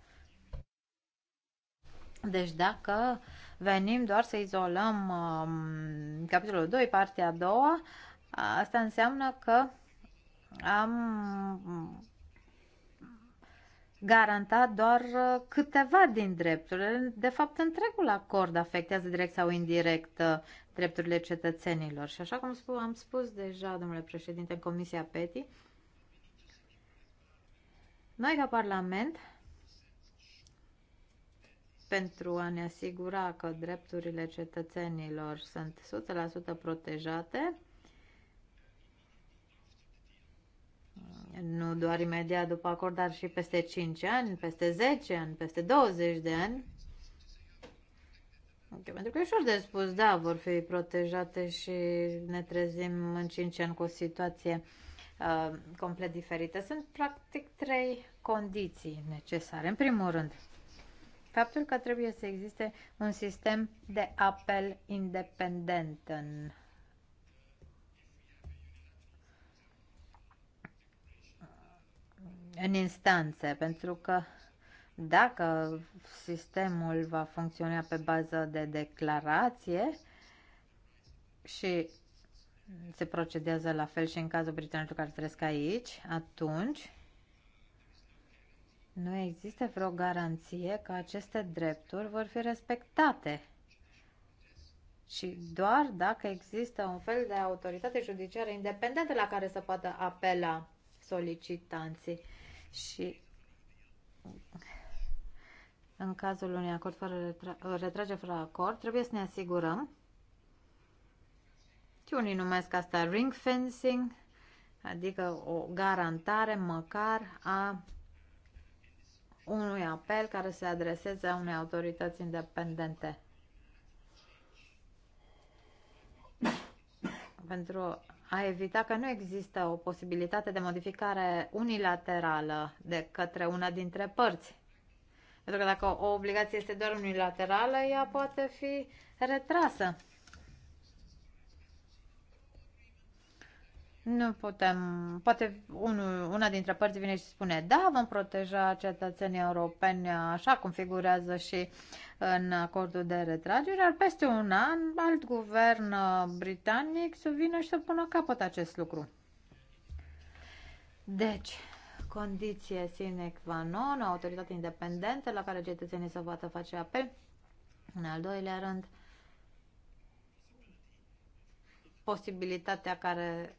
Deci dacă venim doar să izolăm um, capitolul 2, partea a doua, uh, Asta înseamnă că am garantat doar uh, câteva din drepturile. De fapt, întregul acord afectează direct sau indirect uh, drepturile cetățenilor. Și așa cum am spus deja, domnule președinte, în Comisia PETI, noi ca Parlament, pentru a ne asigura că drepturile cetățenilor sunt 100% protejate, nu doar imediat după acord, dar și peste 5 ani, peste 10 ani, peste 20 de ani. Okay, pentru că e ușor de spus, da, vor fi protejate și ne trezim în 5 ani cu o situație uh, complet diferită. Sunt practic trei condiții necesare. În primul rând, faptul că trebuie să existe un sistem de apel independent în în instanțe, pentru că dacă sistemul va funcționa pe bază de declarație și se procedează la fel și în cazul britanicilor care trăiesc aici, atunci nu există vreo garanție că aceste drepturi vor fi respectate. Și doar dacă există un fel de autoritate judiciară independentă la care să poată apela solicitanții și în cazul unui acord fără retra retrage fără acord, trebuie să ne asigurăm și unii numesc asta ring fencing, adică o garantare măcar a unui apel care se adreseze a unei autorități independente. Pentru a evita că nu există o posibilitate de modificare unilaterală de către una dintre părți. Pentru că dacă o obligație este doar unilaterală, ea poate fi retrasă. Nu putem, poate unul, una dintre părți vine și spune, da, vom proteja cetățenii europeni așa cum figurează și în acordul de retragere, dar peste un an alt guvern uh, britanic să vină și să pună capăt acest lucru. Deci, condiție sine qua non, autoritate independentă la care cetățenii să poată face apel. În al doilea rând, posibilitatea care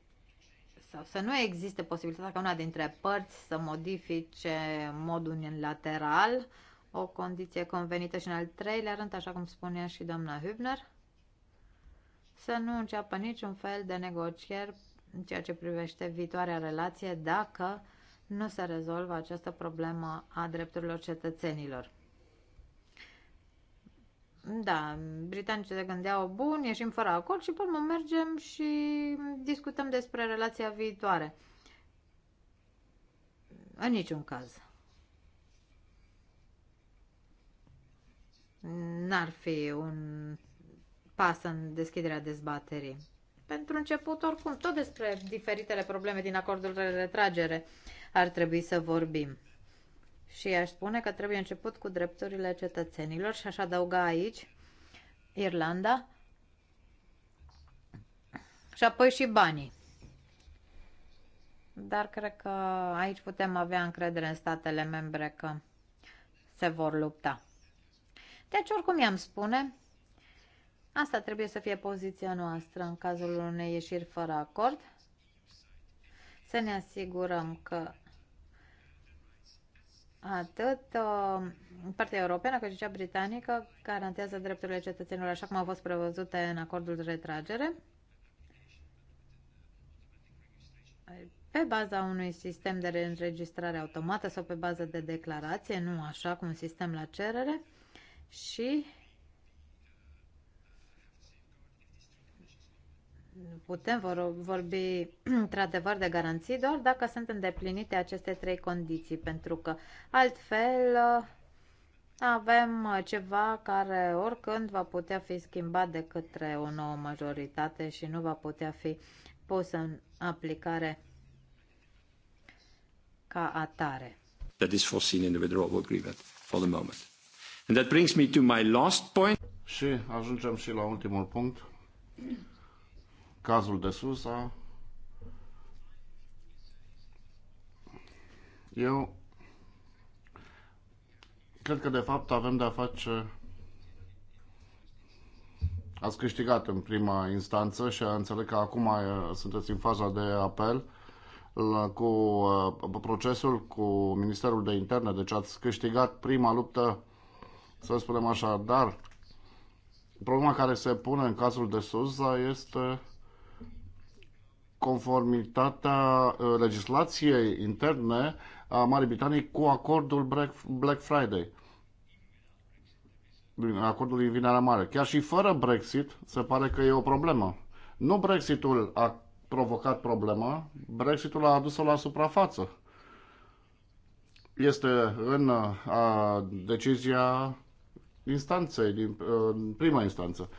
sau să nu existe posibilitatea ca una dintre părți să modifice modul unilateral o condiție convenită și în al treilea rând, așa cum spunea și doamna Hübner, să nu înceapă niciun fel de negocieri în ceea ce privește viitoarea relație dacă nu se rezolvă această problemă a drepturilor cetățenilor da, britanicii se gândeau, bun, ieșim fără acord și până mergem și discutăm despre relația viitoare. În niciun caz. N-ar fi un pas în deschiderea dezbaterii. Pentru început, oricum, tot despre diferitele probleme din acordul de retragere ar trebui să vorbim și aș spune că trebuie început cu drepturile cetățenilor și aș adăuga aici Irlanda și apoi și banii. Dar cred că aici putem avea încredere în statele membre că se vor lupta. Deci, oricum i-am spune, asta trebuie să fie poziția noastră în cazul unei ieșiri fără acord. Să ne asigurăm că Atât uh, partea europeană cât și cea britanică garantează drepturile cetățenilor așa cum au fost prevăzute în acordul de retragere pe baza unui sistem de înregistrare automată sau pe bază de declarație, nu așa cum un sistem la cerere și putem vorbi într-adevăr de garanții doar dacă sunt îndeplinite aceste trei condiții, pentru că altfel uh, avem uh, ceva care oricând va putea fi schimbat de către o nouă majoritate și nu va putea fi pus în aplicare ca atare. That is foreseen in the withdrawal agreement for the moment. And that brings me to my last point. Și ajungem și la ultimul punct. Cazul de Susa. Eu cred că de fapt avem de a face Ați câștigat în prima instanță și înțeleg că acum sunteți în faza de apel cu procesul cu Ministerul de Interne, deci ați câștigat prima luptă, să spunem așa, dar problema care se pune în cazul de Suza este conformitatea uh, legislației interne a Marii Britanii cu acordul Black Friday acordul din Vinerea Mare. Chiar și fără Brexit, se pare că e o problemă. Nu Brexitul a provocat problema, Brexitul a adus-o la suprafață. Este în uh, a, decizia instanței, din a, uh, prima instanță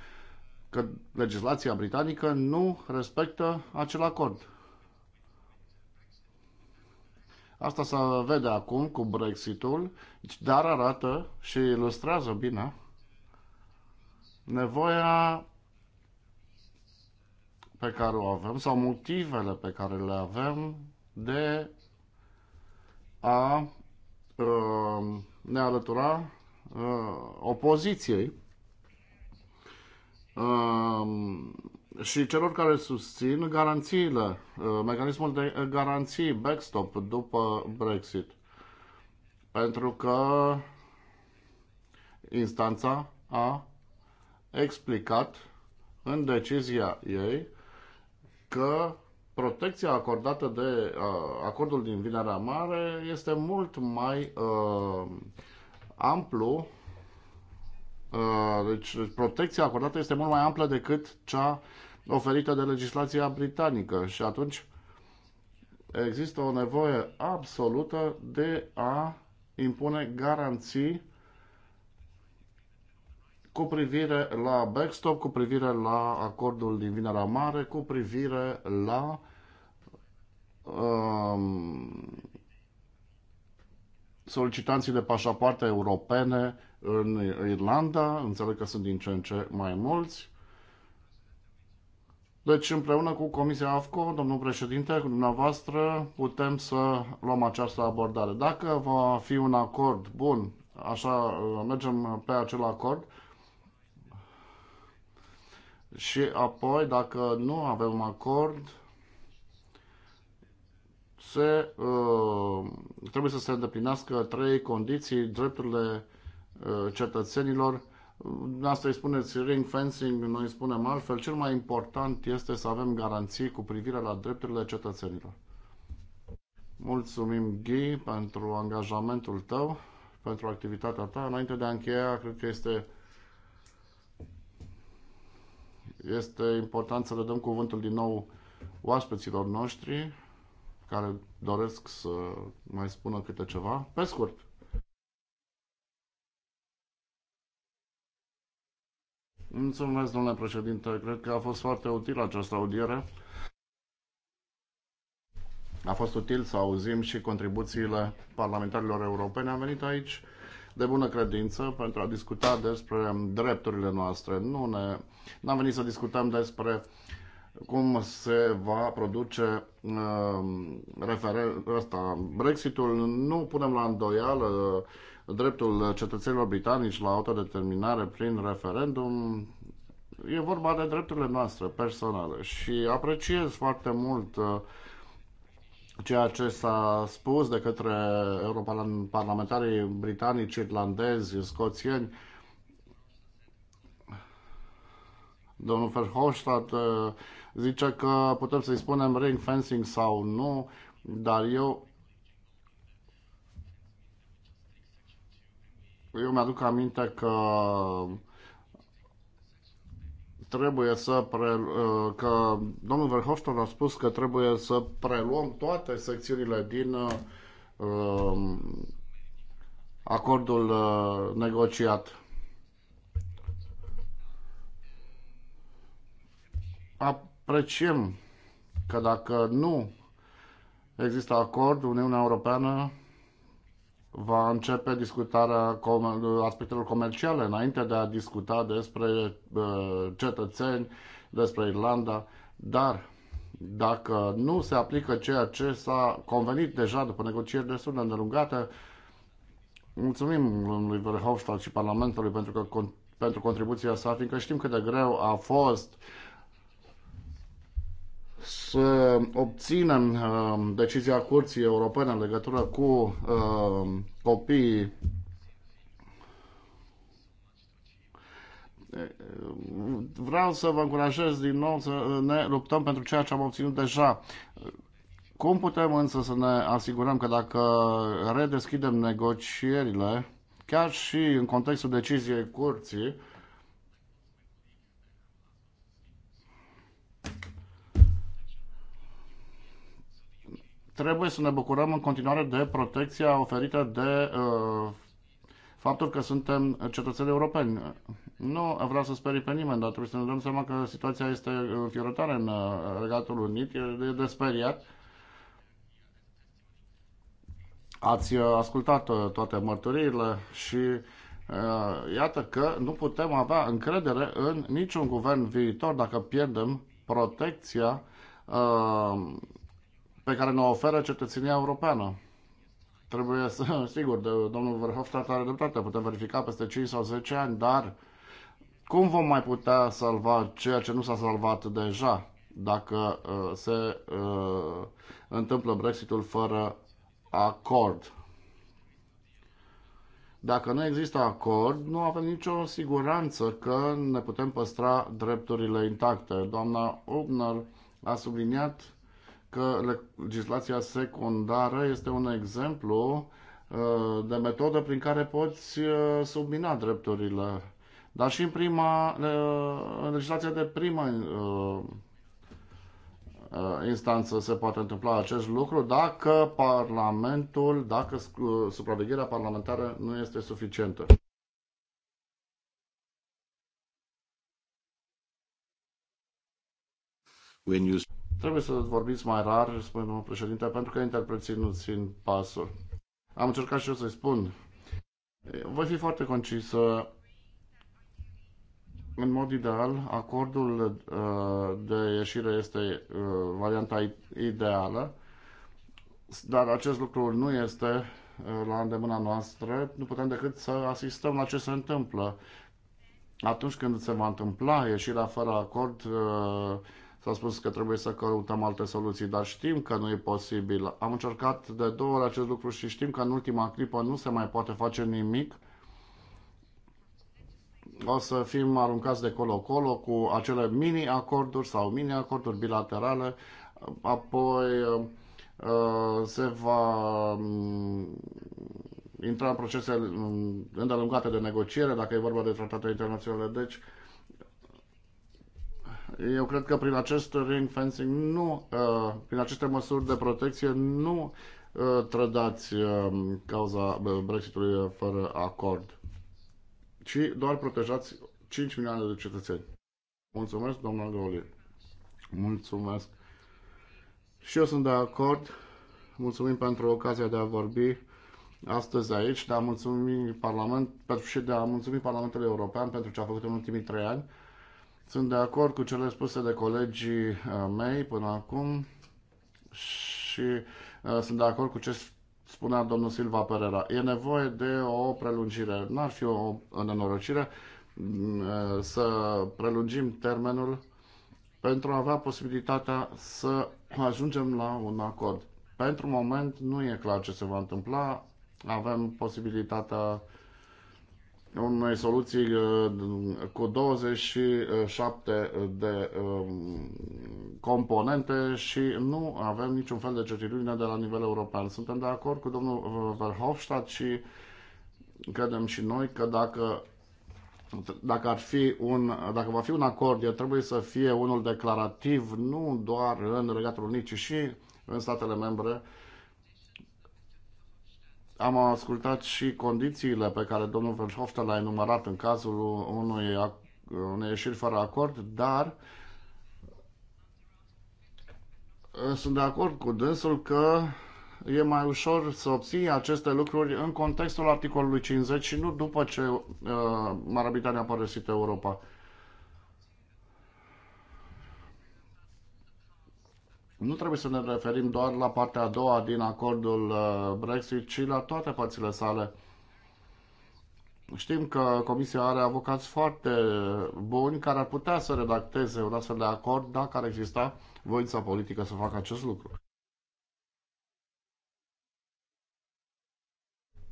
că legislația britanică nu respectă acel acord. Asta se vede acum cu Brexitul, dar arată și ilustrează bine nevoia pe care o avem sau motivele pe care le avem de a uh, ne alătura uh, opoziției și celor care susțin garanțiile, uh, mecanismul de uh, garanții, backstop după Brexit. Pentru că instanța a explicat în decizia ei că protecția acordată de uh, acordul din Vinerea Mare este mult mai uh, amplu Uh, deci protecția acordată este mult mai amplă decât cea oferită de legislația britanică și atunci există o nevoie absolută de a impune garanții cu privire la backstop, cu privire la acordul din Vinerea Mare, cu privire la um, solicitanții de pașapoarte europene în Irlanda, înțeleg că sunt din ce în ce mai mulți. Deci, împreună cu Comisia AFCO, domnul președinte, cu dumneavoastră, putem să luăm această abordare. Dacă va fi un acord bun, așa mergem pe acel acord, și apoi, dacă nu avem acord, se, uh, trebuie să se îndeplinească trei condiții, drepturile Uh, cetățenilor. Uh, asta îi spuneți ring fencing, noi spunem altfel. Cel mai important este să avem garanții cu privire la drepturile cetățenilor. Mulțumim, Ghi, pentru angajamentul tău, pentru activitatea ta. Înainte de a încheia, cred că este este important să le dăm cuvântul din nou oaspeților noștri care doresc să mai spună câte ceva. Pe scurt! Mulțumesc, domnule președinte. Cred că a fost foarte util această audiere. A fost util să auzim și contribuțiile parlamentarilor europene. Am venit aici de bună credință pentru a discuta despre drepturile noastre. Nu ne, n-am venit să discutăm despre cum se va produce uh, referen, asta, Brexitul. Nu punem la îndoială uh, dreptul cetățenilor britanici la autodeterminare prin referendum, e vorba de drepturile noastre personale și apreciez foarte mult uh, ceea ce s-a spus de către europarlamentarii britanici, irlandezi, scoțieni. Domnul Verhofstadt uh, zice că putem să-i spunem ring fencing sau nu, dar eu Eu mi-aduc aminte că trebuie să pre, uh, că domnul Verhofstadt a spus că trebuie să preluăm toate secțiunile din uh, acordul uh, negociat. Apreciem că dacă nu există acord, Uniunea Europeană va începe discutarea aspectelor comerciale înainte de a discuta despre uh, cetățeni, despre Irlanda, dar dacă nu se aplică ceea ce s-a convenit deja după negocieri destul de îndelungate, mulțumim lui Verhofstadt și Parlamentului pentru, că, pentru contribuția sa, fiindcă știm cât de greu a fost uh, să obținem um, decizia Curții Europene în legătură cu um, copiii vreau să vă încurajez din nou să ne luptăm pentru ceea ce am obținut deja. Cum putem însă să ne asigurăm că dacă redeschidem negocierile, chiar și în contextul deciziei curții, trebuie să ne bucurăm în continuare de protecția oferită de uh, faptul că suntem cetățeni europeni. Nu vreau să sperii pe nimeni, dar trebuie să ne dăm seama că situația este înfiorătoare în uh, Regatul Unit, e de speriat. Ați uh, ascultat uh, toate mărturirile și uh, iată că nu putem avea încredere în niciun guvern viitor dacă pierdem protecția uh, pe care ne oferă cetățenia europeană. Trebuie să, sigur, de, domnul Verhofstadt are dreptate, putem verifica peste 5 sau 10 ani, dar cum vom mai putea salva ceea ce nu s-a salvat deja dacă uh, se uh, întâmplă Brexitul fără acord? Dacă nu există acord, nu avem nicio siguranță că ne putem păstra drepturile intacte. Doamna Ubner a subliniat că legislația secundară este un exemplu uh, de metodă prin care poți uh, submina drepturile. Dar și în prima, uh, în legislația de primă instanță se poate întâmpla acest lucru dacă Parlamentul, dacă supravegherea parlamentară nu este suficientă. When you Trebuie să vorbiți mai rar, spune domnul președinte, pentru că interpreții nu țin pasul. Am încercat și eu să-i spun. Voi fi foarte concisă. În mod ideal, acordul uh, de ieșire este uh, varianta ideală, dar acest lucru nu este uh, la îndemâna noastră. Nu putem decât să asistăm la ce se întâmplă. Atunci când se va întâmpla ieșirea fără acord, S-a spus că trebuie să căutăm alte soluții, dar știm că nu e posibil. Am încercat de două ori acest lucru și știm că în ultima clipă nu se mai poate face nimic. O să fim aruncați de colo-colo cu acele mini-acorduri sau mini-acorduri bilaterale. Apoi uh, uh, se va um, intra în procese îndelungate de negociere, dacă e vorba de tratate internaționale. Deci, eu cred că prin acest ring fencing nu, uh, prin aceste măsuri de protecție nu uh, trădați uh, cauza Brexitului fără acord, ci doar protejați 5 milioane de cetățeni. Mulțumesc, domnul Gaulier. Mulțumesc. Și eu sunt de acord. Mulțumim pentru ocazia de a vorbi astăzi aici, de a mulțumim Parlament, pentru, și de a mulțumi Parlamentul European pentru ce a făcut în ultimii trei ani sunt de acord cu cele spuse de colegii uh, mei până acum și uh, sunt de acord cu ce spunea domnul Silva Pereira. E nevoie de o prelungire. N-ar fi o nenorocire mm, uh, să prelungim termenul pentru a avea posibilitatea să ajungem la un acord. Pentru moment nu e clar ce se va întâmpla. Avem posibilitatea unei soluții uh, cu 27 de um, componente și nu avem niciun fel de certitudine de la nivel european. Suntem de acord cu domnul uh, Verhofstadt și credem și noi că dacă dacă ar fi un, dacă va fi un acord, el trebuie să fie unul declarativ, nu doar în Regatul Unit, ci și în statele membre am ascultat și condițiile pe care domnul Verhofstadt le-a enumerat în cazul unui, unei ieșiri fără acord, dar ă, sunt de acord cu dânsul că e mai ușor să obții aceste lucruri în contextul articolului 50 și nu după ce uh, Marea Britanie a părăsit Europa. nu trebuie să ne referim doar la partea a doua din acordul uh, Brexit, ci la toate părțile sale. Știm că Comisia are avocați foarte buni care ar putea să redacteze un astfel de acord dacă ar exista voința politică să facă acest lucru.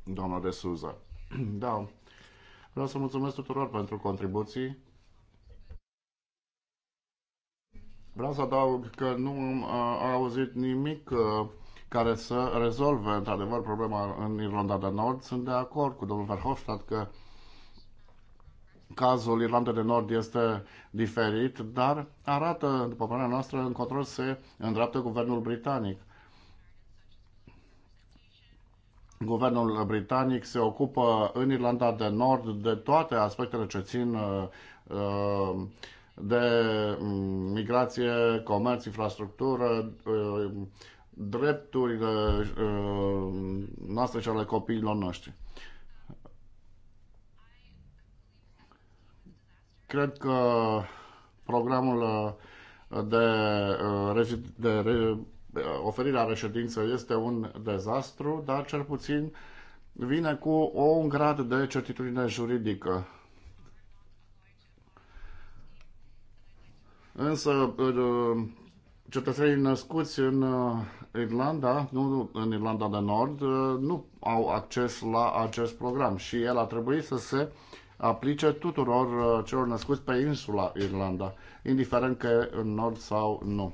Doamna de Suza. Da. Vreau să mulțumesc tuturor pentru contribuții. Vreau să adaug că nu am auzit nimic care să rezolve într-adevăr problema în Irlanda de Nord. Sunt de acord cu domnul Verhofstadt că cazul Irlandei de Nord este diferit, dar arată, după părerea noastră, în control se îndreaptă guvernul britanic. Guvernul britanic se ocupă în Irlanda de Nord de toate aspectele ce țin uh, uh, de mm, migrație, comerț, infrastructură, mm, drepturile mm, noastre și ale copiilor noștri. Cred că programul uh, de, uh, de uh, oferirea reședință este un dezastru, dar cel puțin vine cu un grad de certitudine juridică Însă, uh, cetățenii născuți în uh, Irlanda, nu în Irlanda de Nord, uh, nu au acces la acest program și el a trebuit să se aplice tuturor celor născuți pe insula Irlanda, indiferent că în nord sau nu.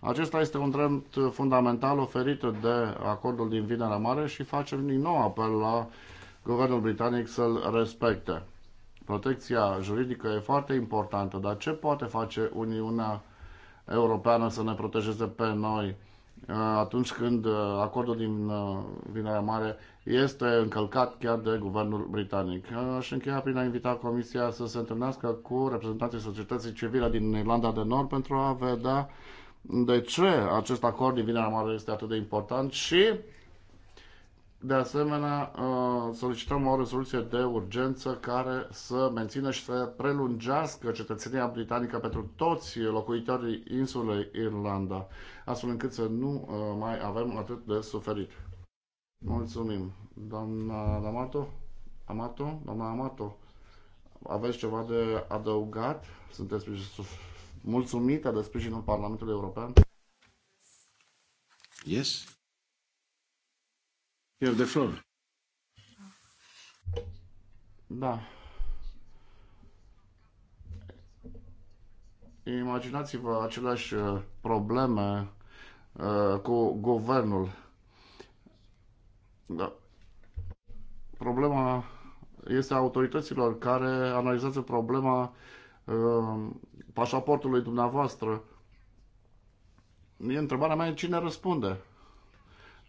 Acesta este un drept fundamental oferit de acordul din Vinerea Mare și facem din nou apel la guvernul britanic să-l respecte. Protecția juridică e foarte importantă, dar ce poate face Uniunea Europeană să ne protejeze pe noi uh, atunci când uh, acordul din uh, Vinerea Mare este încălcat chiar de guvernul britanic. Aș încheia prin a invita Comisia să se întâlnească cu reprezentanții societății civile din Irlanda de Nord pentru a vedea de ce acest acord din Vinerea Mare este atât de important și de asemenea, uh, solicităm o rezoluție de urgență care să mențină și să prelungească cetățenia britanică pentru toți locuitorii insulei Irlanda, astfel încât să nu uh, mai avem atât de suferit. Mulțumim. Doamna Amato, Amato? Doamna Amato, aveți ceva de adăugat? Sunteți mulțumită de sprijinul Parlamentului European? Yes. You de flor. Da. Imaginați-vă aceleași uh, probleme uh, cu guvernul. Da. Problema este a autorităților care analizează problema uh, pașaportului dumneavoastră. E întrebarea mea cine răspunde.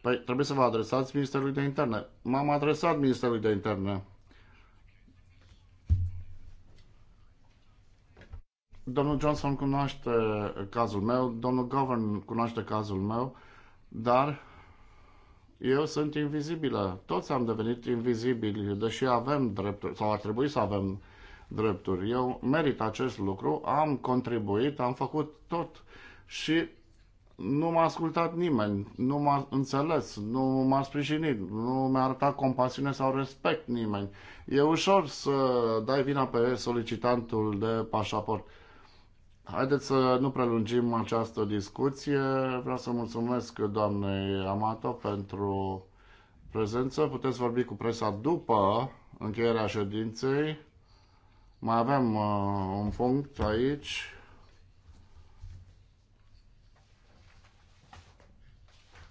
Păi trebuie să vă adresați Ministerului de Interne. M-am adresat Ministerului de Interne. Domnul Johnson cunoaște cazul meu, domnul Govern cunoaște cazul meu, dar eu sunt invizibilă. Toți am devenit invizibili, deși avem drepturi, sau ar trebui să avem drepturi. Eu merit acest lucru, am contribuit, am făcut tot și nu m-a ascultat nimeni, nu m-a înțeles, nu m-a sprijinit, nu mi-a arătat compasiune sau respect nimeni. E ușor să dai vina pe solicitantul de pașaport. Haideți să nu prelungim această discuție. Vreau să mulțumesc doamnei Amato pentru prezență. Puteți vorbi cu presa după încheierea ședinței. Mai avem uh, un punct aici.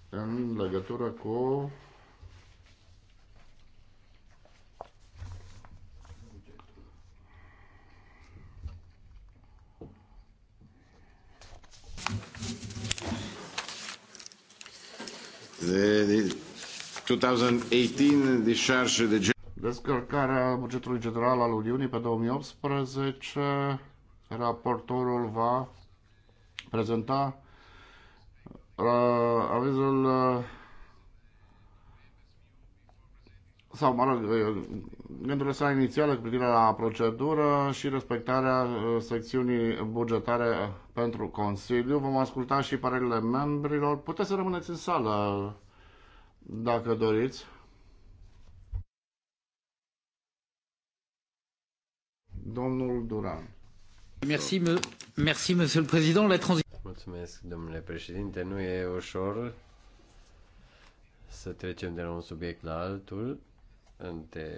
în legătură cu The, 2018 discharge de Descărcarea bugetului general al Uniunii pe 2018. Raportorul va prezenta uh, avizul uh, sau, mă rog, uh, gândurile sa inițiale cu privire la procedură și respectarea uh, secțiunii bugetare pentru Consiliu. Vom asculta și părerile membrilor. Puteți să rămâneți în sală dacă doriți. Domnul Duran. Merci, me, merci, Monsieur le Président. La transi- Mulțumesc, domnule președinte. Nu e ușor să trecem de la un subiect la altul. Între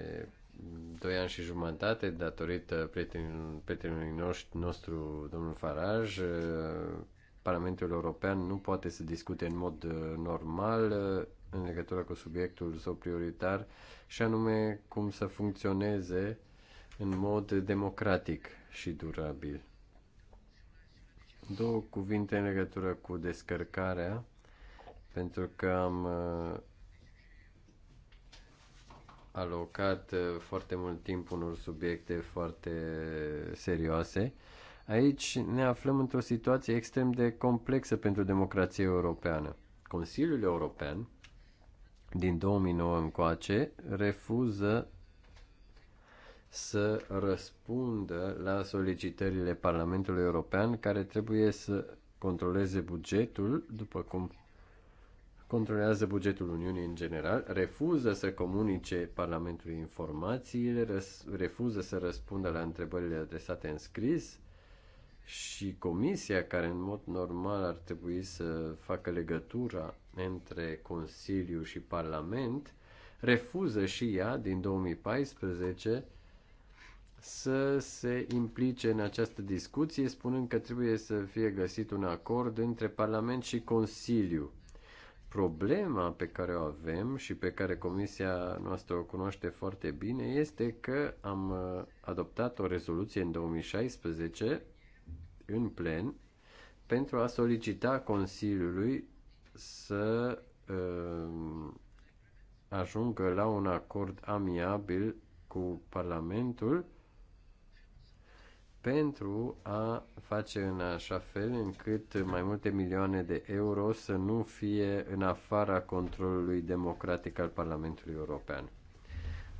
doi ani și jumătate, datorită prietenului, nostru, domnul Faraj, Parlamentul European nu poate să discute în mod uh, normal uh, în legătură cu subiectul său prioritar și anume cum să funcționeze în mod democratic și durabil. Două cuvinte în legătură cu descărcarea, pentru că am uh, alocat uh, foarte mult timp unor subiecte foarte serioase. Aici ne aflăm într-o situație extrem de complexă pentru democrația europeană. Consiliul European din 2009 încoace refuză să răspundă la solicitările Parlamentului European care trebuie să controleze bugetul, după cum controlează bugetul Uniunii în general, refuză să comunice Parlamentului informațiile, refuză să răspundă la întrebările adresate în scris și comisia care în mod normal ar trebui să facă legătura între Consiliu și Parlament refuză și ea din 2014 să se implice în această discuție, spunând că trebuie să fie găsit un acord între Parlament și Consiliu. Problema pe care o avem și pe care Comisia noastră o cunoaște foarte bine este că am uh, adoptat o rezoluție în 2016 în plen pentru a solicita Consiliului să uh, ajungă la un acord amiabil cu Parlamentul pentru a face în așa fel încât mai multe milioane de euro să nu fie în afara controlului democratic al Parlamentului European.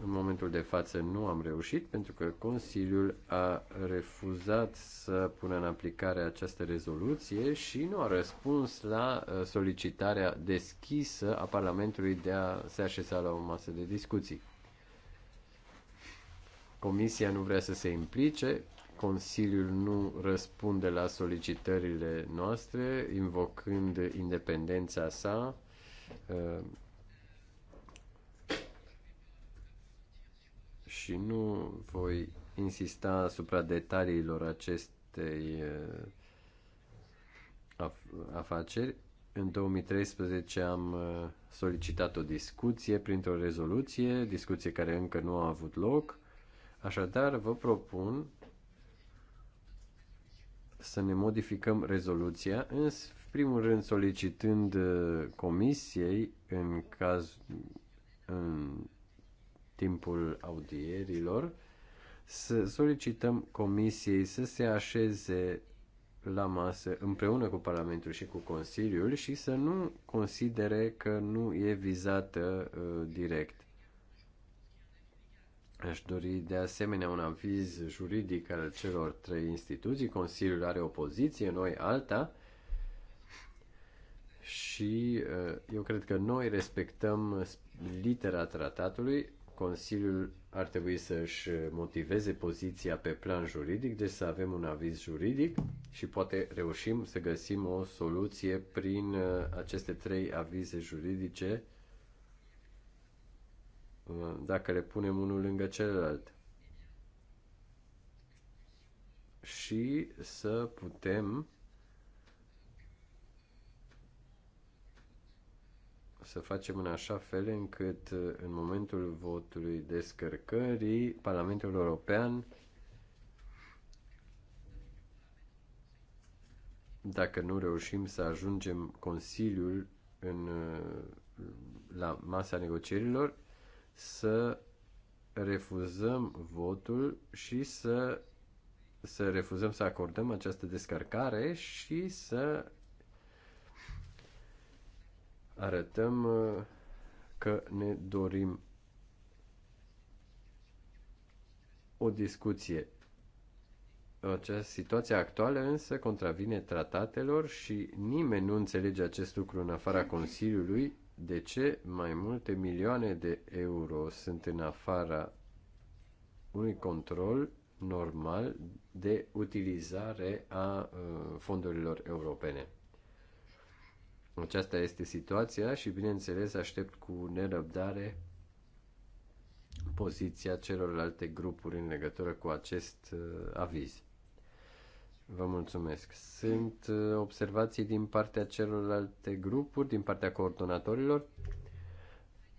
În momentul de față nu am reușit pentru că Consiliul a refuzat să pună în aplicare această rezoluție și nu a răspuns la uh, solicitarea deschisă a Parlamentului de a se așeza la o masă de discuții. Comisia nu vrea să se implice, Consiliul nu răspunde la solicitările noastre, invocând independența sa. Uh, și nu voi insista asupra detaliilor acestei uh, afaceri. În 2013 am uh, solicitat o discuție printr-o rezoluție, discuție care încă nu a avut loc. Așadar, vă propun să ne modificăm rezoluția, în primul rând solicitând uh, comisiei în caz în timpul audierilor să solicităm comisiei să se așeze la masă împreună cu Parlamentul și cu Consiliul și să nu considere că nu e vizată uh, direct Aș dori de asemenea un aviz juridic al celor trei instituții. Consiliul are o poziție, noi alta. Și uh, eu cred că noi respectăm litera tratatului. Consiliul ar trebui să-și motiveze poziția pe plan juridic, deci să avem un aviz juridic și poate reușim să găsim o soluție prin uh, aceste trei avize juridice dacă le punem unul lângă celălalt. Și să putem să facem în așa fel încât în momentul votului descărcării Parlamentul European dacă nu reușim să ajungem Consiliul în, la masa negocierilor, să refuzăm votul și să, să refuzăm să acordăm această descărcare și să arătăm uh, că ne dorim o discuție. Această situație actuală însă contravine tratatelor și nimeni nu înțelege acest lucru în afara Consiliului de ce mai multe milioane de euro sunt în afara unui control normal de utilizare a uh, fondurilor europene. Aceasta este situația și, bineînțeles, aștept cu nerăbdare poziția celorlalte grupuri în legătură cu acest uh, aviz. Vă mulțumesc. Sunt uh, observații din partea celorlalte grupuri, din partea coordonatorilor.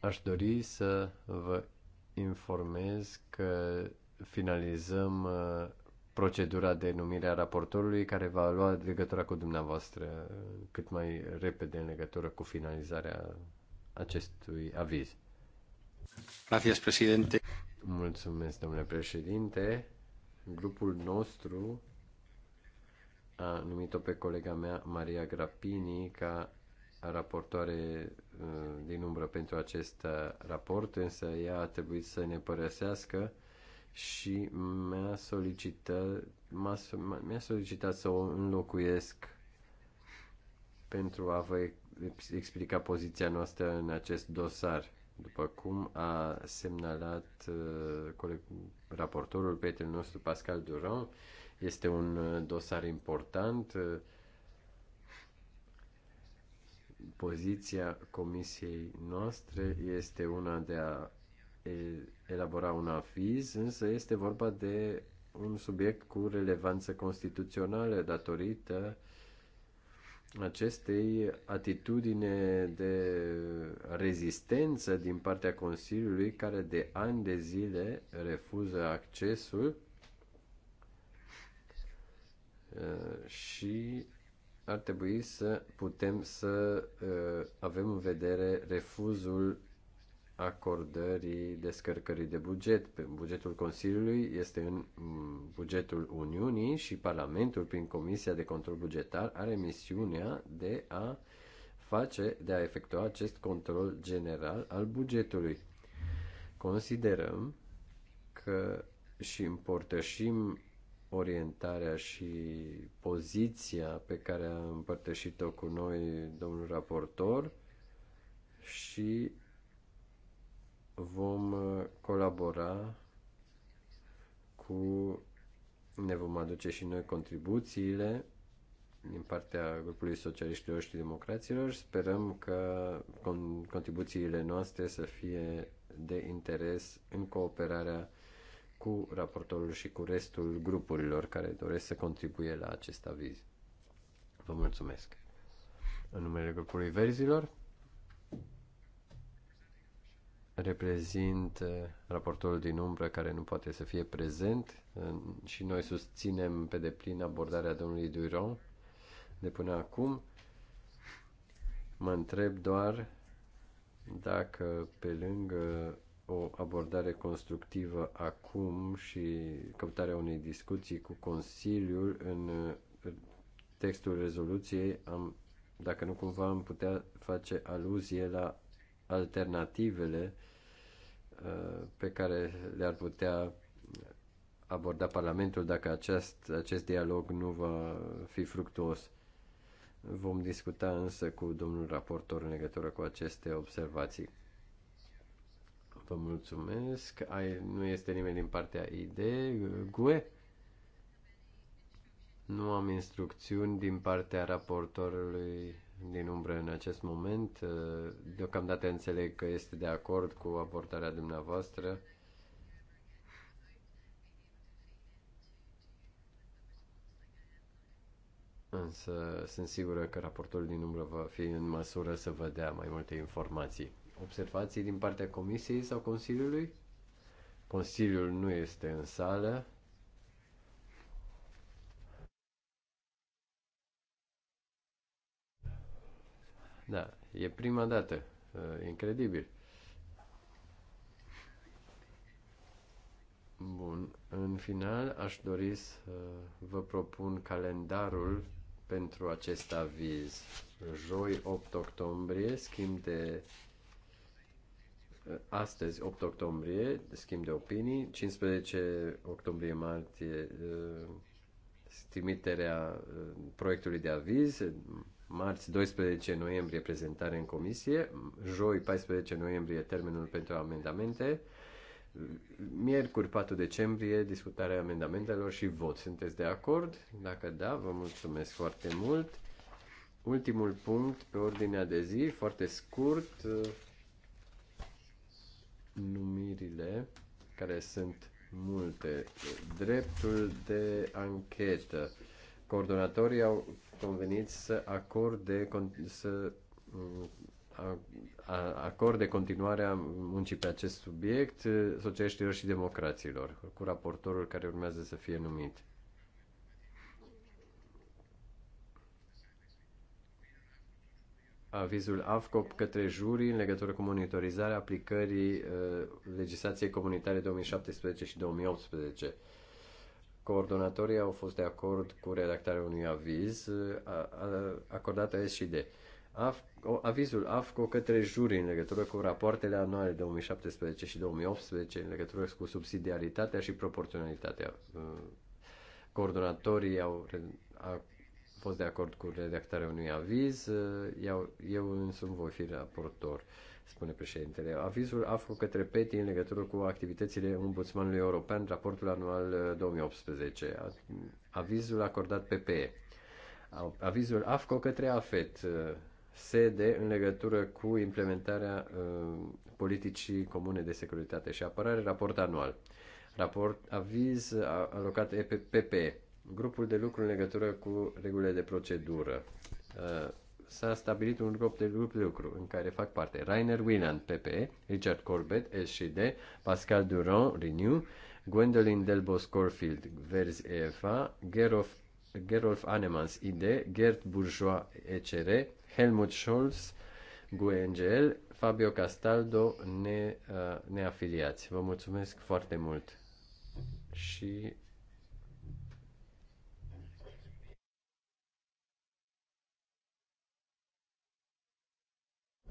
Aș dori să vă informez că finalizăm uh, procedura de numire a raportorului care va lua legătura cu dumneavoastră cât mai repede în legătură cu finalizarea acestui aviz. Gracias, președinte. Mulțumesc, domnule președinte. Grupul nostru a numit-o pe colega mea, Maria Grapini, ca raportoare uh, din umbră pentru acest uh, raport, însă ea a trebuit să ne părăsească și mi-a solicitat, mi-a solicitat să o înlocuiesc pentru a vă explica poziția noastră în acest dosar. După cum a semnalat uh, raportorul prietenul nostru Pascal Durand, este un uh, dosar important. Uh, poziția comisiei noastre este una de a elabora un aviz, însă este vorba de un subiect cu relevanță constituțională datorită acestei atitudine de rezistență din partea Consiliului care de ani de zile refuză accesul Uh, și ar trebui să putem să uh, avem în vedere refuzul acordării descărcării de buget. Bugetul Consiliului este în bugetul Uniunii și Parlamentul, prin Comisia de Control Bugetar, are misiunea de a face, de a efectua acest control general al bugetului. Considerăm că și împărtășim orientarea și poziția pe care a împărtășit-o cu noi domnul raportor și vom uh, colabora cu ne vom aduce și noi contribuțiile din partea grupului socialiștilor și democraților. Sperăm că contribuțiile noastre să fie de interes în cooperarea cu raportorul și cu restul grupurilor care doresc să contribuie la acest aviz. Vă mulțumesc. În numele grupului Verzilor, reprezint eh, raportorul din umbră care nu poate să fie prezent eh, și noi susținem pe deplin abordarea domnului Duron de până acum. Mă întreb doar dacă pe lângă o abordare constructivă acum și căutarea unei discuții cu Consiliul în textul rezoluției, am, dacă nu cumva am putea face aluzie la alternativele uh, pe care le-ar putea aborda Parlamentul dacă acest, acest dialog nu va fi fructuos. Vom discuta însă cu domnul raportor în legătură cu aceste observații. Vă mulțumesc. Ai, nu este nimeni din partea ID. GUE? Nu am instrucțiuni din partea raportorului din umbră în acest moment. Deocamdată înțeleg că este de acord cu abordarea dumneavoastră. Însă sunt sigură că raportorul din umbră va fi în măsură să vă dea mai multe informații observații din partea Comisiei sau Consiliului? Consiliul nu este în sală. Da, e prima dată. Uh, incredibil. Bun. În final, aș dori să vă propun calendarul pentru acest aviz. Joi 8 octombrie, schimb de astăzi, 8 octombrie, schimb de opinii, 15 octombrie, martie, eh, trimiterea eh, proiectului de aviz, marți 12 noiembrie prezentare în comisie, joi 14 noiembrie termenul pentru amendamente, miercuri 4 decembrie discutarea amendamentelor și vot. Sunteți de acord? Dacă da, vă mulțumesc foarte mult. Ultimul punct pe ordinea de zi, foarte scurt, eh, numirile, care sunt multe, dreptul de anchetă. Coordonatorii au convenit să acorde, să mm, acorde continuarea muncii pe acest subiect eh, socialiștilor și democraților, cu raportorul care urmează să fie numit. avizul AFCOP către jurii în legătură cu monitorizarea aplicării uh, legislației comunitare 2017 și 2018. Coordonatorii au fost de acord cu redactarea unui aviz uh, acordată S și D. Af, o, avizul AFCO către jurii în legătură cu rapoartele anuale 2017 și 2018 în legătură cu subsidiaritatea și proporționalitatea. Uh, coordonatorii au, au fost de acord cu redactarea unui aviz, uh, eu, eu însumi voi fi raportor, spune președintele. Avizul AFCO către PETI în legătură cu activitățile Ombudsmanului European, raportul anual 2018, uh, avizul acordat PPE, avizul AFCO către AFET, uh, sede în legătură cu implementarea uh, politicii comune de securitate și apărare, raport anual. Raport aviz alocat EPPP, grupul de lucru în legătură cu regulile de procedură. Uh, s-a stabilit un grup de lucru în care fac parte Rainer Wieland, PPE, Richard Corbett, SCD, Pascal Durand, Renew, Gwendolyn Delbos Corfield, Verzi EFA, Gerolf, Gerolf Anemans, ID, Gert Bourgeois, ECR, Helmut Scholz, gue Fabio Castaldo, ne, uh, neafiliați. Vă mulțumesc foarte mult și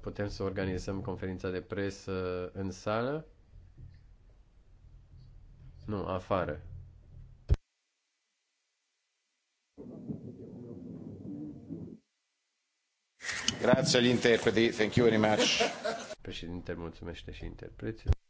Putem să organizăm conferința de presă în sală? Nu, afară. Grazie agli interpreti, thank you very much. Președinte, mulțumește și interpreții.